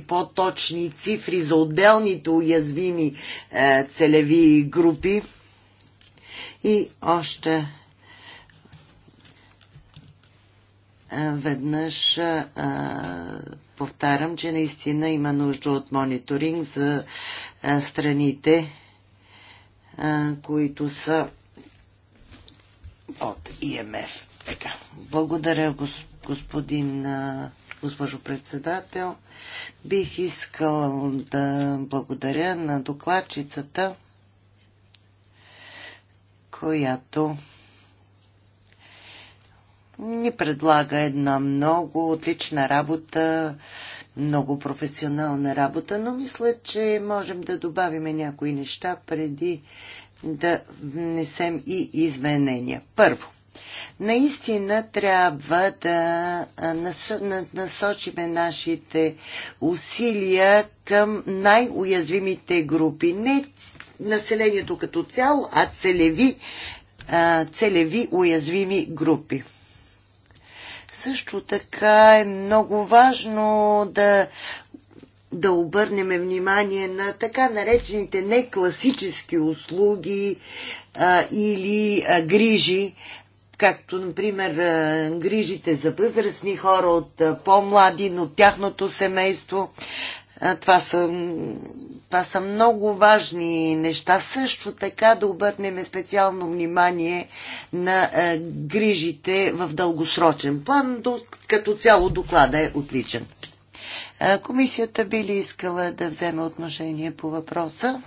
по-точни цифри за отделните уязвими е, целеви групи. И още е, веднъж е, е, повтарям, че наистина има нужда от мониторинг за е, страните които са от ИМФ. Така. Благодаря, господин, госпожо председател. Бих искал да благодаря на докладчицата, която ни предлага една много отлична работа много професионална работа, но мисля, че можем да добавим някои неща преди да внесем и изменения. Първо, наистина трябва да насочиме нашите усилия към най-уязвимите групи. Не населението като цяло, а целеви, целеви уязвими групи. Също така е много важно да да обърнем внимание на така наречените некласически услуги а, или а, грижи, както, например, а, грижите за възрастни хора от по-млади, но тяхното семейство. А, това са това са много важни неща. Също така да обърнем специално внимание на е, грижите в дългосрочен план. До, като цяло доклада е отличен. Е, комисията би ли искала да вземе отношение по въпроса?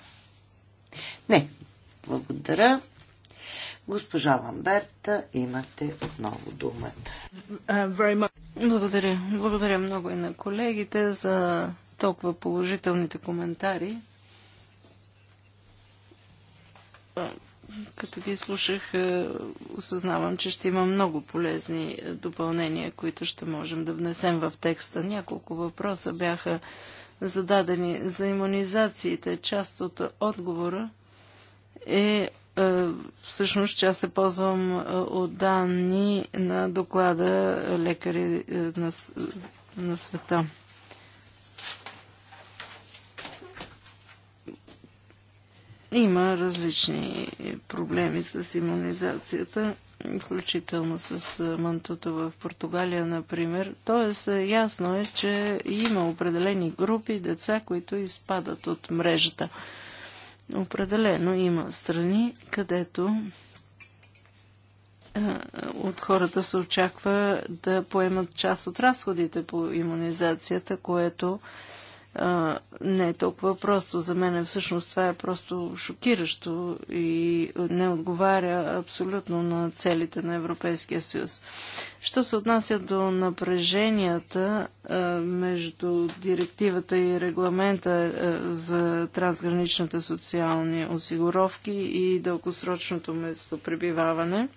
Не. Благодаря. Госпожа Ламберта, имате отново думата. Е, е, Благодаря. Благодаря много и на колегите за толкова положителните коментари. Като ги слушах, осъзнавам, че ще има много полезни допълнения, които ще можем да внесем в текста. Няколко въпроса бяха зададени за иммунизациите. Част от отговора е всъщност, че аз се ползвам от данни на доклада лекари на, на света. Има различни проблеми с иммунизацията, включително с мантото в Португалия, например. Тоест, ясно е, че има определени групи деца, които изпадат от мрежата. Определено има страни, където от хората се очаква да поемат част от разходите по иммунизацията, което а, не е толкова просто. За мен всъщност това е просто шокиращо и не отговаря абсолютно на целите на Европейския съюз. Що се отнася до напреженията а, между директивата и регламента а, за трансграничните социални осигуровки и дългосрочното местопребиваване,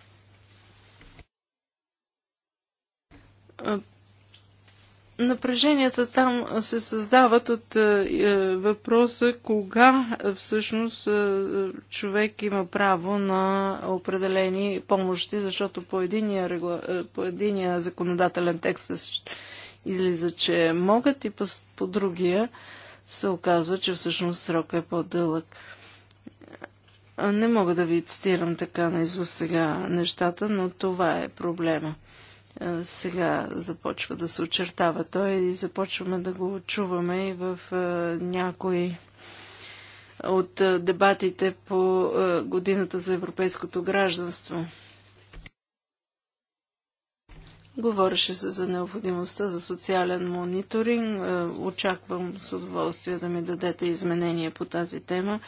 напреженията там се създават от е, е въпроса кога е, всъщност е, човек има право на определени помощи, защото по единия, регла... Е, по единия законодателен текст излиза, че могат и по, по другия се оказва, че всъщност срок е по-дълъг. Не мога да ви цитирам така наизуст сега нещата, но това е проблема сега започва да се очертава той и започваме да го чуваме и в някои от дебатите по годината за европейското гражданство. Говореше се за необходимостта за социален мониторинг. Очаквам с удоволствие да ми дадете изменения по тази тема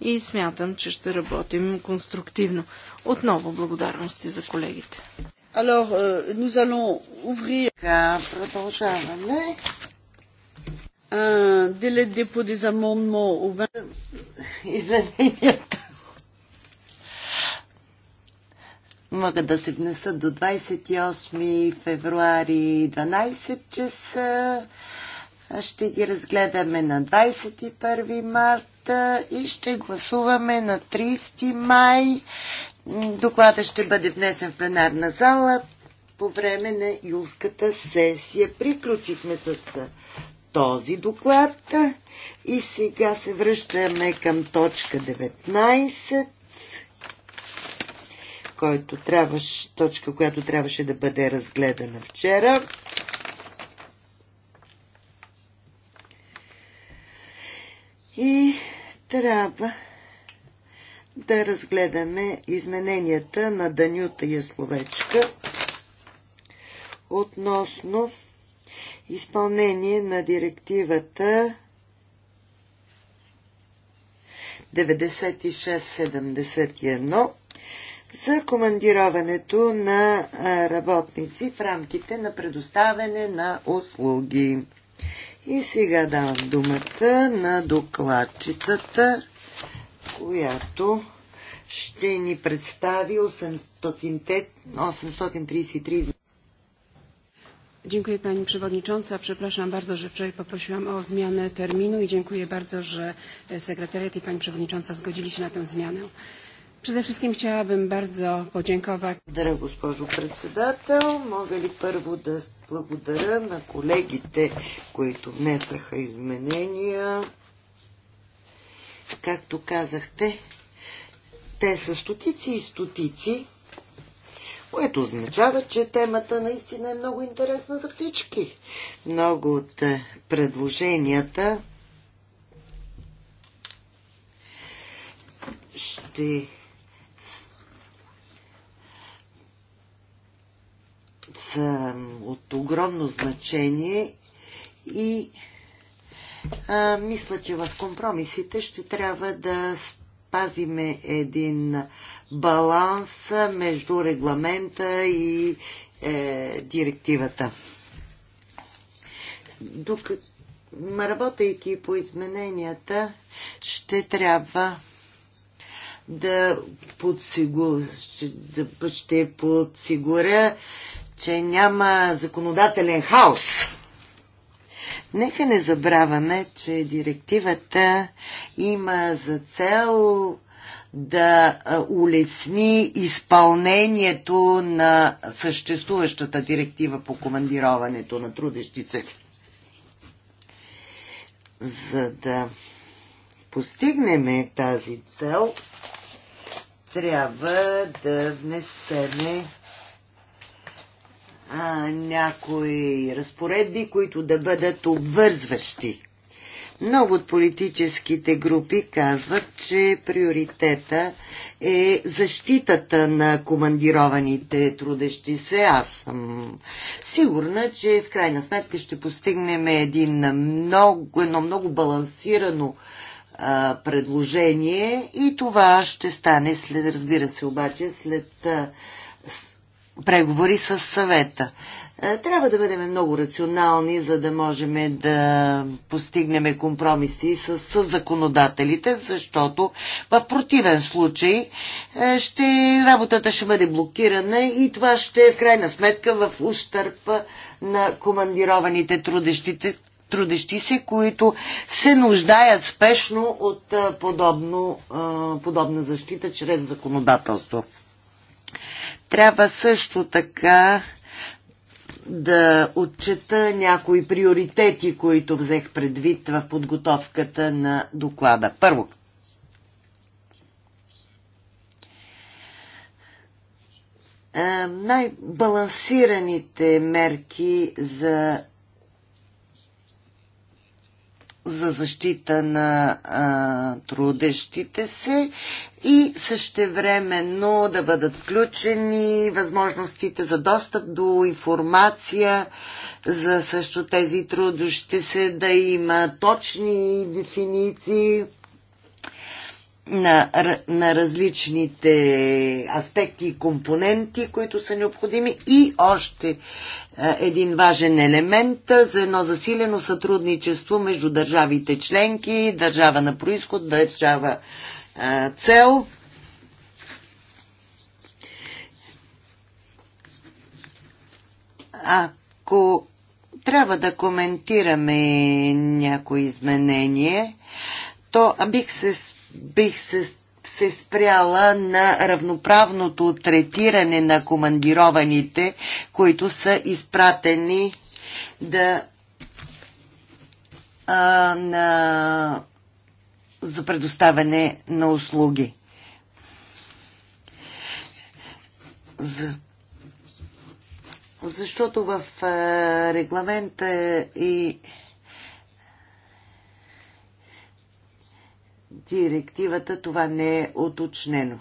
и смятам, че ще работим конструктивно. Отново благодарности за колегите. Alors, euh, nous allons ouvrir. Продължаваме. Un délai de dépôt des amendements au 20. могат да се внесат до 28 февруари 12 часа. Ще ги разгледаме на 21 марта и ще гласуваме на 30 май Доклада ще бъде внесен в пленарна зала по време на юлската сесия. Приключихме с този доклад и сега се връщаме към точка 19 който трябваше, точка, която трябваше да бъде разгледана вчера. И трябва да разгледаме измененията на Данюта Ясловечка относно изпълнение на директивата 9671 за командироването на работници в рамките на предоставяне на услуги. И сега давам думата на докладчицата която ще ни представи 833 Dziękuję Pani Przewodnicząca. Przepraszam bardzo, że wczoraj poprosiłam o zmianę terminu i dziękuję bardzo, że Sekretariat i Pani Przewodnicząca zgodzili się na tę zmianę. Przede wszystkim chciałabym bardzo podziękować. Благодаря, госпожо председател. mogę li първо да благодаря на колегите, които внесаха изменения както казахте, те са стотици и стотици, което означава, че темата наистина е много интересна за всички. Много от е, предложенията ще са от огромно значение и а, мисля, че в компромисите ще трябва да спазиме един баланс между регламента и е, директивата. Докато работейки по измененията, ще трябва да подсигу... ще, да, ще подсигуря, че няма законодателен хаос Нека не забравяме, че директивата има за цел да улесни изпълнението на съществуващата директива по командироването на трудещи се. За да постигнем тази цел, трябва да внесеме а, някои разпоредби, които да бъдат обвързващи. Много от политическите групи казват, че приоритета е защитата на командированите трудещи се. Аз съм сигурна, че в крайна сметка ще постигнем един много, едно много балансирано а, предложение и това ще стане след, разбира се, обаче след а, преговори с съвета. Е, трябва да бъдем много рационални, за да можем да постигнем компромиси с, с законодателите, защото в противен случай е, ще, работата ще бъде блокирана и това ще е в крайна сметка в ущърп на командированите трудещите, трудещи се, които се нуждаят спешно от е, подобно, подобна защита чрез законодателство. Трябва също така да отчета някои приоритети, които взех предвид в подготовката на доклада. Първо, е, най-балансираните мерки за за защита на а, трудещите се и същевременно да бъдат включени възможностите за достъп до информация за също тези трудещи се, да има точни дефиниции на, на различните аспекти и компоненти, които са необходими и още е, един важен елемент е, за едно засилено сътрудничество между държавите членки, държава на происход, държава е, цел. Ако трябва да коментираме някои изменение, то бих се бих се, се спряла на равноправното третиране на командированите, които са изпратени да а, на, за предоставяне на услуги. За, защото в а, регламента и е, директивата това не е уточнено.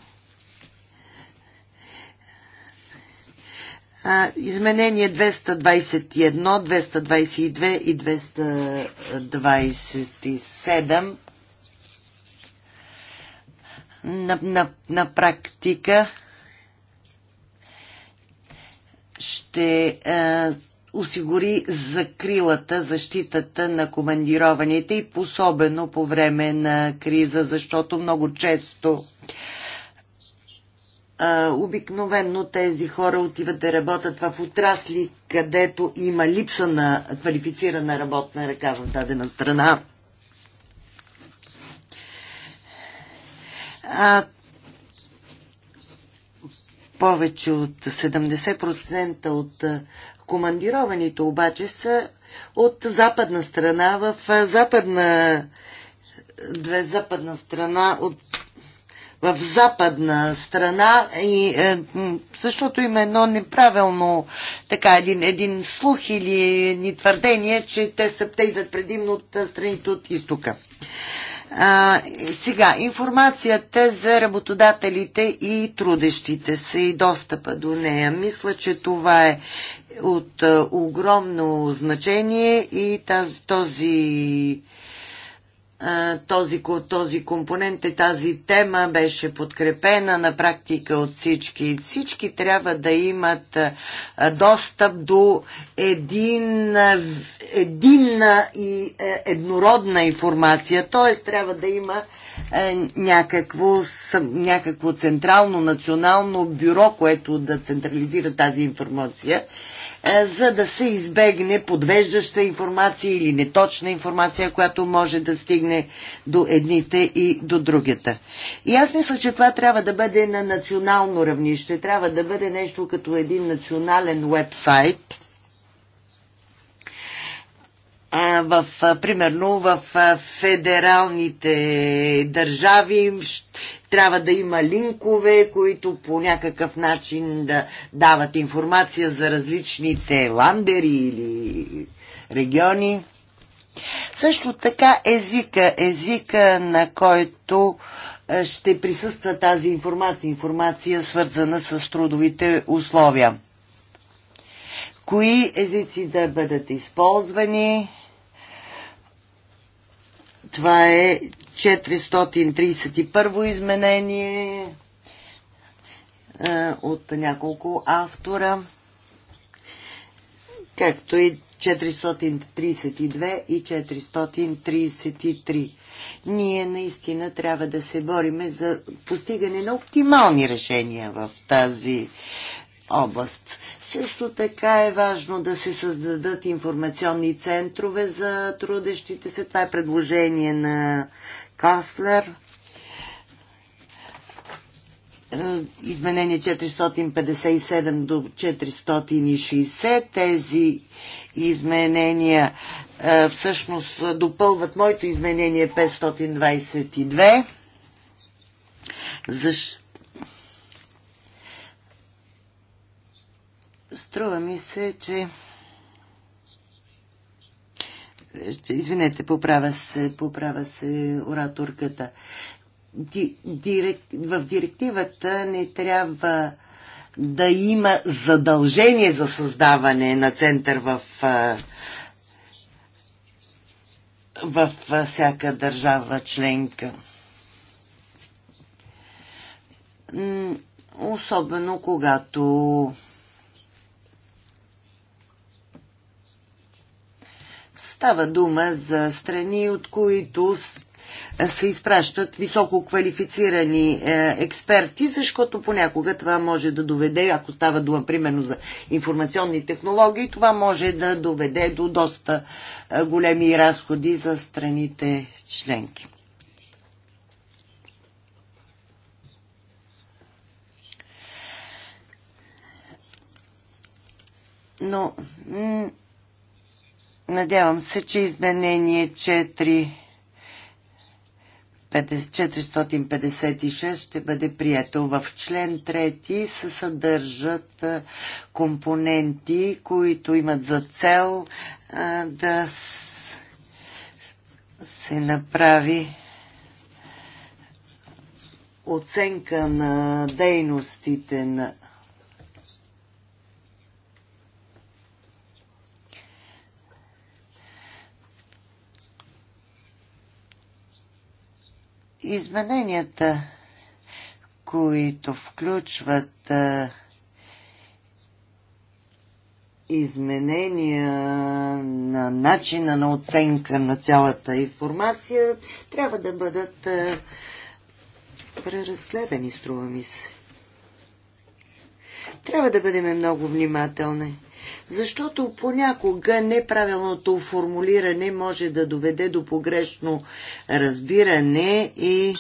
Изменение 221, 222 и 227 на, на, на практика ще осигури закрилата, защитата на командированите и пособено по време на криза, защото много често а, обикновенно тези хора отиват да работят в отрасли, където има липса на квалифицирана работна ръка в дадена страна. А, повече от 70% от Командированите обаче са от западна страна в западна две западна страна от в западна страна и е, същото има едно неправилно така един, един слух или ни твърдение, че те са идват предимно от страните от изтока. А, сега, информацията за работодателите и трудещите са и достъпа до нея. Мисля, че това е от а, е, огромно значение и тази, този, а, е, този, този компонент и тази тема беше подкрепена на практика от всички. Всички трябва да имат а, е, достъп до един, единна и еднородна информация, т.е. трябва да има е, някакво, някакво централно национално бюро, което да централизира тази информация, е, за да се избегне подвеждаща информация или неточна информация, която може да стигне до едните и до другите. И аз мисля, че това трябва да бъде на национално равнище, трябва да бъде нещо като един национален вебсайт, в, примерно в федералните държави трябва да има линкове, които по някакъв начин да дават информация за различните ландери или региони. Също така езика, езика на който ще присъства тази информация, информация свързана с трудовите условия. Кои езици да бъдат използвани? Това е 431 изменение е, от няколко автора, както и 432 и 433. Ние наистина трябва да се бориме за постигане на оптимални решения в тази област. Също така е важно да се създадат информационни центрове за трудещите се. Това е предложение на Каслер. Е, изменение 457 до 460. Тези изменения е, всъщност допълват моето изменение 522. Защо? Струва ми се, че извинете, поправя се, поправя се ораторката. Дирек, в директивата не трябва да има задължение за създаване на център в, в всяка държава членка. Особено когато Става дума за страни, от които се изпращат високо квалифицирани е, експерти, защото понякога това може да доведе, ако става дума примерно за информационни технологии, това може да доведе до доста е, големи разходи за страните членки. Но Надявам се, че изменение 4 456 ще бъде прието. В член 3 се съдържат компоненти, които имат за цел да се направи оценка на дейностите на Измененията, които включват изменения на начина на оценка на цялата информация, трябва да бъдат преразгледани, струва ми се. Трябва да бъдем много внимателни, защото понякога неправилното формулиране може да доведе до погрешно разбиране и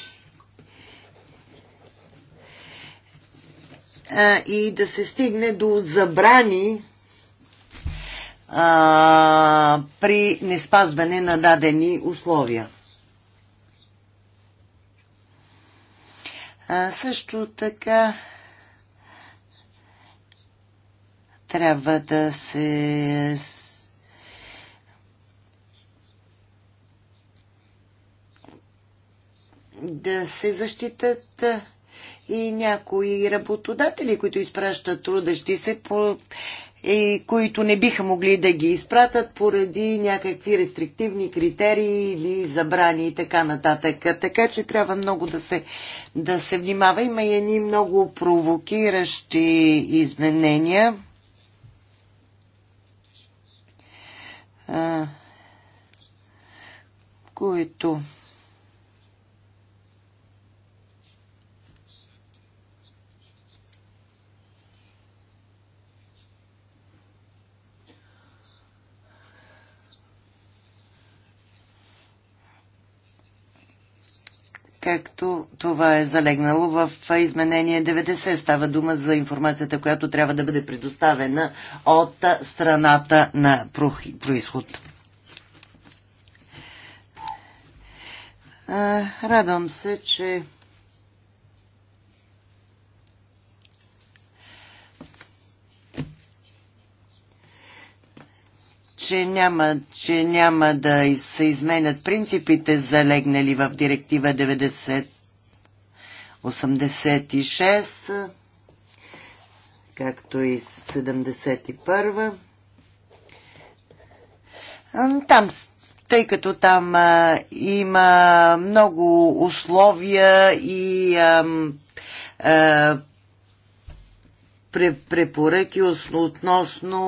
и да се стигне до забрани а, при неспазване на дадени условия. А, също така трябва да се да се защитат и някои работодатели, които изпращат трудещи се по и които не биха могли да ги изпратят поради някакви рестриктивни критерии или забрани и така нататък. Така че трябва много да се, да се внимава. Има и едни много провокиращи изменения. които както това е залегнало в изменение 90. Става дума за информацията, която трябва да бъде предоставена от страната на происход. Радвам се, че че няма, че няма да се изменят принципите, залегнали в директива 90 86, както и 71. Там, тъй като там а, има много условия и а, а, препоръки относно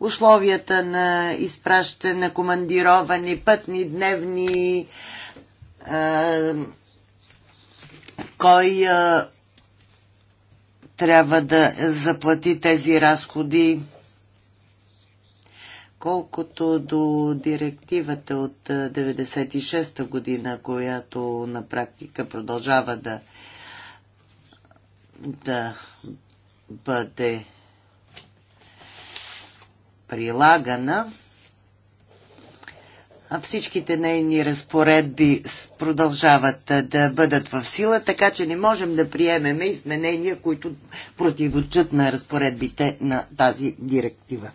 условията на изпращане на командировани пътни дневни кой трябва да заплати тези разходи колкото до директивата от 96-та година, която на практика продължава да да бъде прилагана, а всичките нейни разпоредби продължават да бъдат в сила, така че не можем да приемеме изменения, които противочат на разпоредбите на тази директива.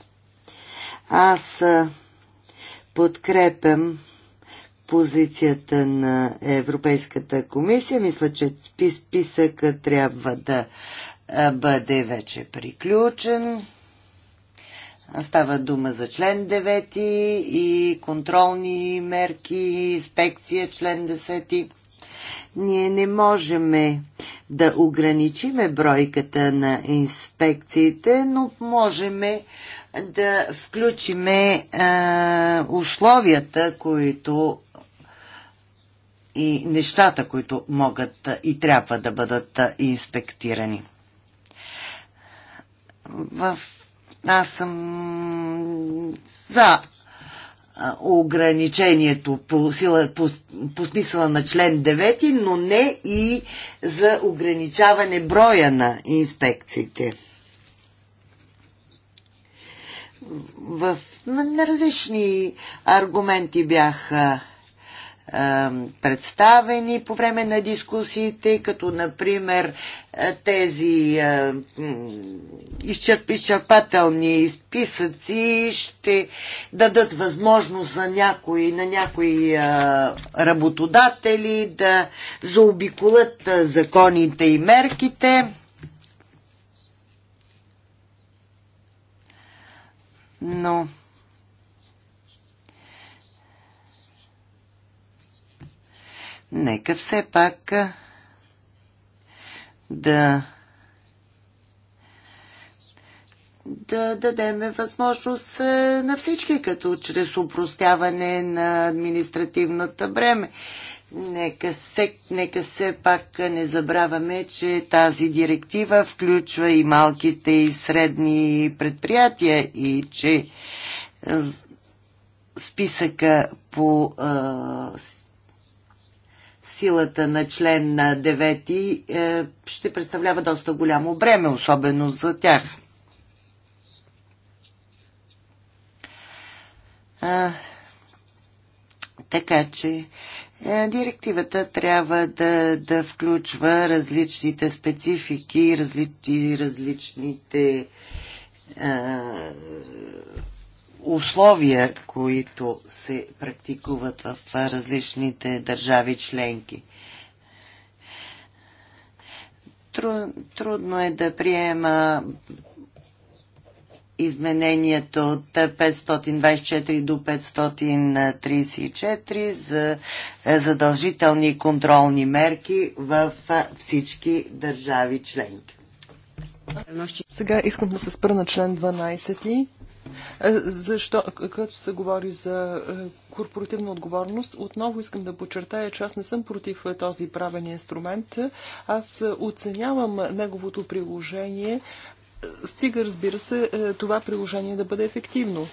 Аз подкрепям позицията на Европейската комисия. Мисля, че списъка трябва да бъде вече приключен. Става дума за член 9 и контролни мерки, инспекция член 10. Ние не можем да ограничиме бройката на инспекциите, но можем да включиме а, условията, които и нещата, които могат и трябва да бъдат инспектирани. В... Аз съм за ограничението по, сила, по, по смисъла на член 9, но не и за ограничаване броя на инспекциите. В на различни аргументи бяха представени по време на дискусиите, като например тези изчерпателни списъци ще дадат възможност за някои, на някои работодатели да заобиколят законите и мерките. Но... No. нека все пак да да дадем възможност на всички, като чрез упростяване на административната бреме. Нека се, нека се пак не забравяме, че тази директива включва и малките и средни предприятия и че списъка по а, силата на член на девети е, ще представлява доста голямо бреме, особено за тях. А, така че е, Директивата трябва да, да включва различните специфики разли, различните а, условия, които се практикуват в различните държави членки. Трудно е да приема изменението от 524 до 534 за е, задължителни контролни мерки в е, всички държави членки. Сега искам да се спра на член 12. Е, защо, като се говори за е, корпоративна отговорност, отново искам да подчертая, че аз не съм против е, този правен инструмент. Аз оценявам неговото приложение, стига, разбира се, това приложение да бъде ефективно.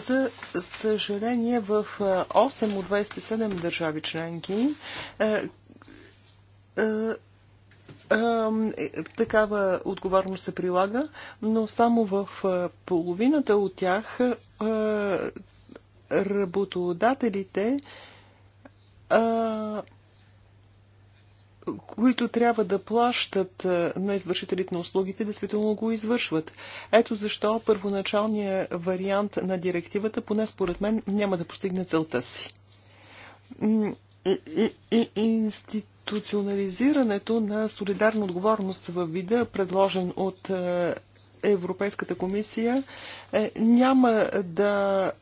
За съжаление, в 8 от 27 държави членки е, такава отговорност се прилага, но само в е, половината от тях е, работодателите, които трябва да плащат на извършителите на услугите, действително го извършват. Ето защо първоначалният вариант на директивата, поне според мен, няма да постигне целта си. Институт институционализирането на солидарна отговорност във вида, предложен от е, Европейската комисия е, няма да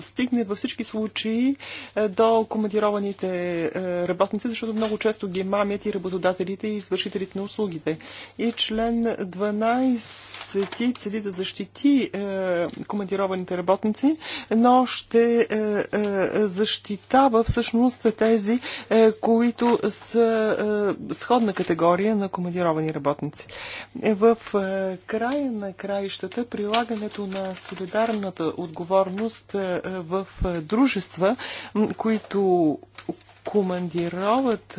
стигне във всички случаи е, до командированите е, работници, защото много често ги мамят и работодателите и извършителите на услугите. И член 12 цели да защити командированите работници, но ще защитава всъщност тези, които са сходна категория на командировани работници. В край края на краищата прилагането на солидарната отговорност е, е, в е, дружества, които командироват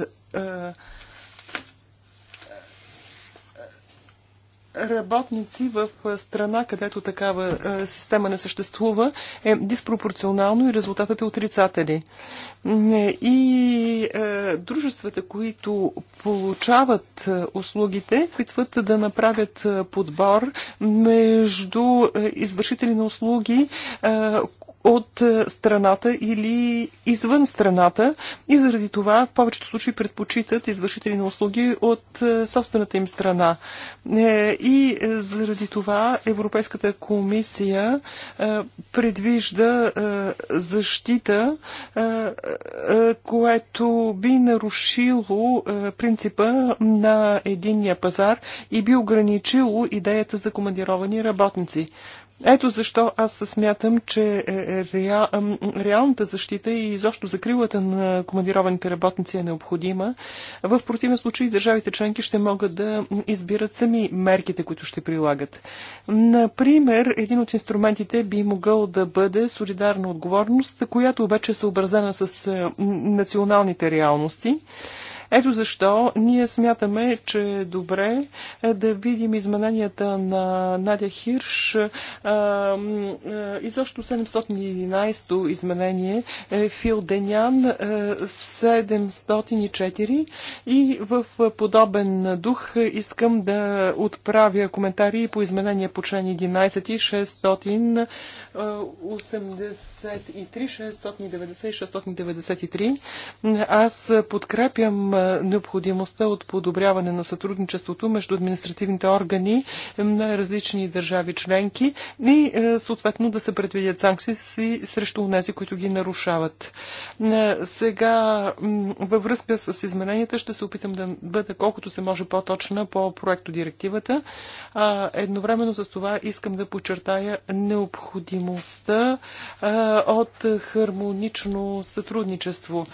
работници в страна, където такава система не съществува, е диспропорционално и резултатът е отрицателен. И дружествата, които получават услугите, опитват да направят подбор между извършители на услуги, от е, страната или извън страната и заради това в повечето случаи предпочитат извършители на услуги от е, собствената им страна. Е, и заради това Европейската комисия предвижда защита, което би нарушило принципа на единния пазар и би ограничило идеята за командировани работници. Ето защо аз смятам, че е, е, реал, реалната защита и изобщо закрилата на командированите работници е необходима. В противен случай държавите членки ще могат да избират сами мерките, които ще прилагат. Например, един от инструментите би могъл да бъде солидарна отговорност, която обаче е съобразена с е, националните реалности. Ето защо ние смятаме, че е добре е, да видим измененията на Надя Хирш. Е, е, изобщо 711-то изменение е Фил Денян 704 и в подобен дух искам да отправя коментари по изменения по член 11 683, 690 693. Аз подкрепям необходимостта от подобряване на сътрудничеството между административните органи на различни държави членки и съответно да се предвидят санкции срещу тези, които ги нарушават. Сега във връзка с измененията ще се опитам да бъда колкото се може по-точна по проекто директивата. Едновременно с това искам да подчертая необходимостта от хармонично сътрудничество.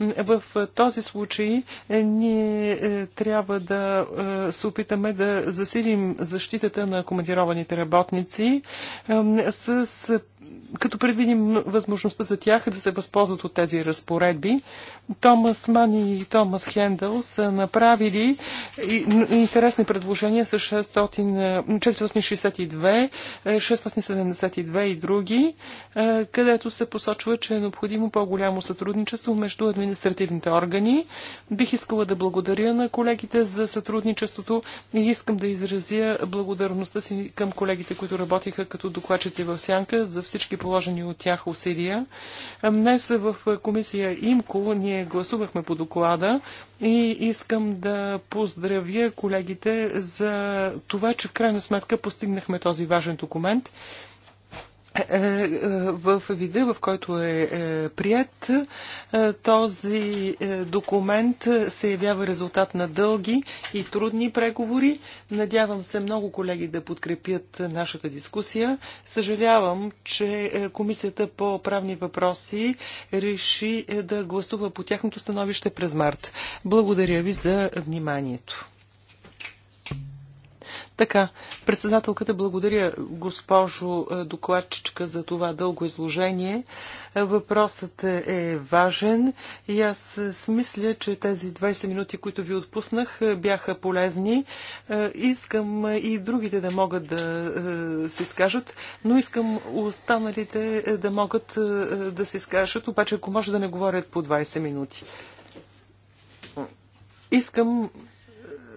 В този случай е, ние е, трябва да е, се опитаме да засилим защитата на командированите работници с като предвидим възможността за тях да се възползват от тези разпоредби, Томас Мани и Томас Хендъл са направили интересни предложения с 600, 462, 672 и други, е, където се посочва, че е необходимо по-голямо сътрудничество между административните органи. Бих искала да благодаря на колегите за сътрудничеството и искам да изразя благодарността си към колегите, които работиха като докладчици в Сянка за всички положени от тях усилия. Днес в комисия ИМКО ние гласувахме по доклада и искам да поздравя колегите за това, че в крайна сметка постигнахме този важен документ. Е, е, в вида, в който е, е прият този документ се явява резултат на дълги и трудни преговори. Надявам се много колеги да подкрепят нашата дискусия. Съжалявам, че Комисията по правни въпроси реши да гласува по тяхното становище през март. Благодаря ви за вниманието. Така, председателката благодаря госпожо е, докладчичка за това дълго изложение. Е, въпросът е, е важен и аз смисля, че тези 20 минути, които ви отпуснах, бяха полезни. Искам и другите да могат да се изкажат, но искам останалите да могат да се изкажат, обаче ако може да не говорят по 20 минути. Искам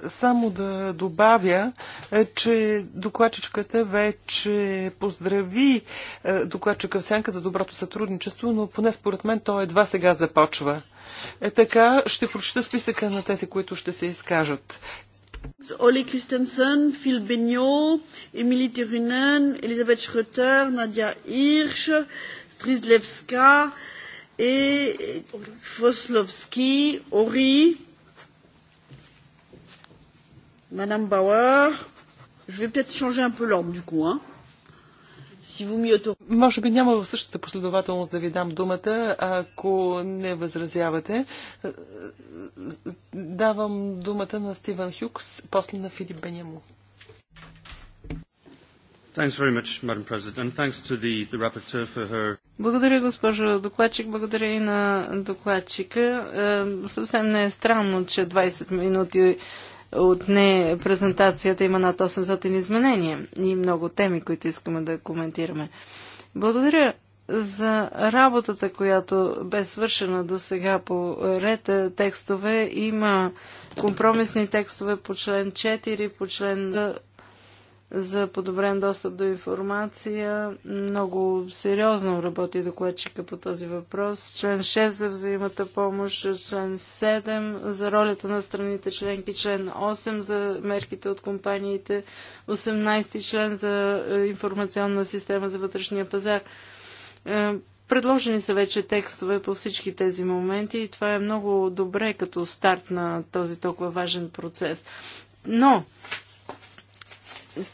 само да добавя, е, че докладчичката вече поздрави е, докладчика в сянка за доброто сътрудничество, но поне според мен той едва сега започва. Е, така ще прочита списъка на тези, които ще се изкажат. Оли Кристенсен, Фил Беньо, Емили Тиринен, Елизабет Шрътър, Надя Ирш, Стризлевска и Фословски, Ори, Madame Bauer, je vais peut-être changer un peu l'ordre du coup. Hein. Si vous m'y Може би няма в същата последователност да ви дам думата, ако не възразявате. Давам думата на Стивен Хюкс, после на Филип Бенямо. Благодаря, госпожо докладчик. Благодаря и на докладчика. Е, съвсем не е странно, че 20 минути отне презентацията има над 800 изменения и много теми, които искаме да коментираме. Благодаря за работата, която бе свършена до сега по ред е, текстове. Има компромисни текстове по член 4, по член за подобрен достъп до информация. Много сериозно работи докладчика по този въпрос. Член 6 за взаимата помощ, член 7 за ролята на страните членки, член 8 за мерките от компаниите, 18 член за е, информационна система за вътрешния пазар. Е, предложени са вече текстове по всички тези моменти и това е много добре като старт на този толкова важен процес. Но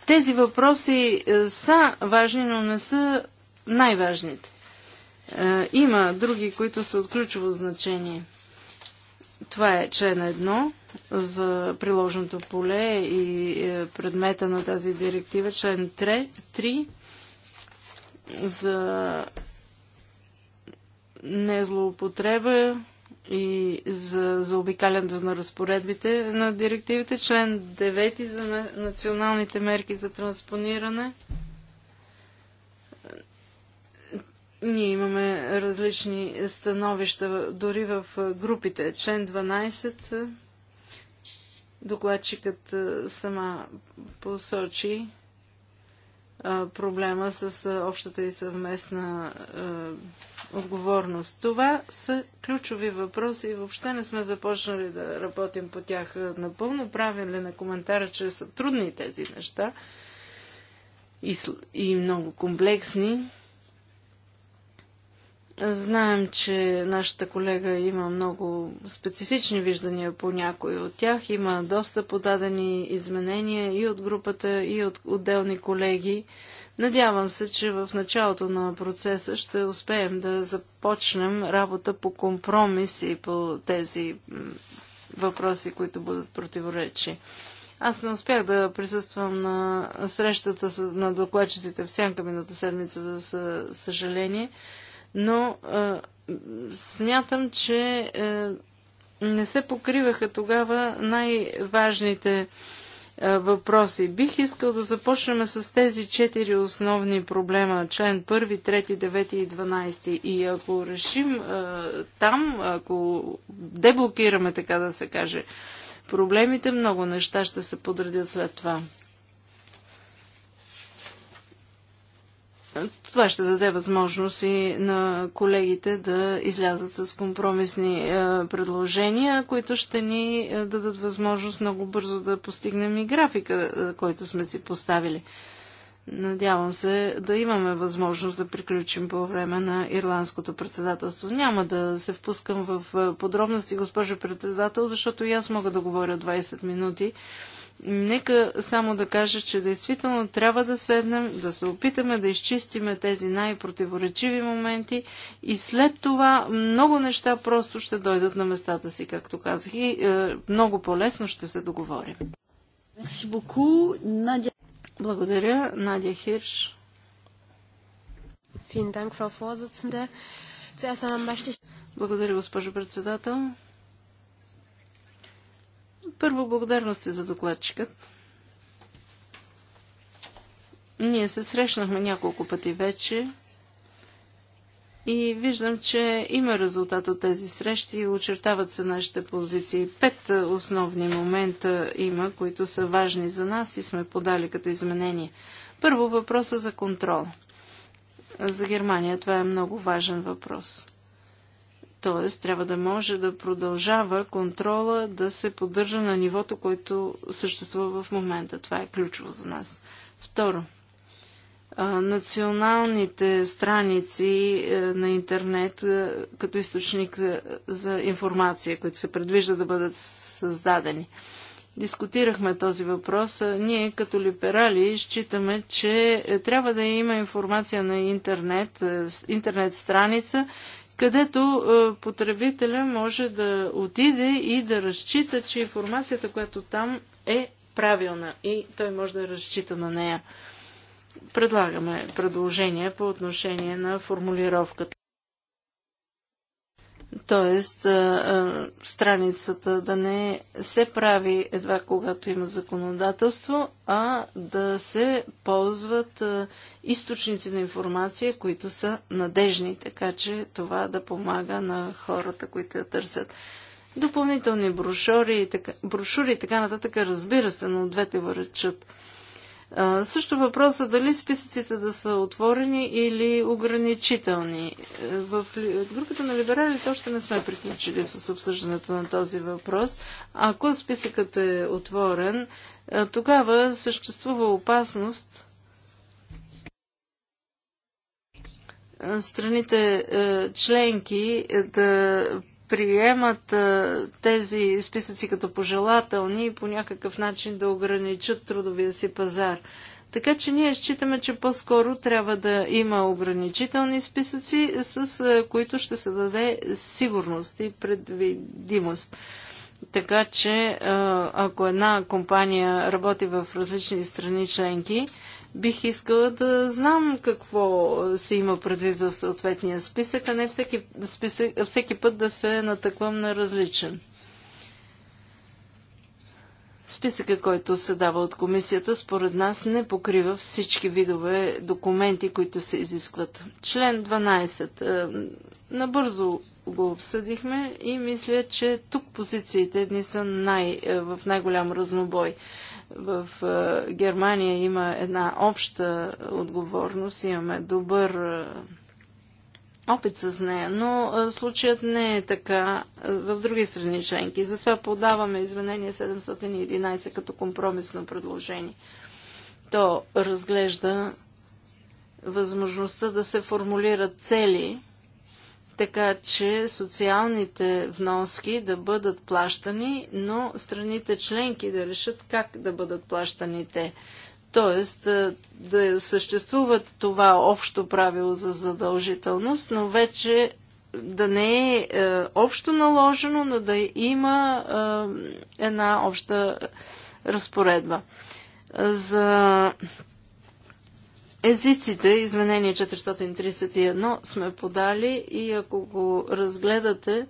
тези въпроси е, са важни, но не са най-важните. Е, има други, които са от ключово значение. Това е член едно за приложното поле и е, предмета на тази директива, член 3, 3 за незлоупотреба и за обикалянето на разпоредбите на директивите. Член 9 за националните мерки за транспониране. Ние имаме различни становища дори в групите. Член 12 докладчикът сама посочи проблема с общата и съвместна отговорност. Това са ключови въпроси и въобще не сме започнали да работим по тях. Напълно Правим ли на коментара, че са трудни тези неща и, и много комплексни. Знаем, че нашата колега има много специфични виждания по някои от тях. Има доста подадени изменения и от групата, и от отделни колеги. Надявам се, че в началото на процеса ще успеем да започнем работа по компромис и по тези въпроси, които будат противоречи. Аз не успях да присъствам на срещата на докладчиците в сянка миналата седмица, за съжаление но смятам, че не се покриваха тогава най-важните въпроси. Бих искал да започнем с тези четири основни проблема. Член 1, 3, 9 и 12. И ако решим е, там, ако деблокираме, така да се каже, проблемите, много неща ще се подредят след това. Това ще даде възможност и на колегите да излязат с компромисни е, предложения, които ще ни е, дадат възможност много бързо да постигнем и графика, е, който сме си поставили. Надявам се да имаме възможност да приключим по време на ирландското председателство. Няма да се впускам в подробности, госпожо председател, защото и аз мога да говоря 20 минути. Нека само да кажа, че действително трябва да седнем, да се опитаме да изчистиме тези най-противоречиви моменти и след това много неща просто ще дойдат на местата си, както казах, и е, много по-лесно ще се договорим. Благодаря, Надя Хирш. Благодаря, госпожо председател. Първо, благодарности за докладчика. Ние се срещнахме няколко пъти вече и виждам, че има резултат от тези срещи и очертават се нашите позиции. Пет основни момента има, които са важни за нас и сме подали като изменение. Първо въпроса за контрол. За Германия това е много важен въпрос. Т.е. трябва да може да продължава контрола да се поддържа на нивото, което съществува в момента. Това е ключово за нас. Второ, националните страници е, на интернет е, като източник е, за информация, които се предвижда да бъдат създадени. Дискутирахме този въпрос. Ние като либерали считаме, че трябва да има информация на интернет, интернет страница, където е, потребителя може да отиде и да разчита, че информацията, която там е правилна и той може да разчита на нея. Предлагаме предложение по отношение на формулировката. Тоест, страницата да не се прави едва когато има законодателство, а да се ползват източници на информация, които са надежни, така че това да помага на хората, които я търсят. Допълнителни брошури и така, брошури и така нататък, разбира се, но двете върчат също въпроса дали списъците да са отворени или ограничителни. Е, в групата на либералите още не сме приключили с обсъждането на този въпрос. Ако списъкът е отворен, е, тогава съществува опасност е, страните членки да приемат тези списъци като пожелателни и по някакъв начин да ограничат трудовия си пазар. Така че ние считаме, че по-скоро трябва да има ограничителни списъци, с които ще се даде сигурност и предвидимост. Така че ако една компания работи в различни страни членки, бих искала да знам какво се има предвид в съответния списък, а не всеки, списък, всеки път да се натъквам на различен. Списъка, който се дава от комисията, според нас не покрива всички видове документи, които се изискват. Член 12. Е, набързо го обсъдихме и мисля, че тук позициите ни са най, е, в най-голям разнобой. В е, Германия има една обща отговорност, имаме добър е, опит с нея, но е, случаят не е така в други страни членки. Затова подаваме изменение 711 като компромисно предложение. То разглежда възможността да се формулират цели така че социалните вноски да бъдат плащани, но страните членки да решат как да бъдат плащани те. Тоест да съществува това общо правило за задължителност, но вече да не е, е общо наложено, но да има е, една обща разпоредба. За езиците, изменение 431, сме подали и ако го разгледате,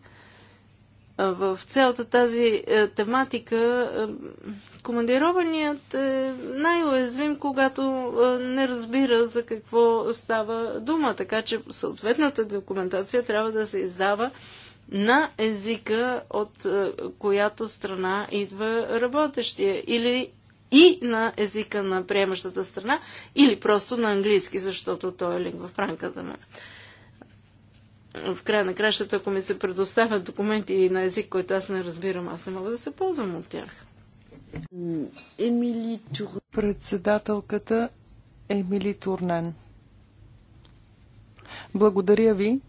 в цялата тази е, тематика е, командированият е най-уязвим, когато е, не разбира за какво става дума. Така че съответната документация трябва да се издава на езика, от която страна идва работещия. Или и на езика на приемащата страна или просто на английски, защото той е лингва франка за мен. В края на кращата, ако ми се предоставят документи на език, който аз не разбирам, аз не мога да се ползвам от тях. Емили Тур... Председателката Емили Турнен. Благодаря ви.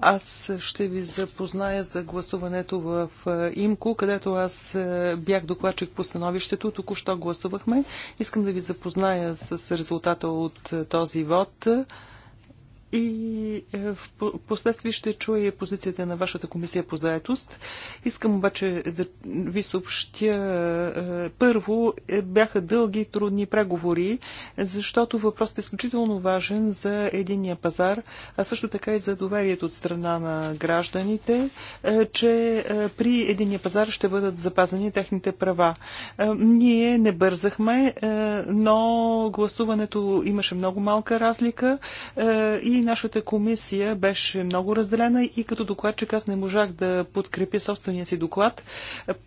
Аз ще ви запозная за гласуването в ИМКО, където аз бях докладчик по становището. Току-що гласувахме. Искам да ви запозная с резултата от този вод и е, в последствие ще чуя позицията на вашата комисия по заетост. Искам обаче да ви съобщя. Е, първо, е, бяха дълги и трудни преговори, защото въпросът е изключително важен за единия пазар, а също така и за доверието от страна на гражданите, че при единия пазар ще бъдат запазени техните права. Ние не бързахме, но гласуването имаше много малка разлика и нашата комисия беше много разделена и като докладчик аз не можах да подкрепя собствения си доклад.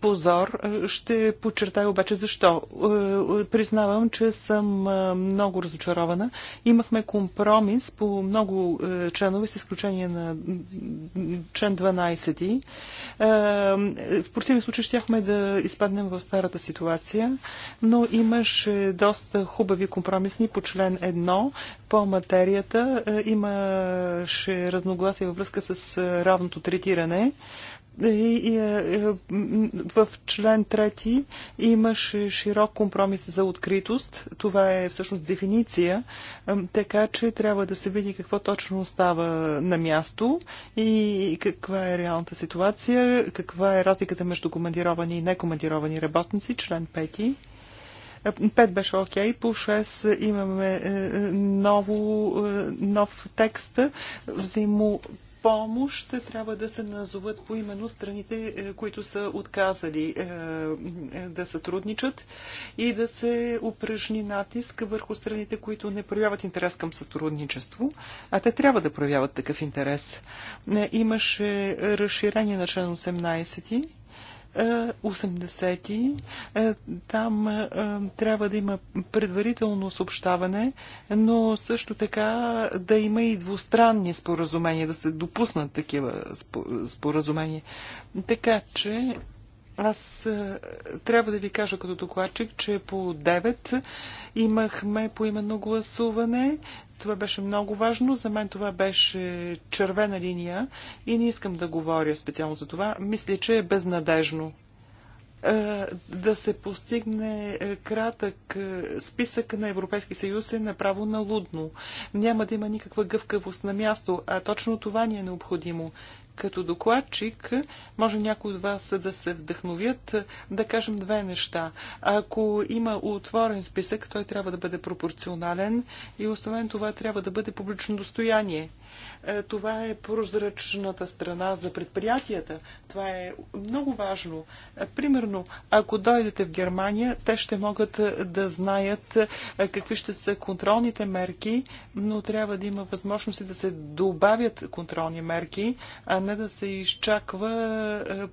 Позор, ще подчертая обаче защо. Е, признавам, че съм е, много разочарована. Имахме компромис по много е, членове, с изключение на член 12. В противен случай щяхме да изпаднем в старата ситуация, но имаше доста хубави компромисни по член 1, по материята е, имаше разногласие във връзка с е, равното третиране. И, е, в член 3 имаше широк компромис за откритост. Това е всъщност дефиниция, така че трябва да се види какво точно става на място и каква е реалната ситуация, каква е разликата между командировани и некомандировани работници, член 5. 5 беше окей, по 6 имаме е, е, ново, е, нов текст. Взаимо помощ трябва да се назоват по именно страните, които са отказали да сътрудничат и да се упражни натиск върху страните, които не проявяват интерес към сътрудничество, а те трябва да проявяват такъв интерес. Имаше разширение на член 18 80-ти. Е, там е, трябва да има предварително съобщаване, но също така да има и двустранни споразумения, да се допуснат такива споразумения. Така че аз е, трябва да ви кажа като докладчик, че по 9 имахме поименно гласуване. Това беше много важно. За мен това беше червена линия и не искам да говоря специално за това. Мисля, че е безнадежно е, да се постигне е, кратък списък на Европейски съюз е направо налудно. Няма да има никаква гъвкавост на място, а точно това ни е необходимо като докладчик може някои от вас да се вдъхновят, да кажем две неща. Ако има отворен списък, той трябва да бъде пропорционален и освен това трябва да бъде публично достояние. Е, това е прозрачната страна за предприятията. Това е много важно. Е, примерно, ако дойдете в Германия, те ще могат е, да знаят какви ще са контролните мерки, но трябва да има възможности да се добавят контролни мерки, а не да се изчаква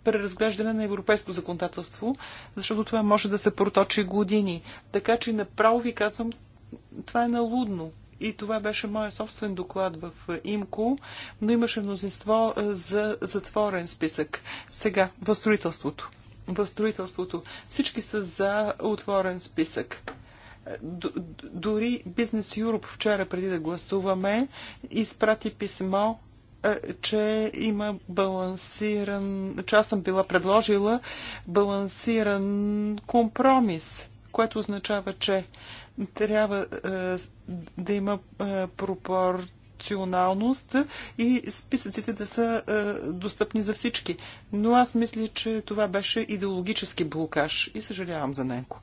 преразглеждане на европейско законодателство, защото това може да се проточи години. Така че направо ви казвам, това е налудно и това беше моя собствен доклад в ИМКО, но имаше мнозинство за затворен списък. Сега, в строителството. В строителството всички са за отворен списък. Д дори Бизнес Юруп вчера преди да гласуваме изпрати писмо че има балансиран, че аз съм била предложила балансиран компромис, което означава, че трябва е, да има а, е, пропорционалност и списъците да са а, е, достъпни за всички. Но аз мисля, че това беше идеологически блокаж и съжалявам за него.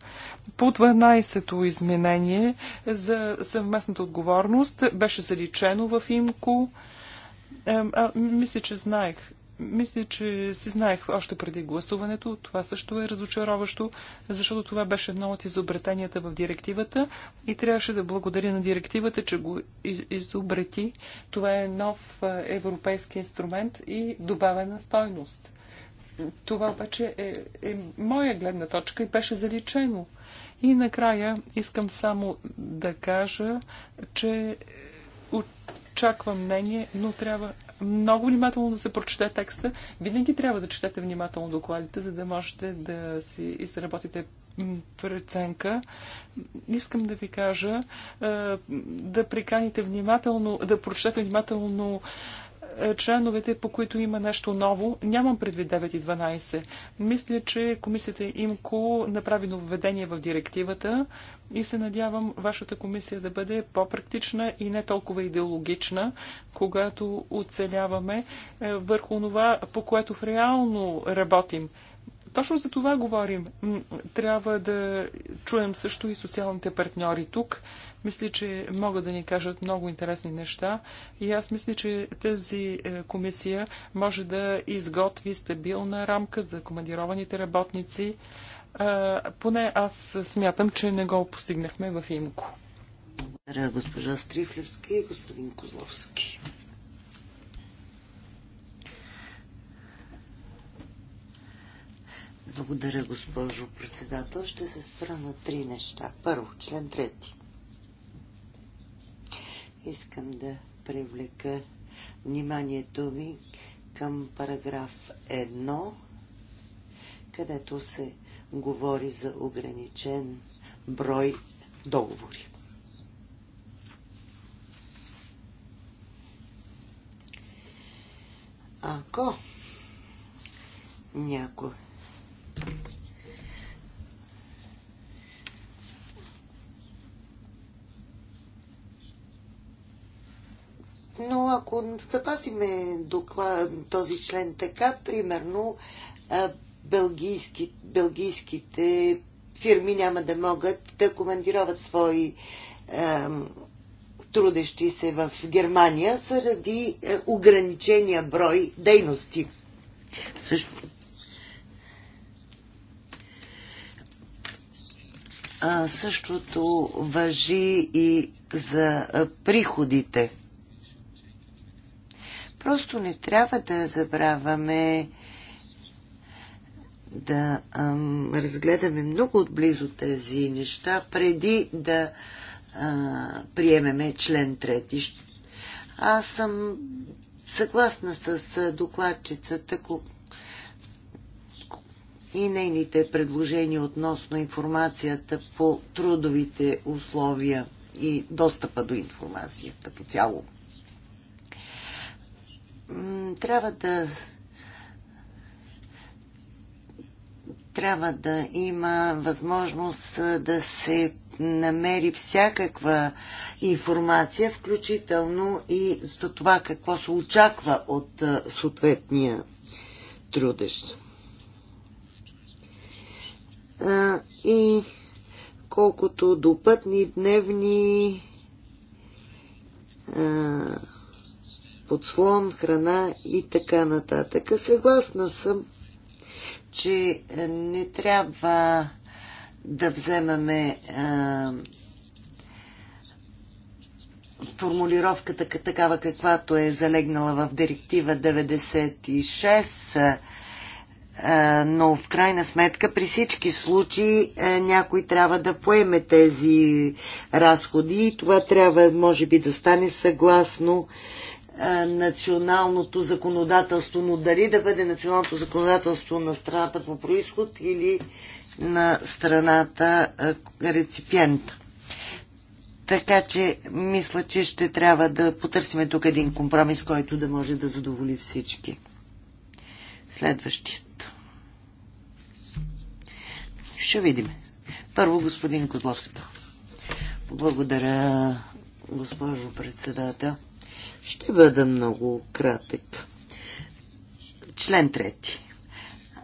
По 12-то изменение за съвместната отговорност беше заличено в ИМКО. А, а, мисля, че знаех мисля, че си знаех още преди гласуването. Това също е разочароващо, защото това беше едно от изобретенията в директивата и трябваше да благодаря на директивата, че го изобрети. Това е нов европейски инструмент и добавена стойност. Това обаче е, е моя гледна точка и беше заличено. И накрая искам само да кажа, че е, очаквам мнение, но трябва много внимателно да се прочете текста. Винаги трябва да четете внимателно докладите, за да можете да си изработите преценка. Искам да ви кажа да приканите внимателно, да прочетете внимателно е, членовете, по които има нещо ново. Нямам предвид 9 и 12. Мисля, че комисията ИМКО направи нововведение в директивата и се надявам вашата комисия да бъде по-практична и не толкова идеологична, когато оцеляваме е, върху това, по което в реално работим. Точно за това говорим. Трябва да чуем също и социалните партньори тук. Мисля, че могат да ни кажат много интересни неща и аз мисля, че тази е, комисия може да изготви стабилна рамка за командированите работници. Поне аз смятам, че не го постигнахме в ИМКО. Благодаря, госпожа Стрифлевски и господин Козловски. Благодаря, госпожо председател. Ще се спра на три неща. Първо, член трети. Искам да привлека вниманието ви към параграф 1, където се говори за ограничен брой договори. Ако някой Но ако запасиме доклад, този член така, примерно, бългийски, бългийските фирми няма да могат да командироват свои трудещи се в Германия заради е, ограничения брой дейности. Също. А, същото въжи и за приходите. Просто не трябва да забравяме да ам, разгледаме много отблизо тези неща, преди да а, приемеме член трети. Аз съм съгласна с докладчицата и нейните предложения относно информацията по трудовите условия и достъпа до информация като цяло трябва да трябва да има възможност да се намери всякаква информация, включително и за това какво се очаква от съответния трудещ. И колкото до пътни, дневни подслон, храна и така нататък. Съгласна съм, че е, не трябва да вземаме е, формулировката такава каквато е залегнала в директива 96, е, но в крайна сметка при всички случаи някой трябва да поеме тези разходи и това трябва може би да стане съгласно националното законодателство, но дали да бъде националното законодателство на страната по происход или на страната реципиента. Така че мисля, че ще трябва да потърсим тук един компромис, който да може да задоволи всички. Следващият. Ще видим. Първо господин Козловска. Благодаря, госпожо председател. Ще бъда много кратък. Член трети.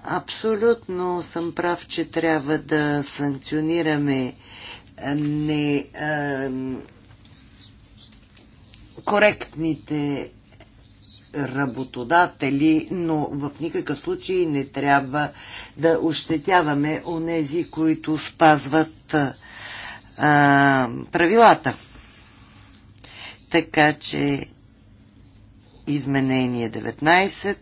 Абсолютно съм прав, че трябва да санкционираме не а, коректните работодатели, но в никакъв случай не трябва да ощетяваме онези, които спазват а, правилата. Така че Изменение 19.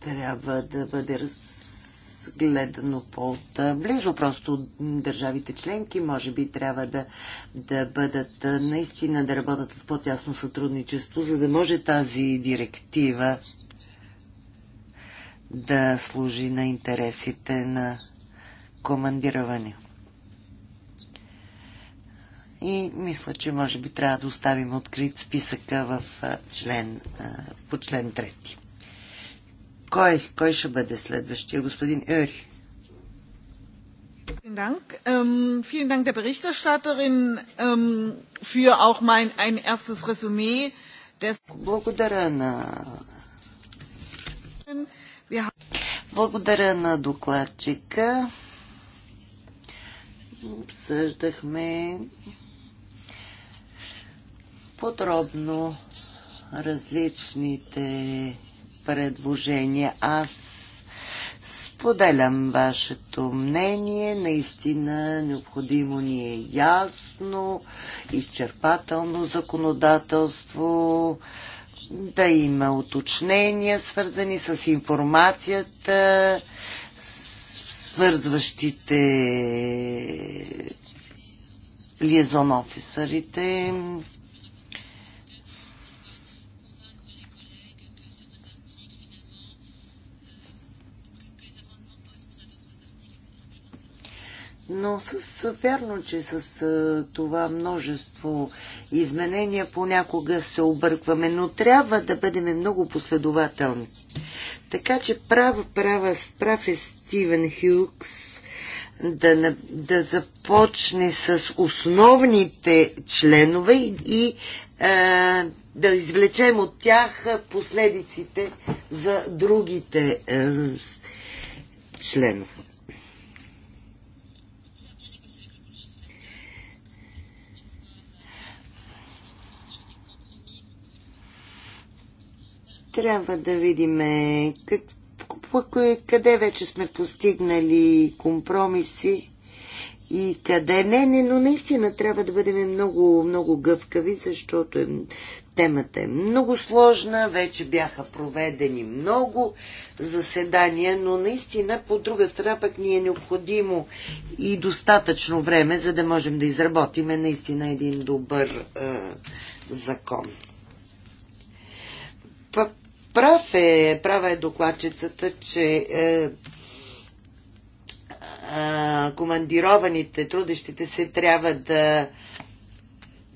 трябва да бъде разгледано по-близо. Просто държавите членки може би трябва да, да бъдат наистина да работят в по-тясно сътрудничество, за да може тази директива да служи на интересите на командировани. И мисля, че може би трябва да оставим открит списъка в член, по член трети. Кой, кой ще бъде следващия? Господин Ери. Vielen Dank. Ähm, vielen Dank der Berichterstatterin ähm, für auch mein ein erstes Resümee des Благодаря на благодаря на докладчика. Обсъждахме подробно различните предложения. Аз споделям вашето мнение. Наистина необходимо ни е ясно, изчерпателно законодателство да има уточнения, свързани с информацията, свързващите лиезон офисарите, но с, вярно, че с това множество изменения понякога се объркваме, но трябва да бъдем много последователни. Така че права права, прав е Стивен Хюкс да, да започне с основните членове и, и е, да извлечем от тях последиците за другите е, членове. Трябва да видим е, как, къде вече сме постигнали компромиси и къде не, не, но наистина трябва да бъдем много, много гъвкави, защото е, темата е много сложна, вече бяха проведени много заседания, но наистина по друга страна пък ни е необходимо и достатъчно време, за да можем да изработиме наистина един добър е, закон. Пък Прав е, права е докладчицата, че е, е командированите, трудещите се трябва да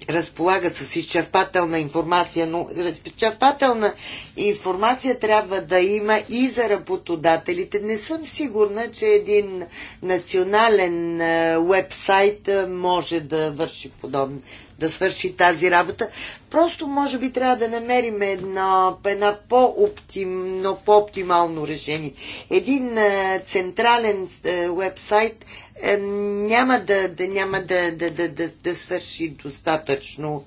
разполагат с изчерпателна информация, но изчерпателна информация трябва да има и за работодателите. Не съм сигурна, че един национален вебсайт е, е, може да върши подобно, да свърши тази работа. Просто, може би, трябва да намерим едно, една по-оптимно, по-оптимално решение. Един е, централен вебсайт е, няма да, да, няма да, да, да, да, да свърши достатъчно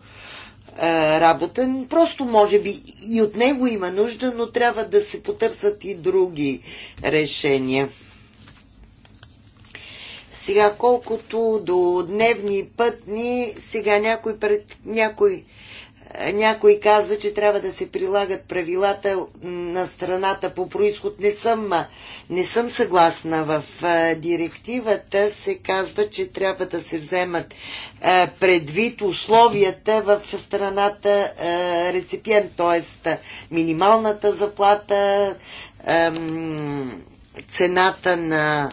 е, работа. Просто може би и от него има нужда, но трябва да се потърсят и други решения. Сега, колкото до дневни пътни, сега някой. пред, някой някой каза, че трябва да се прилагат правилата на страната по происход. Не съм, не съм съгласна. В директивата се казва, че трябва да се вземат предвид условията в страната реципиент, т.е. минималната заплата, цената на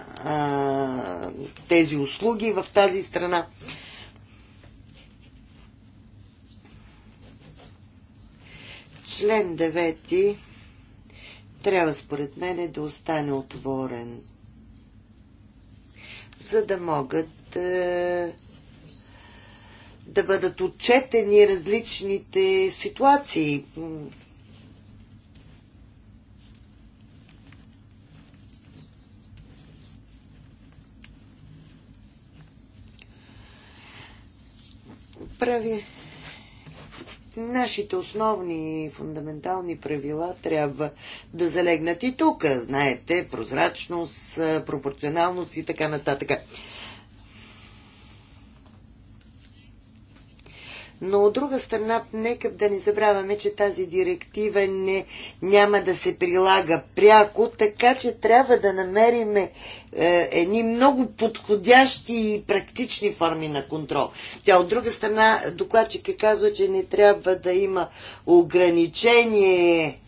тези услуги в тази страна. Член 9 трябва според мене да остане отворен, за да могат да, е, да бъдат отчетени различните ситуации. Прави нашите основни фундаментални правила трябва да залегнат и тук. Знаете, прозрачност, пропорционалност и така нататък. Но от друга страна, нека да не забравяме, че тази директива не, няма да се прилага пряко, така че трябва да намерим е, едни много подходящи и практични форми на контрол. Тя от друга страна, докладчика казва, че не трябва да има ограничение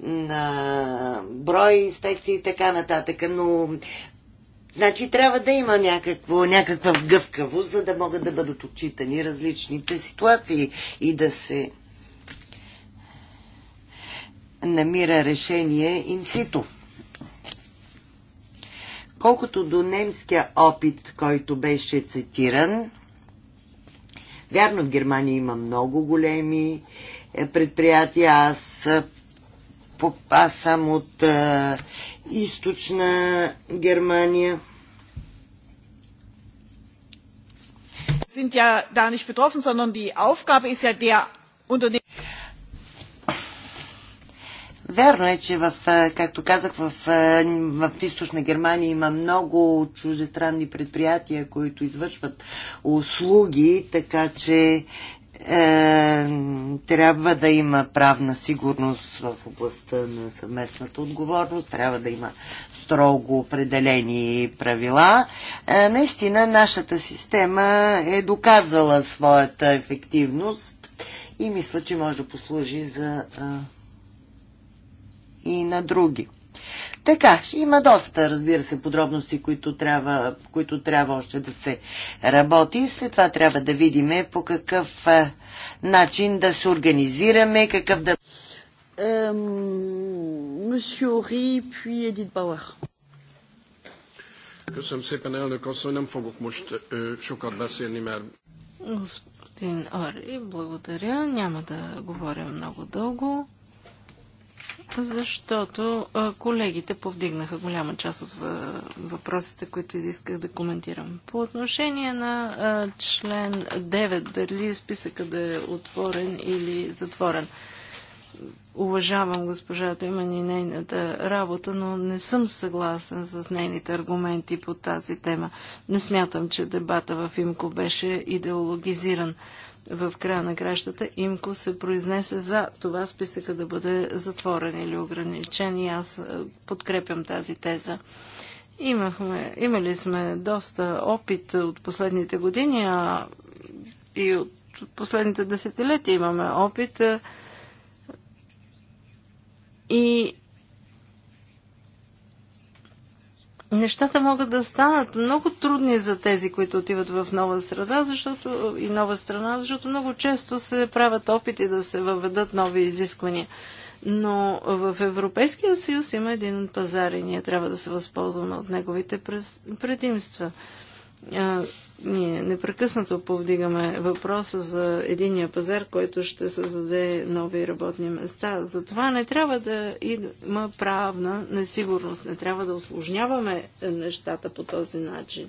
на брой инспекции и така нататък. Но Значи трябва да има някакво, някаква гъвкавост, за да могат да бъдат отчитани различните ситуации и да се намира решение инсито. Колкото до немския опит, който беше цитиран, вярно в Германия има много големи е, предприятия. Аз, е, аз съм от е, източна Германия. sind ja da nicht betroffen, sondern die Aufgabe ist ja der Unternehmen. Верно е, че в, както казах, в, в източна Германия има много чуждестранни предприятия, които извършват услуги, така че е, трябва да има правна сигурност в областта на съвместната отговорност, трябва да има строго определени правила. Е, наистина, нашата система е доказала своята ефективност и мисля, че може да послужи за е, и на други. Така, има доста, разбира се, подробности, които трябва, които трябва още да се работи. след това трябва да видим по какъв а, начин да се организираме, какъв да... Мусю Ори, puis Едит Бауер. Köszönöm szépen, elnök asszony, nem fogok most ö, sokat beszélni, mert... Господин Ори, благодаря. Няма да говоря много дълго защото колегите повдигнаха голяма част от въпросите, които исках да коментирам. По отношение на член 9, дали списъка да е отворен или затворен, уважавам госпожата Имен и нейната работа, но не съм съгласен с нейните аргументи по тази тема. Не смятам, че дебата в Имко беше идеологизиран в края на кращата Имко се произнесе за това списъка да бъде затворен или ограничен и аз е, подкрепям тази теза. Имахме, имали сме доста опит от последните години а и от последните десетилетия имаме опит е, и нещата могат да станат много трудни за тези, които отиват в нова среда, защото и нова страна, защото много често се правят опити да се въведат нови изисквания. Но в Европейския съюз има един пазар и ние трябва да се възползваме от неговите предимства. Ние непрекъснато повдигаме въпроса за единия пазар, който ще създаде нови работни места. Затова не трябва да има правна несигурност, не трябва да осложняваме нещата по този начин.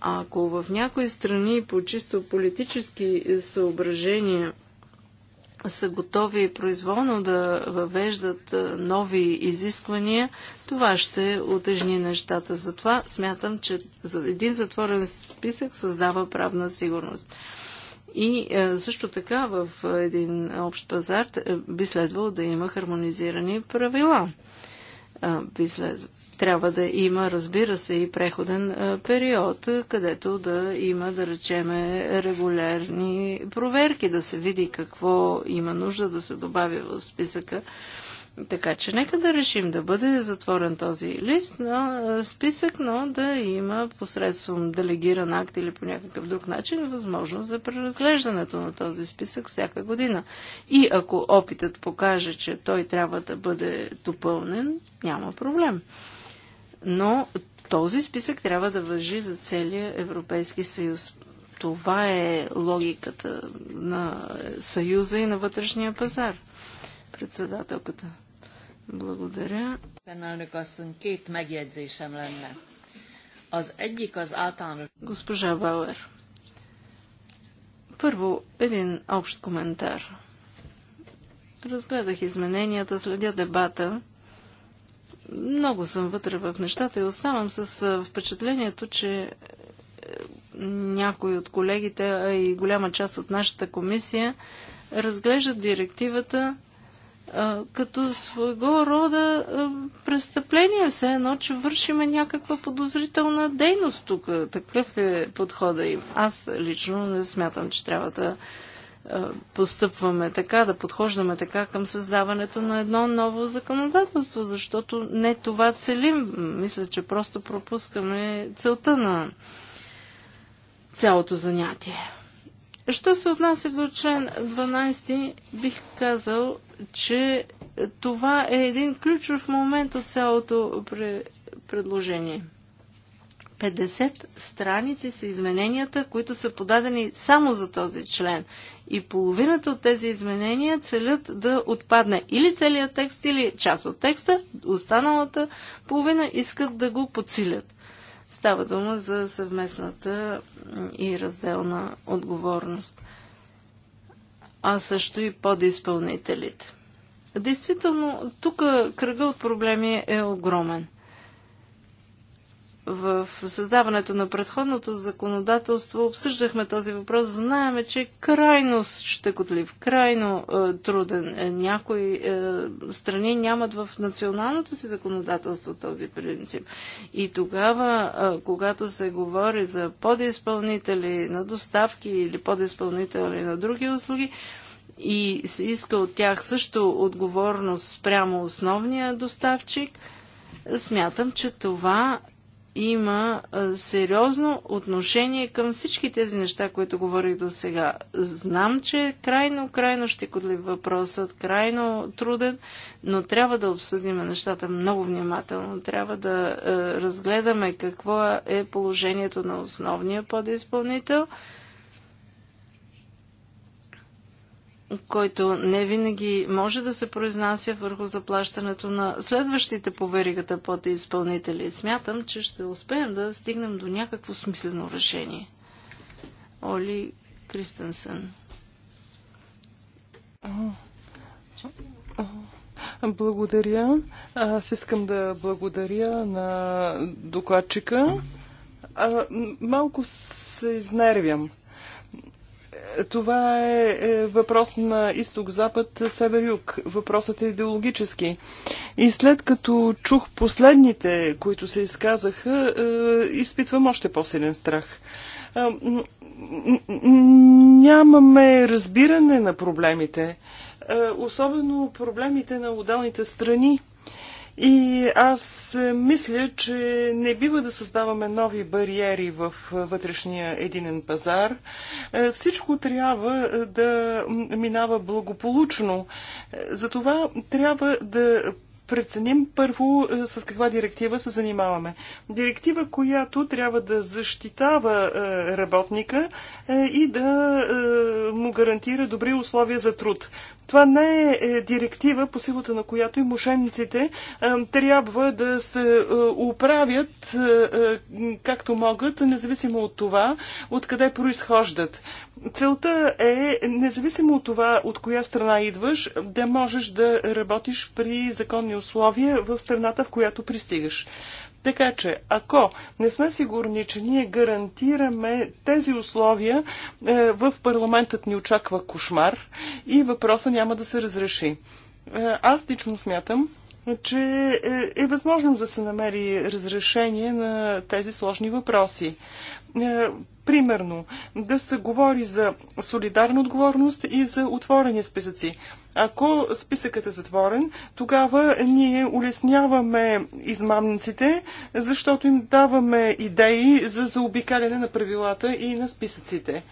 Ако в някои страни по чисто политически съображения – са готови произволно да въвеждат нови изисквания, това ще утежни нещата. Затова смятам, че един затворен списък създава правна сигурност. И също така в един общ пазар е, би следвало да има хармонизирани правила. Би следвало трябва да има, разбира се, и преходен период, където да има, да речеме, регулярни проверки, да се види какво има нужда да се добави в списъка. Така че нека да решим да бъде затворен този лист, но списък, но да има посредством делегиран акт или по някакъв друг начин възможност за преразглеждането на този списък всяка година. И ако опитът покаже, че той трябва да бъде допълнен, няма проблем но този списък трябва да въжи за целия Европейски съюз. Това е логиката на съюза и на вътрешния пазар. Председателката. Благодаря. Госпожа Бауер. Първо, един общ коментар. Разгледах измененията, следя дебата много съм вътре в нещата и оставам с впечатлението, че е, някои от колегите, а и голяма част от нашата комисия, разглеждат директивата а, като своего рода а, престъпление, все едно, че вършиме някаква подозрителна дейност тук. Такъв е подхода им. Аз лично не смятам, че трябва да е, постъпваме така, да подхождаме така към създаването на едно ново законодателство, защото не това целим. Мисля, че просто пропускаме целта на цялото занятие. Що се отнася до член 12, бих казал, че това е един ключов момент от цялото предложение – 50 страници са измененията, които са подадени само за този член. И половината от тези изменения целят да отпадне или целият текст, или част от текста, останалата половина искат да го подсилят. Става дума за съвместната и разделна отговорност, а също и подизпълнителите. Действително, тук кръга от проблеми е огромен – в създаването на предходното законодателство обсъждахме този въпрос. Знаеме, че е крайно щекотлив, крайно е, труден. Е. Някои е, страни нямат в националното си законодателство този принцип. И тогава, е, когато се говори за подизпълнители на доставки или подизпълнители на други услуги, и се иска от тях също отговорност спрямо основния доставчик, смятам, че това има сериозно отношение към всички тези неща, които говорих до сега. Знам, че е крайно, крайно щекотлив въпросът, крайно труден, но трябва да обсъдим нещата много внимателно. Трябва да разгледаме какво е положението на основния подизпълнител – който не винаги може да се произнася върху заплащането на следващите по веригата подизпълнители. Смятам, че ще успеем да стигнем до някакво смислено решение. Оли Кристенсен. Благодаря. Аз искам да благодаря на докладчика. малко се изнервям. Това е, е въпрос на изток-запад, север-юг. Въпросът е идеологически. И след като чух последните, които се изказаха, е, изпитвам още по-силен страх. Е, нямаме разбиране на проблемите, особено проблемите на отделните страни. И аз мисля, че не бива да създаваме нови бариери в вътрешния единен пазар. Е, всичко трябва е, да минава благополучно. Е, затова трябва да преценим първо е, с каква директива се занимаваме. Директива, която трябва да защитава е, работника е, и да му гарантира добри условия за труд. Това не е директива, по силата на която и мошенниците трябва да се оправят както могат, независимо от това, откъде произхождат. Целта е, независимо от това, от коя страна идваш, да можеш да работиш при законни условия в страната, в която пристигаш. Така че, ако не сме сигурни, че ние гарантираме тези условия, е, в парламентът ни очаква кошмар и въпроса няма да се разреши. Е, аз лично смятам, че е, е възможно да се намери разрешение на тези сложни въпроси. Е, примерно, да се говори за солидарна отговорност и за отворени списъци. Ако списъкът е затворен, тогава ние улесняваме измамниците, защото им даваме идеи за заобикаляне на правилата и на списъците.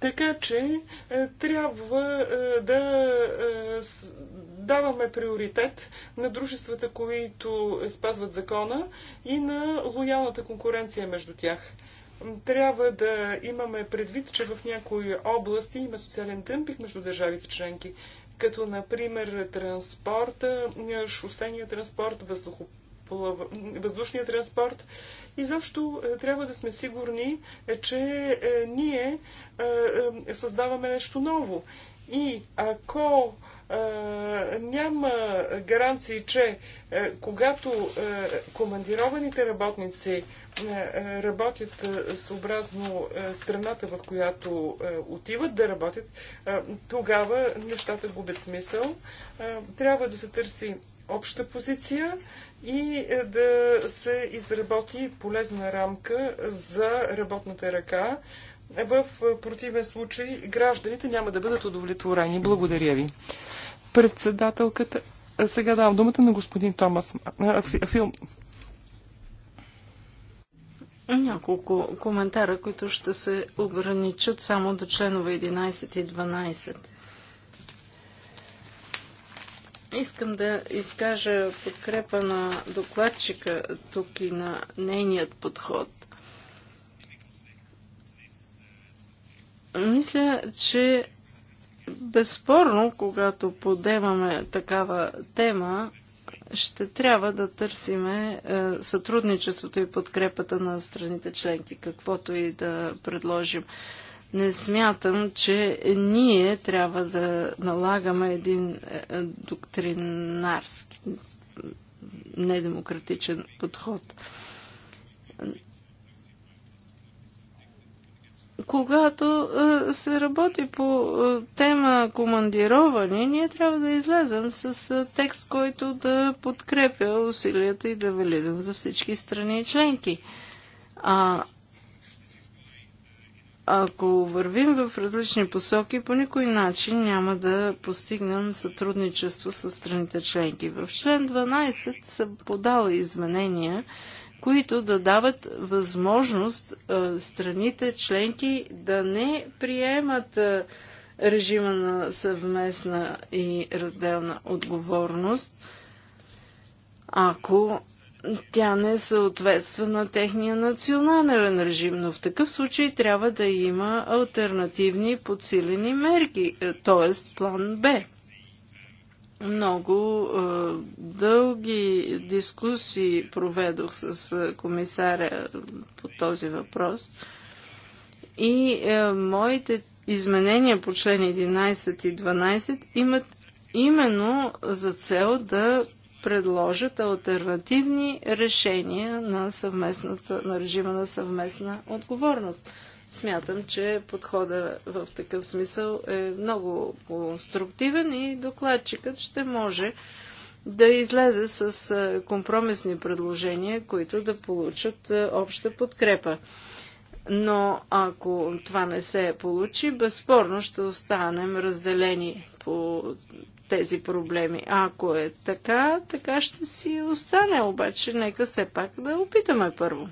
Така че е, трябва да даваме приоритет на дружествата, които спазват закона и на лоялната конкуренция между тях. Трябва да имаме предвид, че в някои области има социален дъмпинг между държавите членки, като например транспорта, шосения транспорт, въздушния транспорт. Изобщо е, трябва да сме сигурни, е, че е, ние създаваме нещо ново. И ако няма гаранции, че е, когато е, командированите работници е, работят съобразно страната, в която отиват да работят, тогава нещата губят смисъл. Трябва да се търси обща позиция и да се изработи полезна рамка за работната ръка. В противен случай гражданите няма да бъдат удовлетворени. Благодаря ви. Председателката. Сега давам думата на господин Томас. Филм. Няколко коментара, които ще се ограничат само до членове 11 и 12. Искам да изкажа подкрепа на докладчика тук и на нейният подход. Мисля, че Безспорно, когато подемаме такава тема, ще трябва да търсиме е, сътрудничеството и подкрепата на страните членки, каквото и да предложим. Не смятам, че ние трябва да налагаме един е, доктринарски недемократичен подход когато се работи по тема командировани, ние трябва да излезем с текст, който да подкрепя усилията и да валиден за всички страни и членки. А ако вървим в различни посоки, по никой начин няма да постигнем сътрудничество с страните членки. В член 12 са подала изменения, които да дават възможност а, страните членки да не приемат а, режима на съвместна и разделна отговорност, ако тя не съответства на техния национален режим, но в такъв случай трябва да има альтернативни подсилени мерки, е, т.е. план Б много е, дълги дискусии проведох с комисаря по този въпрос. И е, моите изменения по член 11 и 12 имат именно за цел да предложат альтернативни решения на, съвместната, на режима на съвместна отговорност. Смятам, че подхода в такъв смисъл е много конструктивен и докладчикът ще може да излезе с компромисни предложения, които да получат обща подкрепа. Но ако това не се получи, безспорно ще останем разделени по тези проблеми. А ако е така, така ще си остане, обаче нека все пак да опитаме първо.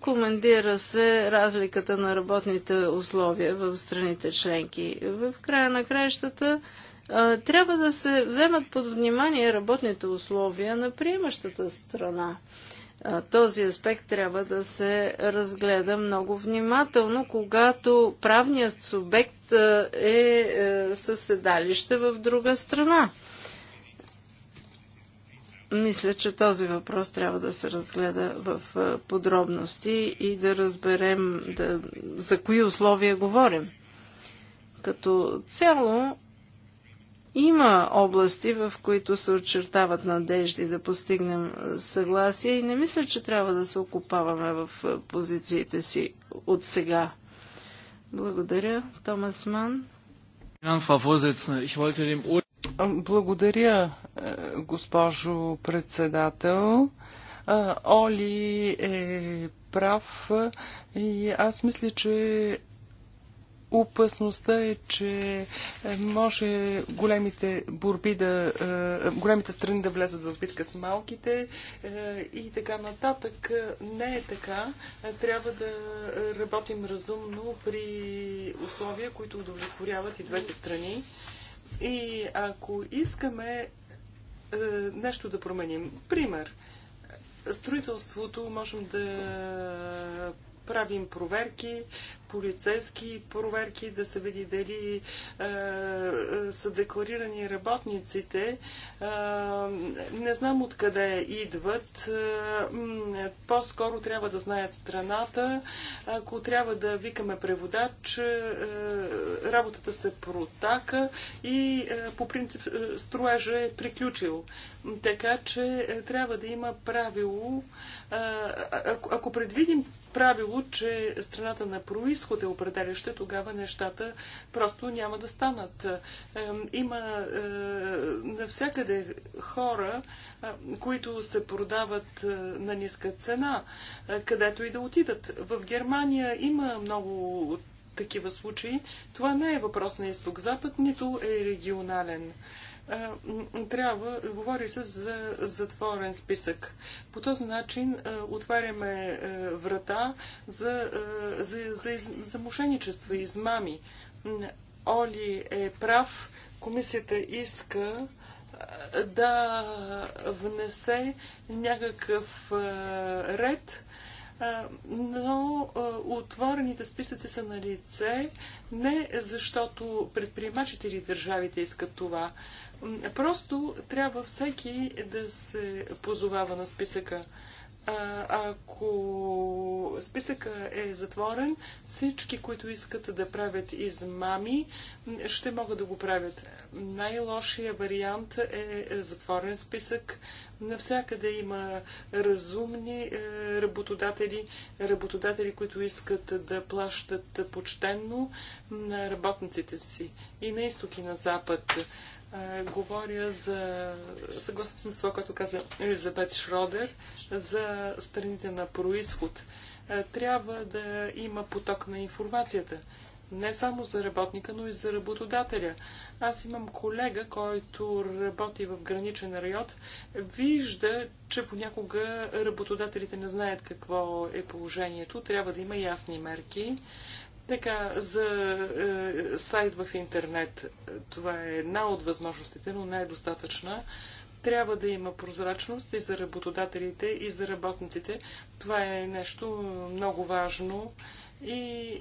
коментира се разликата на работните условия в страните членки. В края на краищата трябва да се вземат под внимание работните условия на приемащата страна. Този аспект трябва да се разгледа много внимателно, когато правният субект е, е със седалище в друга страна. Мисля, че този въпрос трябва да се разгледа в подробности и да разберем да, за кои условия говорим. Като цяло има области, в които се очертават надежди да постигнем съгласие и не мисля, че трябва да се окупаваме в позициите си от сега. Благодаря, Томас Ман. Ich wollte dem благодаря, е, госпожо председател. Оли е прав и аз мисля, че опасността е, че е, може големите борби да, е, големите страни да влезат в битка с малките и така нататък. Не е така. Трябва да работим разумно при условия, които удовлетворяват и двете страни. И ако искаме е, нещо да променим, пример, строителството можем да правим проверки, полицейски проверки, да се види дали е, е, са декларирани работниците. Е, не знам откъде идват. Е, по-скоро трябва да знаят страната. Ако трябва да викаме преводач, е, работата се протака и е, по принцип е, строежа е приключил. Така че е, трябва да има правило. Е, ако, ако предвидим правило, че страната на происход е определяща, тогава нещата просто няма да станат. Е, има навсякъде хора, които се продават на ниска цена, където и да отидат. В Германия има много такива случаи. Това не е въпрос на изток-запад, нито е регионален трябва, говори се за затворен списък. По този начин отваряме врата за, за, за, за мошенничества, измами. Оли е прав, комисията иска да внесе някакъв ред, но отворените списъци са на лице не защото предприемачите или държавите искат това, Просто трябва всеки да се позовава на списъка. А, ако списъка е затворен, всички, които искат да правят измами, ще могат да го правят. Най-лошия вариант е затворен списък. Навсякъде има разумни е, работодатели, работодатели, които искат да плащат почтенно на работниците си и на изток и на запад говоря за, съгласен съм с това, което каза Елизабет Шродер, за страните на происход. Трябва да има поток на информацията. Не само за работника, но и за работодателя. Аз имам колега, който работи в граничен район. Вижда, че понякога работодателите не знаят какво е положението. Трябва да има ясни мерки. Така, за е, сайт в интернет, това е една от възможностите, но не е достатъчна. Трябва да има прозрачност и за работодателите, и за работниците. Това е нещо много важно и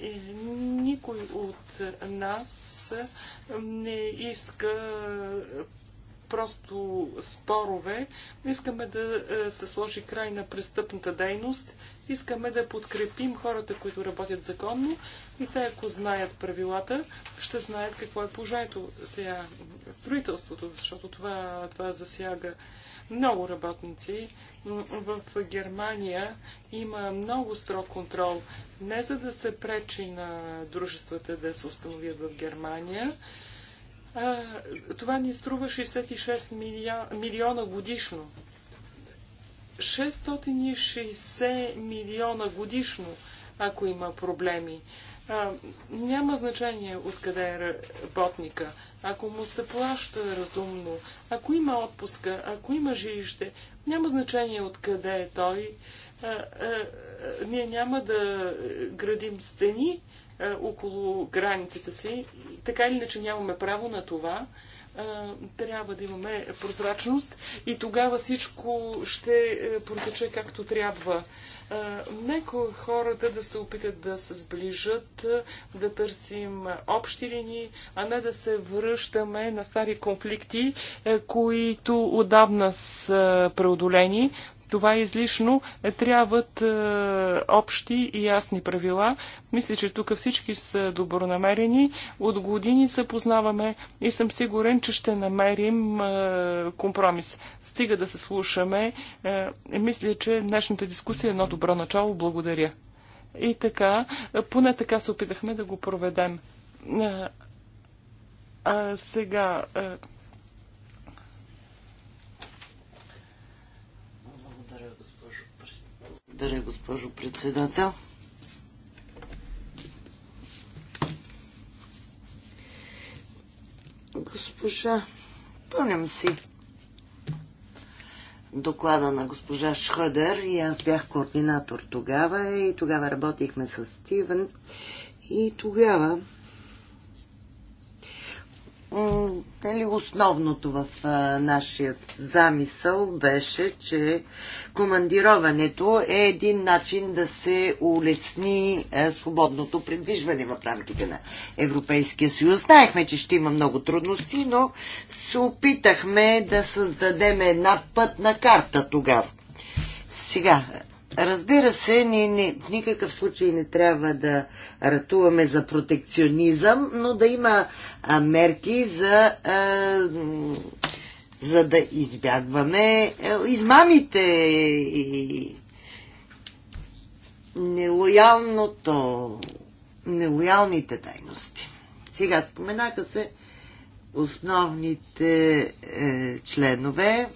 е, никой от нас не иска просто спорове. Искаме да е, се сложи край на престъпната дейност. Искаме да подкрепим хората, които работят законно, и те, ако знаят правилата, ще знаят какво е положението сега строителството, защото това, това засяга много работници. В Германия има много строг контрол, не за да се пречи на дружествата да се установят в Германия. А, това ни струва 66 милиона, милиона годишно. 660 милиона годишно, ако има проблеми. А, няма значение откъде е работника. Ако му се плаща разумно, ако има отпуска, ако има жилище, няма значение откъде е той. А, а, а, ние няма да градим стени а, около границите си. Така или иначе нямаме право на това трябва да имаме прозрачност и тогава всичко ще е, протече както трябва. Нека хората да се опитат да се сближат, да търсим общи линии, а не да се връщаме на стари конфликти, които отдавна са преодолени това е излишно. Трябват е, общи и ясни правила. Мисля, че тук всички са добронамерени. От години се познаваме и съм сигурен, че ще намерим е, компромис. Стига да се слушаме. Е, мисля, че днешната дискусия е едно добро начало. Благодаря. И така, е, поне така се опитахме да го проведем. А, е, а сега. А, е, Благодаря, госпожо председател. Госпожа, помням си доклада на госпожа Шхъдър и аз бях координатор тогава и тогава работихме с Стивен и тогава ли, нали, основното в нашия замисъл беше, че командироването е един начин да се улесни свободното предвижване в рамките на Европейския съюз. Знаехме, че ще има много трудности, но се опитахме да създадем една пътна карта тогава. Сега, Разбира се, ние не, в никакъв случай не трябва да ратуваме за протекционизъм, но да има а, мерки за, а, за да избягваме а, измамите и нелоялното, нелоялните дайности. Сега споменаха се основните е, членове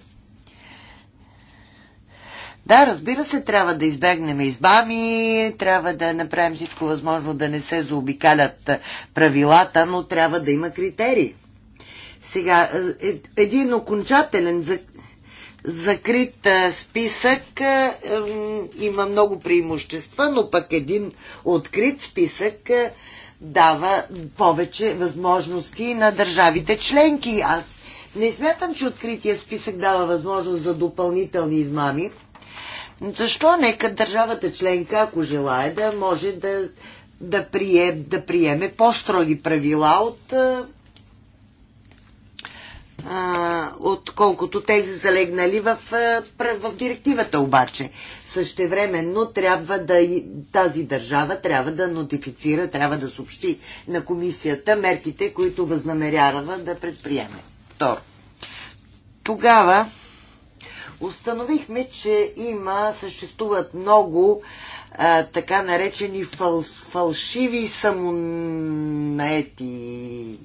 да, разбира се, трябва да избегнем избами, трябва да направим всичко възможно да не се заобикалят е, правилата, но трябва да има критерии. Сега, е, е, един окончателен закрит списък има много преимущества, но пък един открит списък дава повече възможности на държавите членки. Аз не смятам, че открития списък дава възможност за допълнителни измами. Защо нека държавата членка, ако желая, да може да, да, прие, да приеме по-строги правила от отколкото тези залегнали в, в директивата обаче. Същевременно трябва да тази държава трябва да нотифицира, трябва да съобщи на комисията мерките, които възнамерява да предприеме. Второ. Тогава установихме, че има, съществуват много а, така наречени фал, фалшиви самонаети.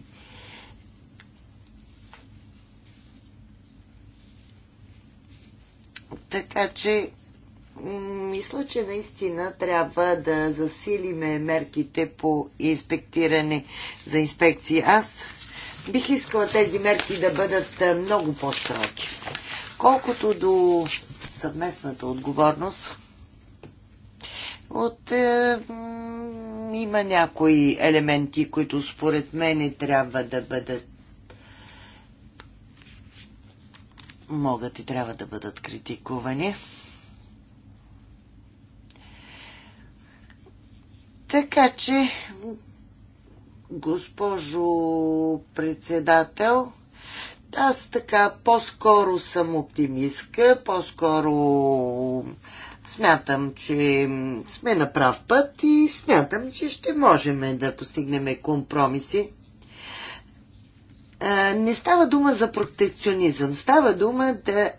Така че мисля, че наистина трябва да засилиме мерките по инспектиране за инспекции. Аз бих искала тези мерки да бъдат много по строки Колкото до съвместната отговорност, от, е, има някои елементи, които според мен трябва да бъдат могат и трябва да бъдат критикувани. Така че, госпожо председател, аз така по-скоро съм оптимистка, по-скоро смятам, че сме на прав път и смятам, че ще можем да постигнем компромиси. Не става дума за протекционизъм, става дума да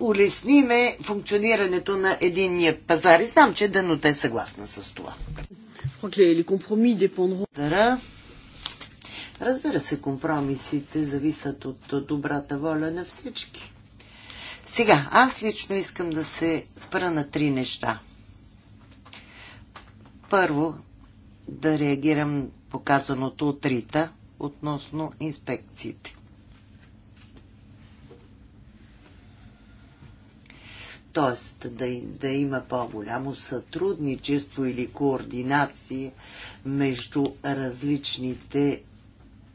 улесниме функционирането на единния пазар. И знам, че Даноте е съгласна с това. Благодаря. Разбира се, компромисите зависят от добрата воля на всички. Сега, аз лично искам да се спра на три неща. Първо, да реагирам показаното от Рита относно инспекциите. Тоест, Да, да има по-голямо сътрудничество или координация между различните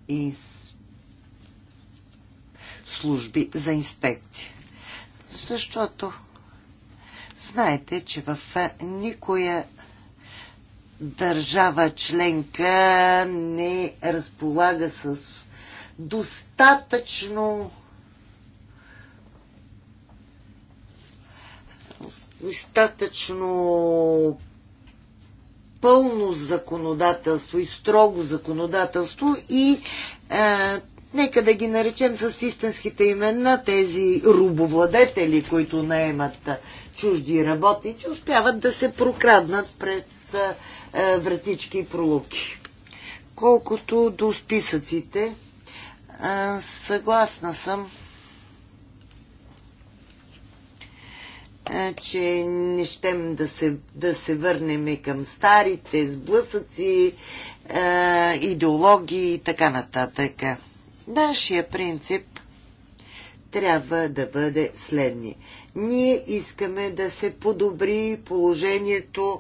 из... служби за инспекция. Защото знаете, че в е, никоя държава членка не разполага с достатъчно достатъчно пълно законодателство и строго законодателство и е, нека да ги наречем с истинските имена тези рубовладетели, които наемат чужди работници, успяват да се прокраднат през е, е вратички и пролуки. Колкото до списъците, е, съгласна съм че не щем да се, да се върнем към старите сблъсъци, идеологии и така нататък. Нашия принцип трябва да бъде следния. Ние искаме да се подобри положението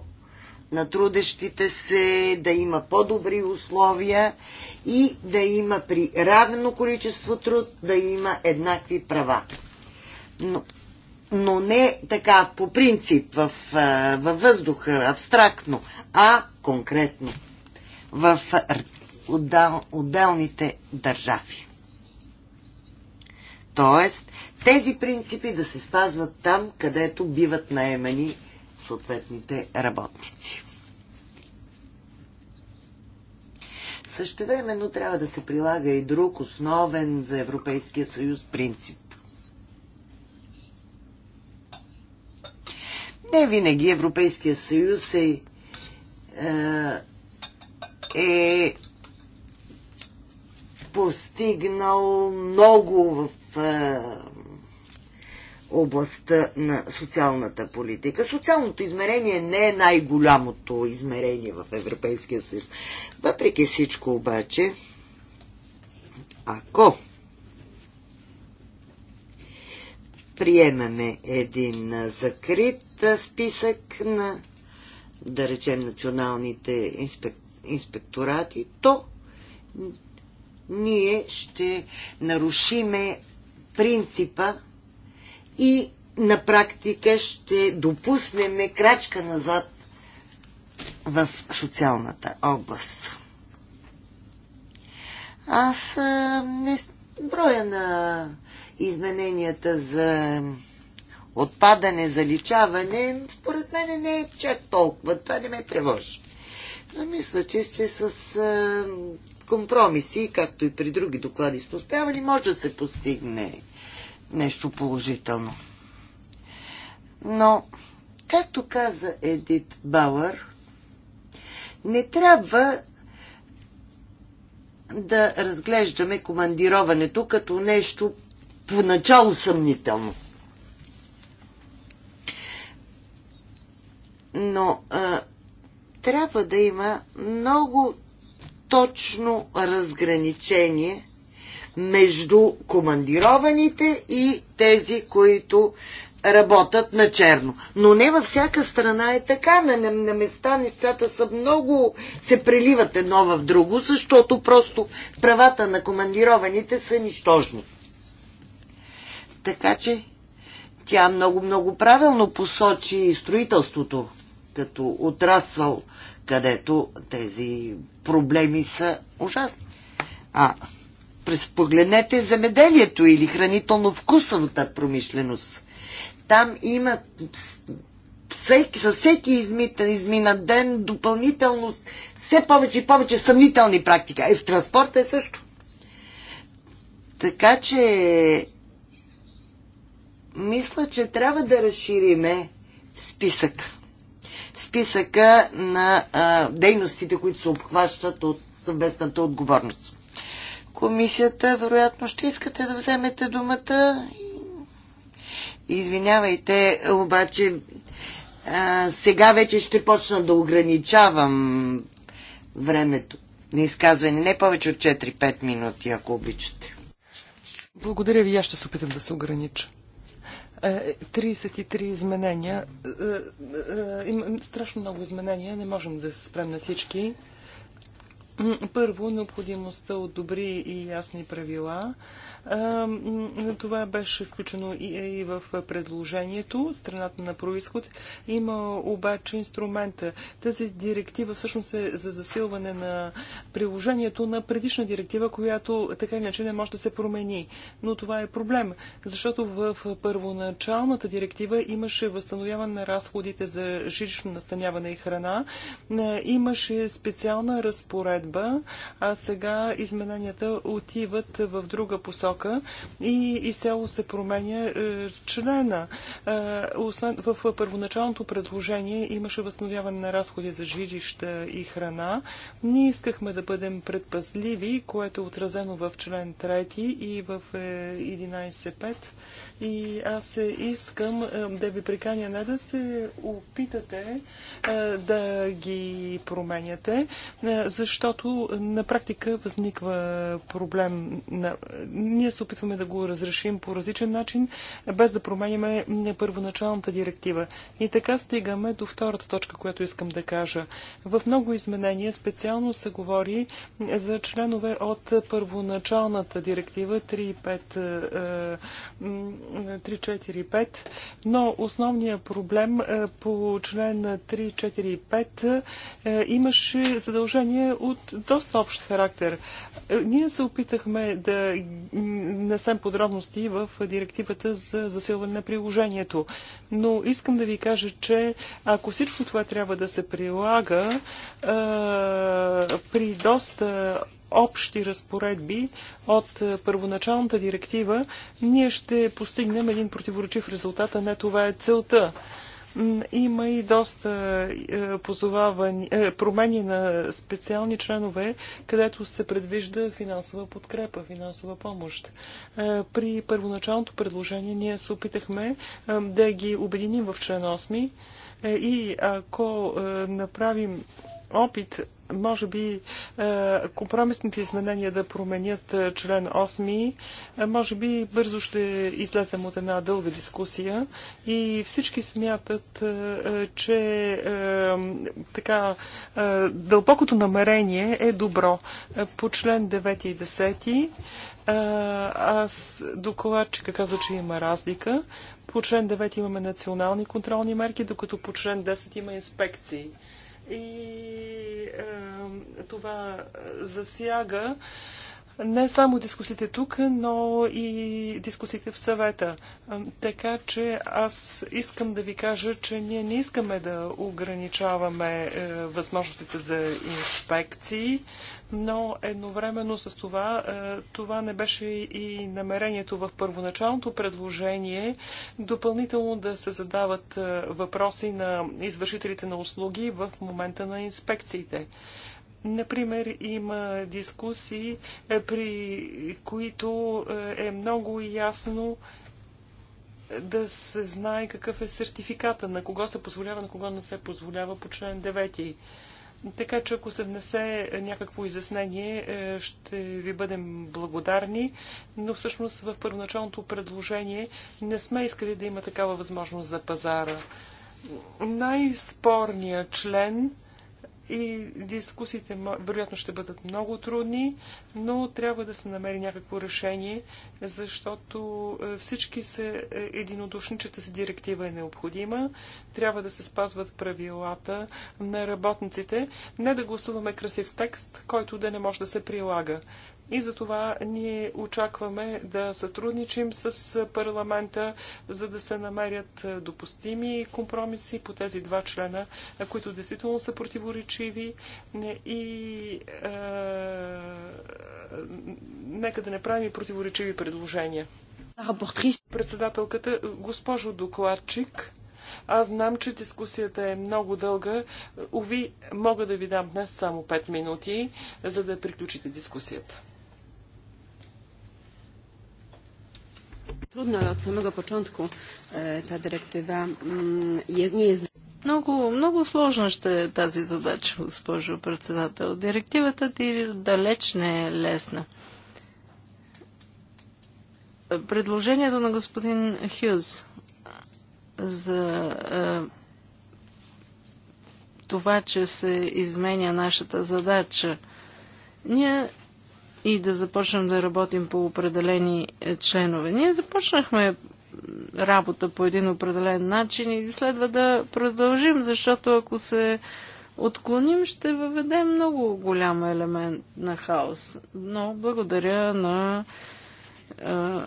на трудещите се, да има по-добри условия и да има при равно количество труд, да има еднакви права. Но но не така по принцип в, във въздуха, абстрактно, а конкретно в отдел, отделните държави. Тоест, тези принципи да се спазват там, където биват наемани съответните работници. Също времено трябва да се прилага и друг основен за Европейския съюз принцип Не винаги Европейския съюз е, е, е постигнал много в е, областта на социалната политика. Социалното измерение не е най-голямото измерение в Европейския съюз. Въпреки всичко обаче, ако приемаме един закрит списък на, да речем, националните инспек... инспекторати, то ние ще нарушиме принципа и на практика ще допуснеме крачка назад в социалната област. Аз не броя на измененията за отпадане, заличаване, според мен не е чак толкова. Това не ме тревожи. Но мисля, че, с компромиси, както и при други доклади с успявали, може да се постигне нещо положително. Но, както каза Едит Бауър, не трябва да разглеждаме командироването като нещо поначало съмнително. Но а, трябва да има много точно разграничение между командированите и тези, които работят на черно. Но не във всяка страна е така. На, на, на места нещата са много... се преливат едно в друго, защото просто правата на командированите са нищожни. Така че тя много-много правилно посочи строителството като отрасъл, където тези проблеми са ужасни. А през погледнете земеделието или хранително-вкусовата промишленост. Там има за със всеки изминат измина ден допълнителност. все повече и повече съмнителни практики. И в транспорта е също. Така че мисля, че трябва да разшириме списък. Списъка на а, дейностите, които се обхващат от съвместната отговорност. Комисията, вероятно, ще искате да вземете думата. Извинявайте, обаче а, сега вече ще почна да ограничавам времето на изказване. Не повече от 4-5 минути, ако обичате. Благодаря ви, аз ще се опитам да се огранича. 33 е, изменения. Е, е, има страшно много изменения. Не можем да се спрем на всички. Първо, необходимостта от добри и ясни правила. Това беше включено и в предложението, страната на происход. Има обаче инструмента. Тази директива всъщност е за засилване на приложението на предишна директива, която така иначе не може да се промени. Но това е проблем, защото в първоначалната директива имаше възстановяване на разходите за жилищно настаняване и храна. Е, имаше специална разпоредба, а сега измененията отиват в друга посока посока и изцяло се променя е, члена. Е, освен в първоначалното предложение имаше възстановяване на разходи за жилища и храна. Ние искахме да бъдем предпазливи, което е отразено в член 3 и в 11.5. Е, и аз искам да ви приканя не да се опитате да ги променяте, защото на практика възниква проблем. На... Ние се опитваме да го разрешим по различен начин, без да променяме първоначалната директива. И така стигаме до втората точка, която искам да кажа. В много изменения специално се говори за членове от първоначалната директива 345, е, но основният проблем е, по член 345 е, имаше задължение от доста общ характер. Ние се опитахме да не съм подробности в директивата за засилване на приложението. Но искам да ви кажа, че ако всичко това трябва да се прилага при доста общи разпоредби от първоначалната директива, ние ще постигнем един противоречив резултат, а не това е целта. Има и доста е, е, промени на специални членове, където се предвижда финансова подкрепа, финансова помощ. Е, при първоначалното предложение ние се опитахме да ги обединим в член 8 и ако направим опит може би е, компромисните изменения да променят е, член 8, е, може би бързо ще излезем от една дълга дискусия и всички смятат, че така дълбокото намерение е добро. По член 9 и 10 аз докладчика каза, че има разлика. По член 9 имаме национални контролни мерки, докато по член 10 има инспекции и е, това засяга не само дискусите тук, но и дискусите в съвета. Е, така че аз искам да ви кажа, че ние не искаме да ограничаваме е, възможностите за инспекции но едновременно с това, е, това не беше и намерението в първоначалното предложение допълнително да се задават е, въпроси на извършителите на услуги в момента на инспекциите. Например, има дискусии, е, при които е много ясно да се знае какъв е сертификата, на кого се позволява, на кого не се позволява по член 9. Така че ако се внесе някакво изяснение, е, ще ви бъдем благодарни, но всъщност в първоначалното предложение не сме искали да има такава възможност за пазара. Най-спорният член и дискусиите вероятно ще бъдат много трудни, но трябва да се намери някакво решение, защото е, всички са е, единодушни, че тази директива е необходима. Трябва да се спазват правилата на работниците, не да гласуваме красив текст, който да не може да се прилага. И за това ние очакваме да сътрудничим с парламента, за да се намерят е, допустими компромиси по тези два члена, е, които действително са противоречиви и е, нека да не правим и противоречиви предложения. Председателката, госпожо докладчик, аз знам, че дискусията е много дълга. Ови, мога да ви дам днес само 5 минути, за да приключите дискусията. Трудно, ale od samego początku e, ta dyrektywa mm, nie jest... Много, много сложно ще е тази задача, госпожо председател. Директивата ти далеч не е лесна. Предложението на господин Хюз за е, това, че се изменя нашата задача. Ние и да започнем да работим по определени е, членове. Ние започнахме работа по един определен начин и следва да продължим, защото ако се отклоним, ще въведем много голям елемент на хаос. Но благодаря на е,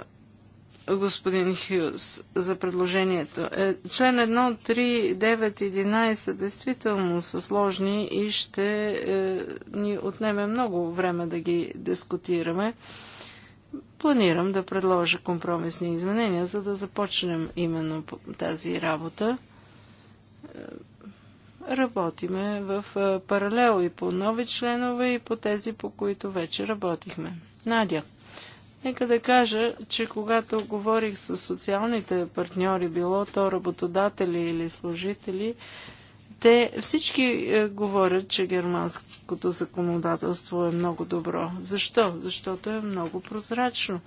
господин Хюз за предложението. Е, член 1, 3, 9, 11 действително са сложни и ще е, ни отнеме много време да ги дискутираме. Планирам да предложа компромисни изменения, за да започнем именно тази работа. Е, работиме в е, паралел и по нови членове, и по тези, по които вече работихме. Надя. Нека да кажа, че когато говорих с социалните партньори, било то работодатели или служители, те всички е, говорят, че германското законодателство е много добро. Защо? Защото е много прозрачно.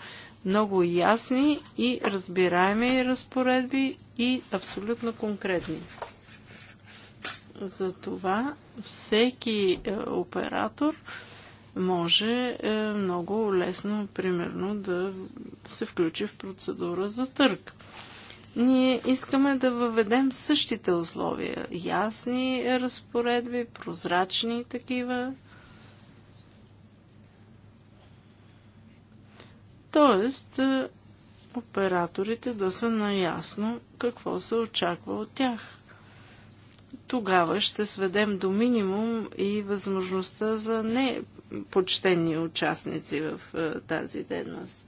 Много ясни и разбираеми разпоредби и абсолютно конкретни. Затова всеки е, оператор може е много лесно, примерно, да се включи в процедура за търг. Ние искаме да въведем същите условия. Ясни разпоредби, прозрачни такива. Тоест, е, операторите да са наясно какво се очаква от тях. Тогава ще сведем до минимум и възможността за не почтени участници в е, тази дейност.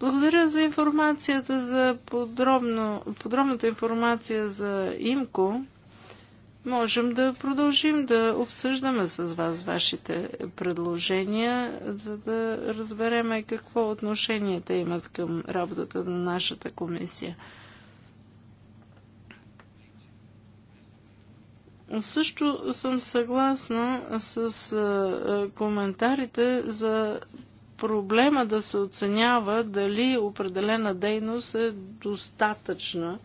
Благодаря за информацията, за подробно, подробната информация за ИМКО. Можем да продължим да обсъждаме с вас вашите предложения, за да разбереме какво отношение те имат към работата на нашата комисия. Също съм съгласна с коментарите за проблема да се оценява дали определена дейност е достатъчна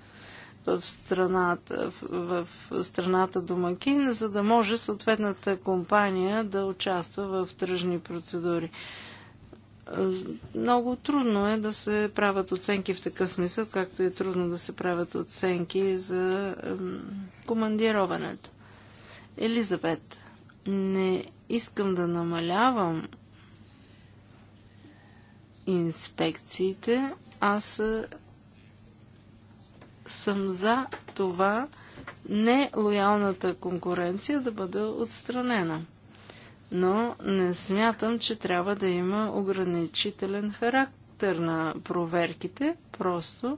в страната, в, в страната домакин, за да може съответната компания да участва в тръжни процедури. Много трудно е да се правят оценки в такъв смисъл, както е трудно да се правят оценки за командироването. Елизабет, не искам да намалявам инспекциите. Аз съм за това нелоялната конкуренция да бъде отстранена. Но не смятам, че трябва да има ограничителен характер на проверките, просто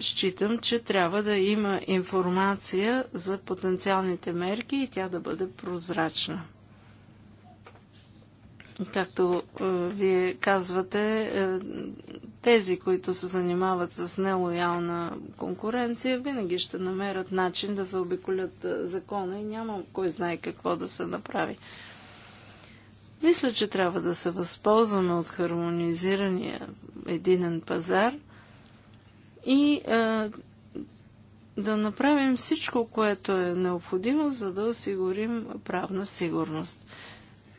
считам, че трябва да има информация за потенциалните мерки и тя да бъде прозрачна. Както е, вие казвате, е, тези, които се занимават с нелоялна конкуренция, винаги ще намерят начин да заобиколят е, закона и няма кой знае какво да се направи. Мисля, че трябва да се възползваме от хармонизирания единен пазар – и а, е, да направим всичко, което е необходимо, за да осигурим правна сигурност.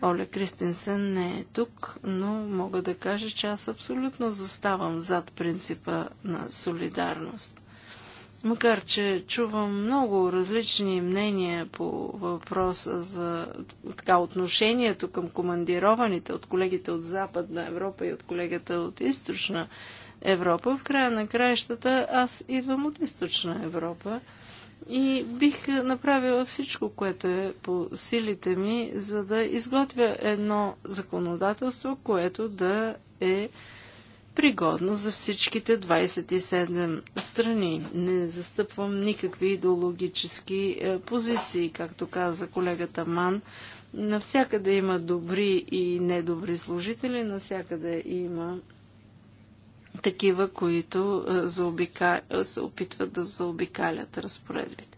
Оле Кристинсен не е тук, но мога да кажа, че аз абсолютно заставам зад принципа на солидарност. Макар, че чувам много различни мнения по въпроса за така, отношението към командированите от колегите от Западна Европа и от колегата от Източна Европа, Европа. В края на краищата аз идвам от източна Европа и бих направила всичко, което е по силите ми, за да изготвя едно законодателство, което да е пригодно за всичките 27 страни. Не застъпвам никакви идеологически е, позиции, както каза колегата Ман. Навсякъде има добри и недобри служители, навсякъде има такива, които е, заобика... Е, се опитват да заобикалят разпоредбите.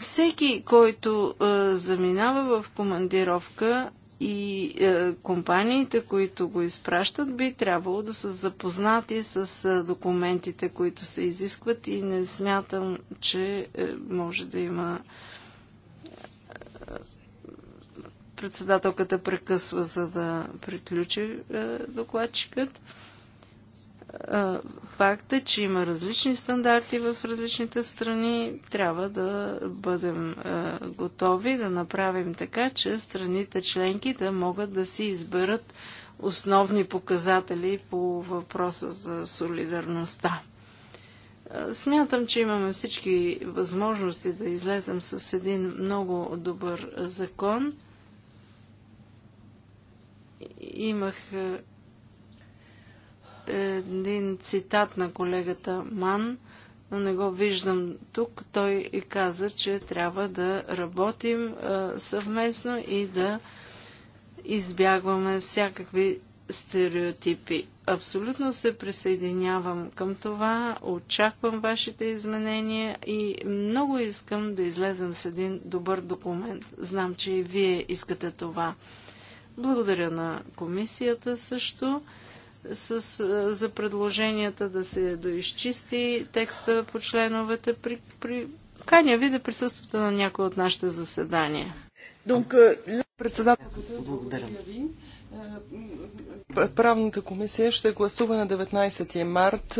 Всеки, който е, заминава в командировка и компаниите, които го изпращат, би трябвало да са запознати с документите, които се изискват и не смятам, че може да има Председателката прекъсва, за да приключи е, докладчикът. Е, Факта е, че има различни стандарти в различните страни. Трябва да бъдем е, готови да направим така, че страните членки да могат да си изберат основни показатели по въпроса за солидарността. Смятам, че имаме всички възможности да излезем с един много добър закон. Имах е, един цитат на колегата Ман, но не го виждам тук. Той и каза, че трябва да работим е, съвместно и да избягваме всякакви стереотипи. Абсолютно се присъединявам към това, очаквам вашите изменения и много искам да излезем с един добър документ. Знам, че и вие искате това. Благодаря на комисията също с, за предложенията да се доизчисти текста по членовете. При, при... Каня ви да присъствате на някои от нашите заседания. Euh, председател, благодаря. Правната комисия ще гласува на 19 март.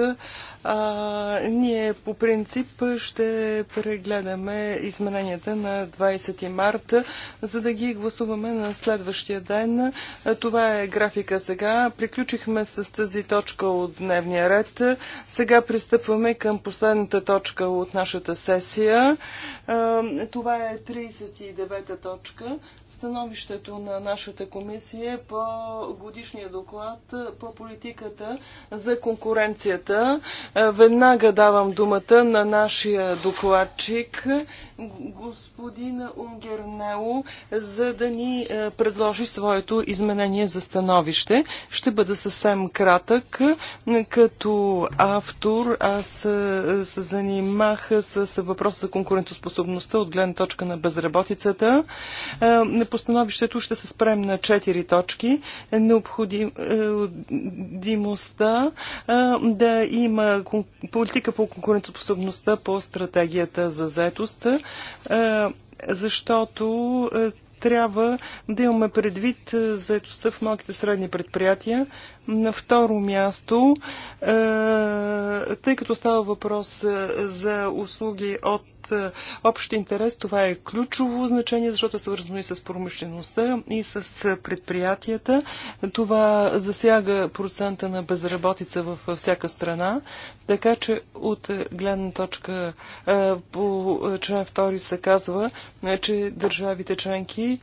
А, ние по принцип ще прегледаме измененията на 20 марта, за да ги гласуваме на следващия ден. Това е графика сега. Приключихме с тази точка от дневния ред. Сега пристъпваме към последната точка от нашата сесия. А, това е 39-та точка становището на нашата комисия е по годишния доклад е, по политиката за конкуренцията. Е, веднага давам думата на нашия докладчик, господин Унгернео, за да ни предложи своето изменение за становище. Ще бъда съвсем кратък. Като автор аз се занимах с въпроса за конкурентоспособността от гледна точка на безработицата по становището ще се спрем на четири точки. Е, необходимостта е, да има политика по конкурентоспособността по стратегията за заетост, е, защото трябва да имаме предвид заетостта в малките средни предприятия. На второ място, тъй като става въпрос за услуги от е, общ интерес. Това е ключово значение, защото е свързано и с промишлеността, и с предприятията. Това засяга процента на безработица във всяка страна. Така че от гледна точка е, по член 2 се казва, е, че държавите членки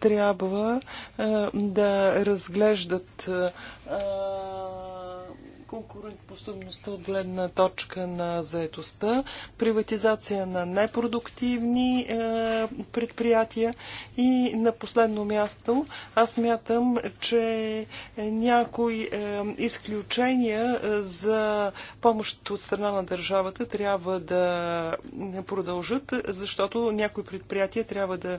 трябва да разглеждат конкурентоспособността от гледна точка на заетостта, приватизация на непродуктивни е, предприятия и на последно място аз мятам, че някои е, изключения е, за помощ от страна на държавата трябва да продължат, защото някои предприятия трябва да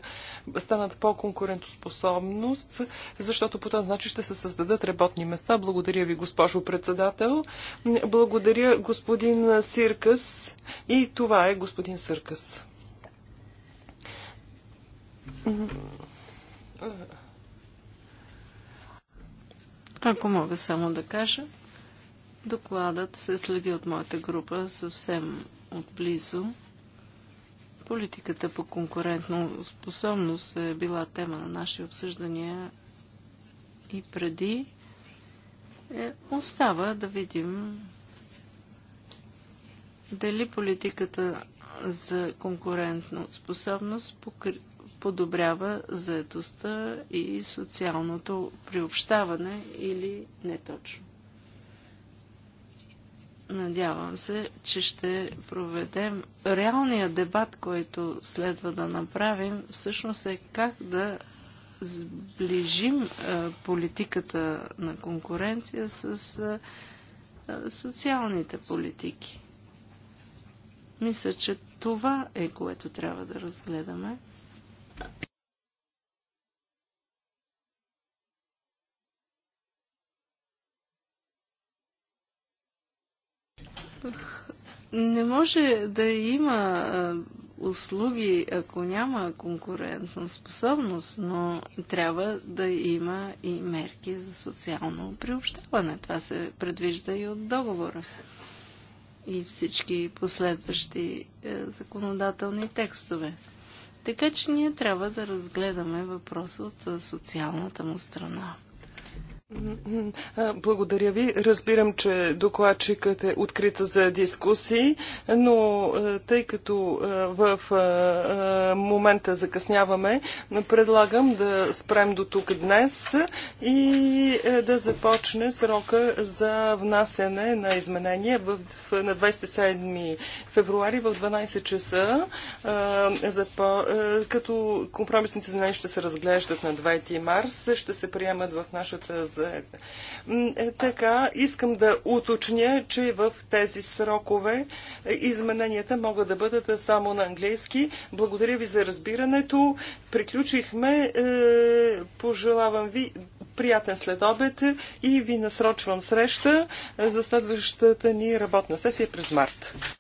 станат по-конкурентоспособност, защото по този начин ще се създадат работни места. Благодаря ви, госпожо председател председател. Благодаря господин Сиркъс. И това е господин Сиркъс. Ако мога само да кажа, докладът се следи от моята група съвсем отблизо. Политиката по конкурентно способност е била тема на наши обсъждания и преди. Е, остава да видим дали политиката за конкурентно способност подобрява заедостта и социалното приобщаване или не точно. Надявам се, че ще проведем реалния дебат, който следва да направим, всъщност е как да сближим политиката на конкуренция с социалните политики. Мисля, че това е което трябва да разгледаме. Не може да има услуги, ако няма конкурентна способност, но трябва да има и мерки за социално приобщаване. Това се предвижда и от договора и всички последващи е, законодателни текстове. Така че ние трябва да разгледаме въпроса от е, социалната му страна. Благодаря ви. Разбирам, че докладчикът е открита за дискусии, но е, тъй като е, в е, момента закъсняваме, предлагам да спрем до тук днес и да започне срока за внасяне на изменения на 27 февруари в 12 часа, като компромисните изменения ще се разглеждат на 20 марс, ще се приемат в нашата за е, така, искам да уточня, че в тези срокове е, измененията могат да бъдат е, само на английски. Благодаря ви за разбирането. Приключихме. Пожелавам ви приятен следобед и ви насрочвам среща за следващата ни работна сесия през март.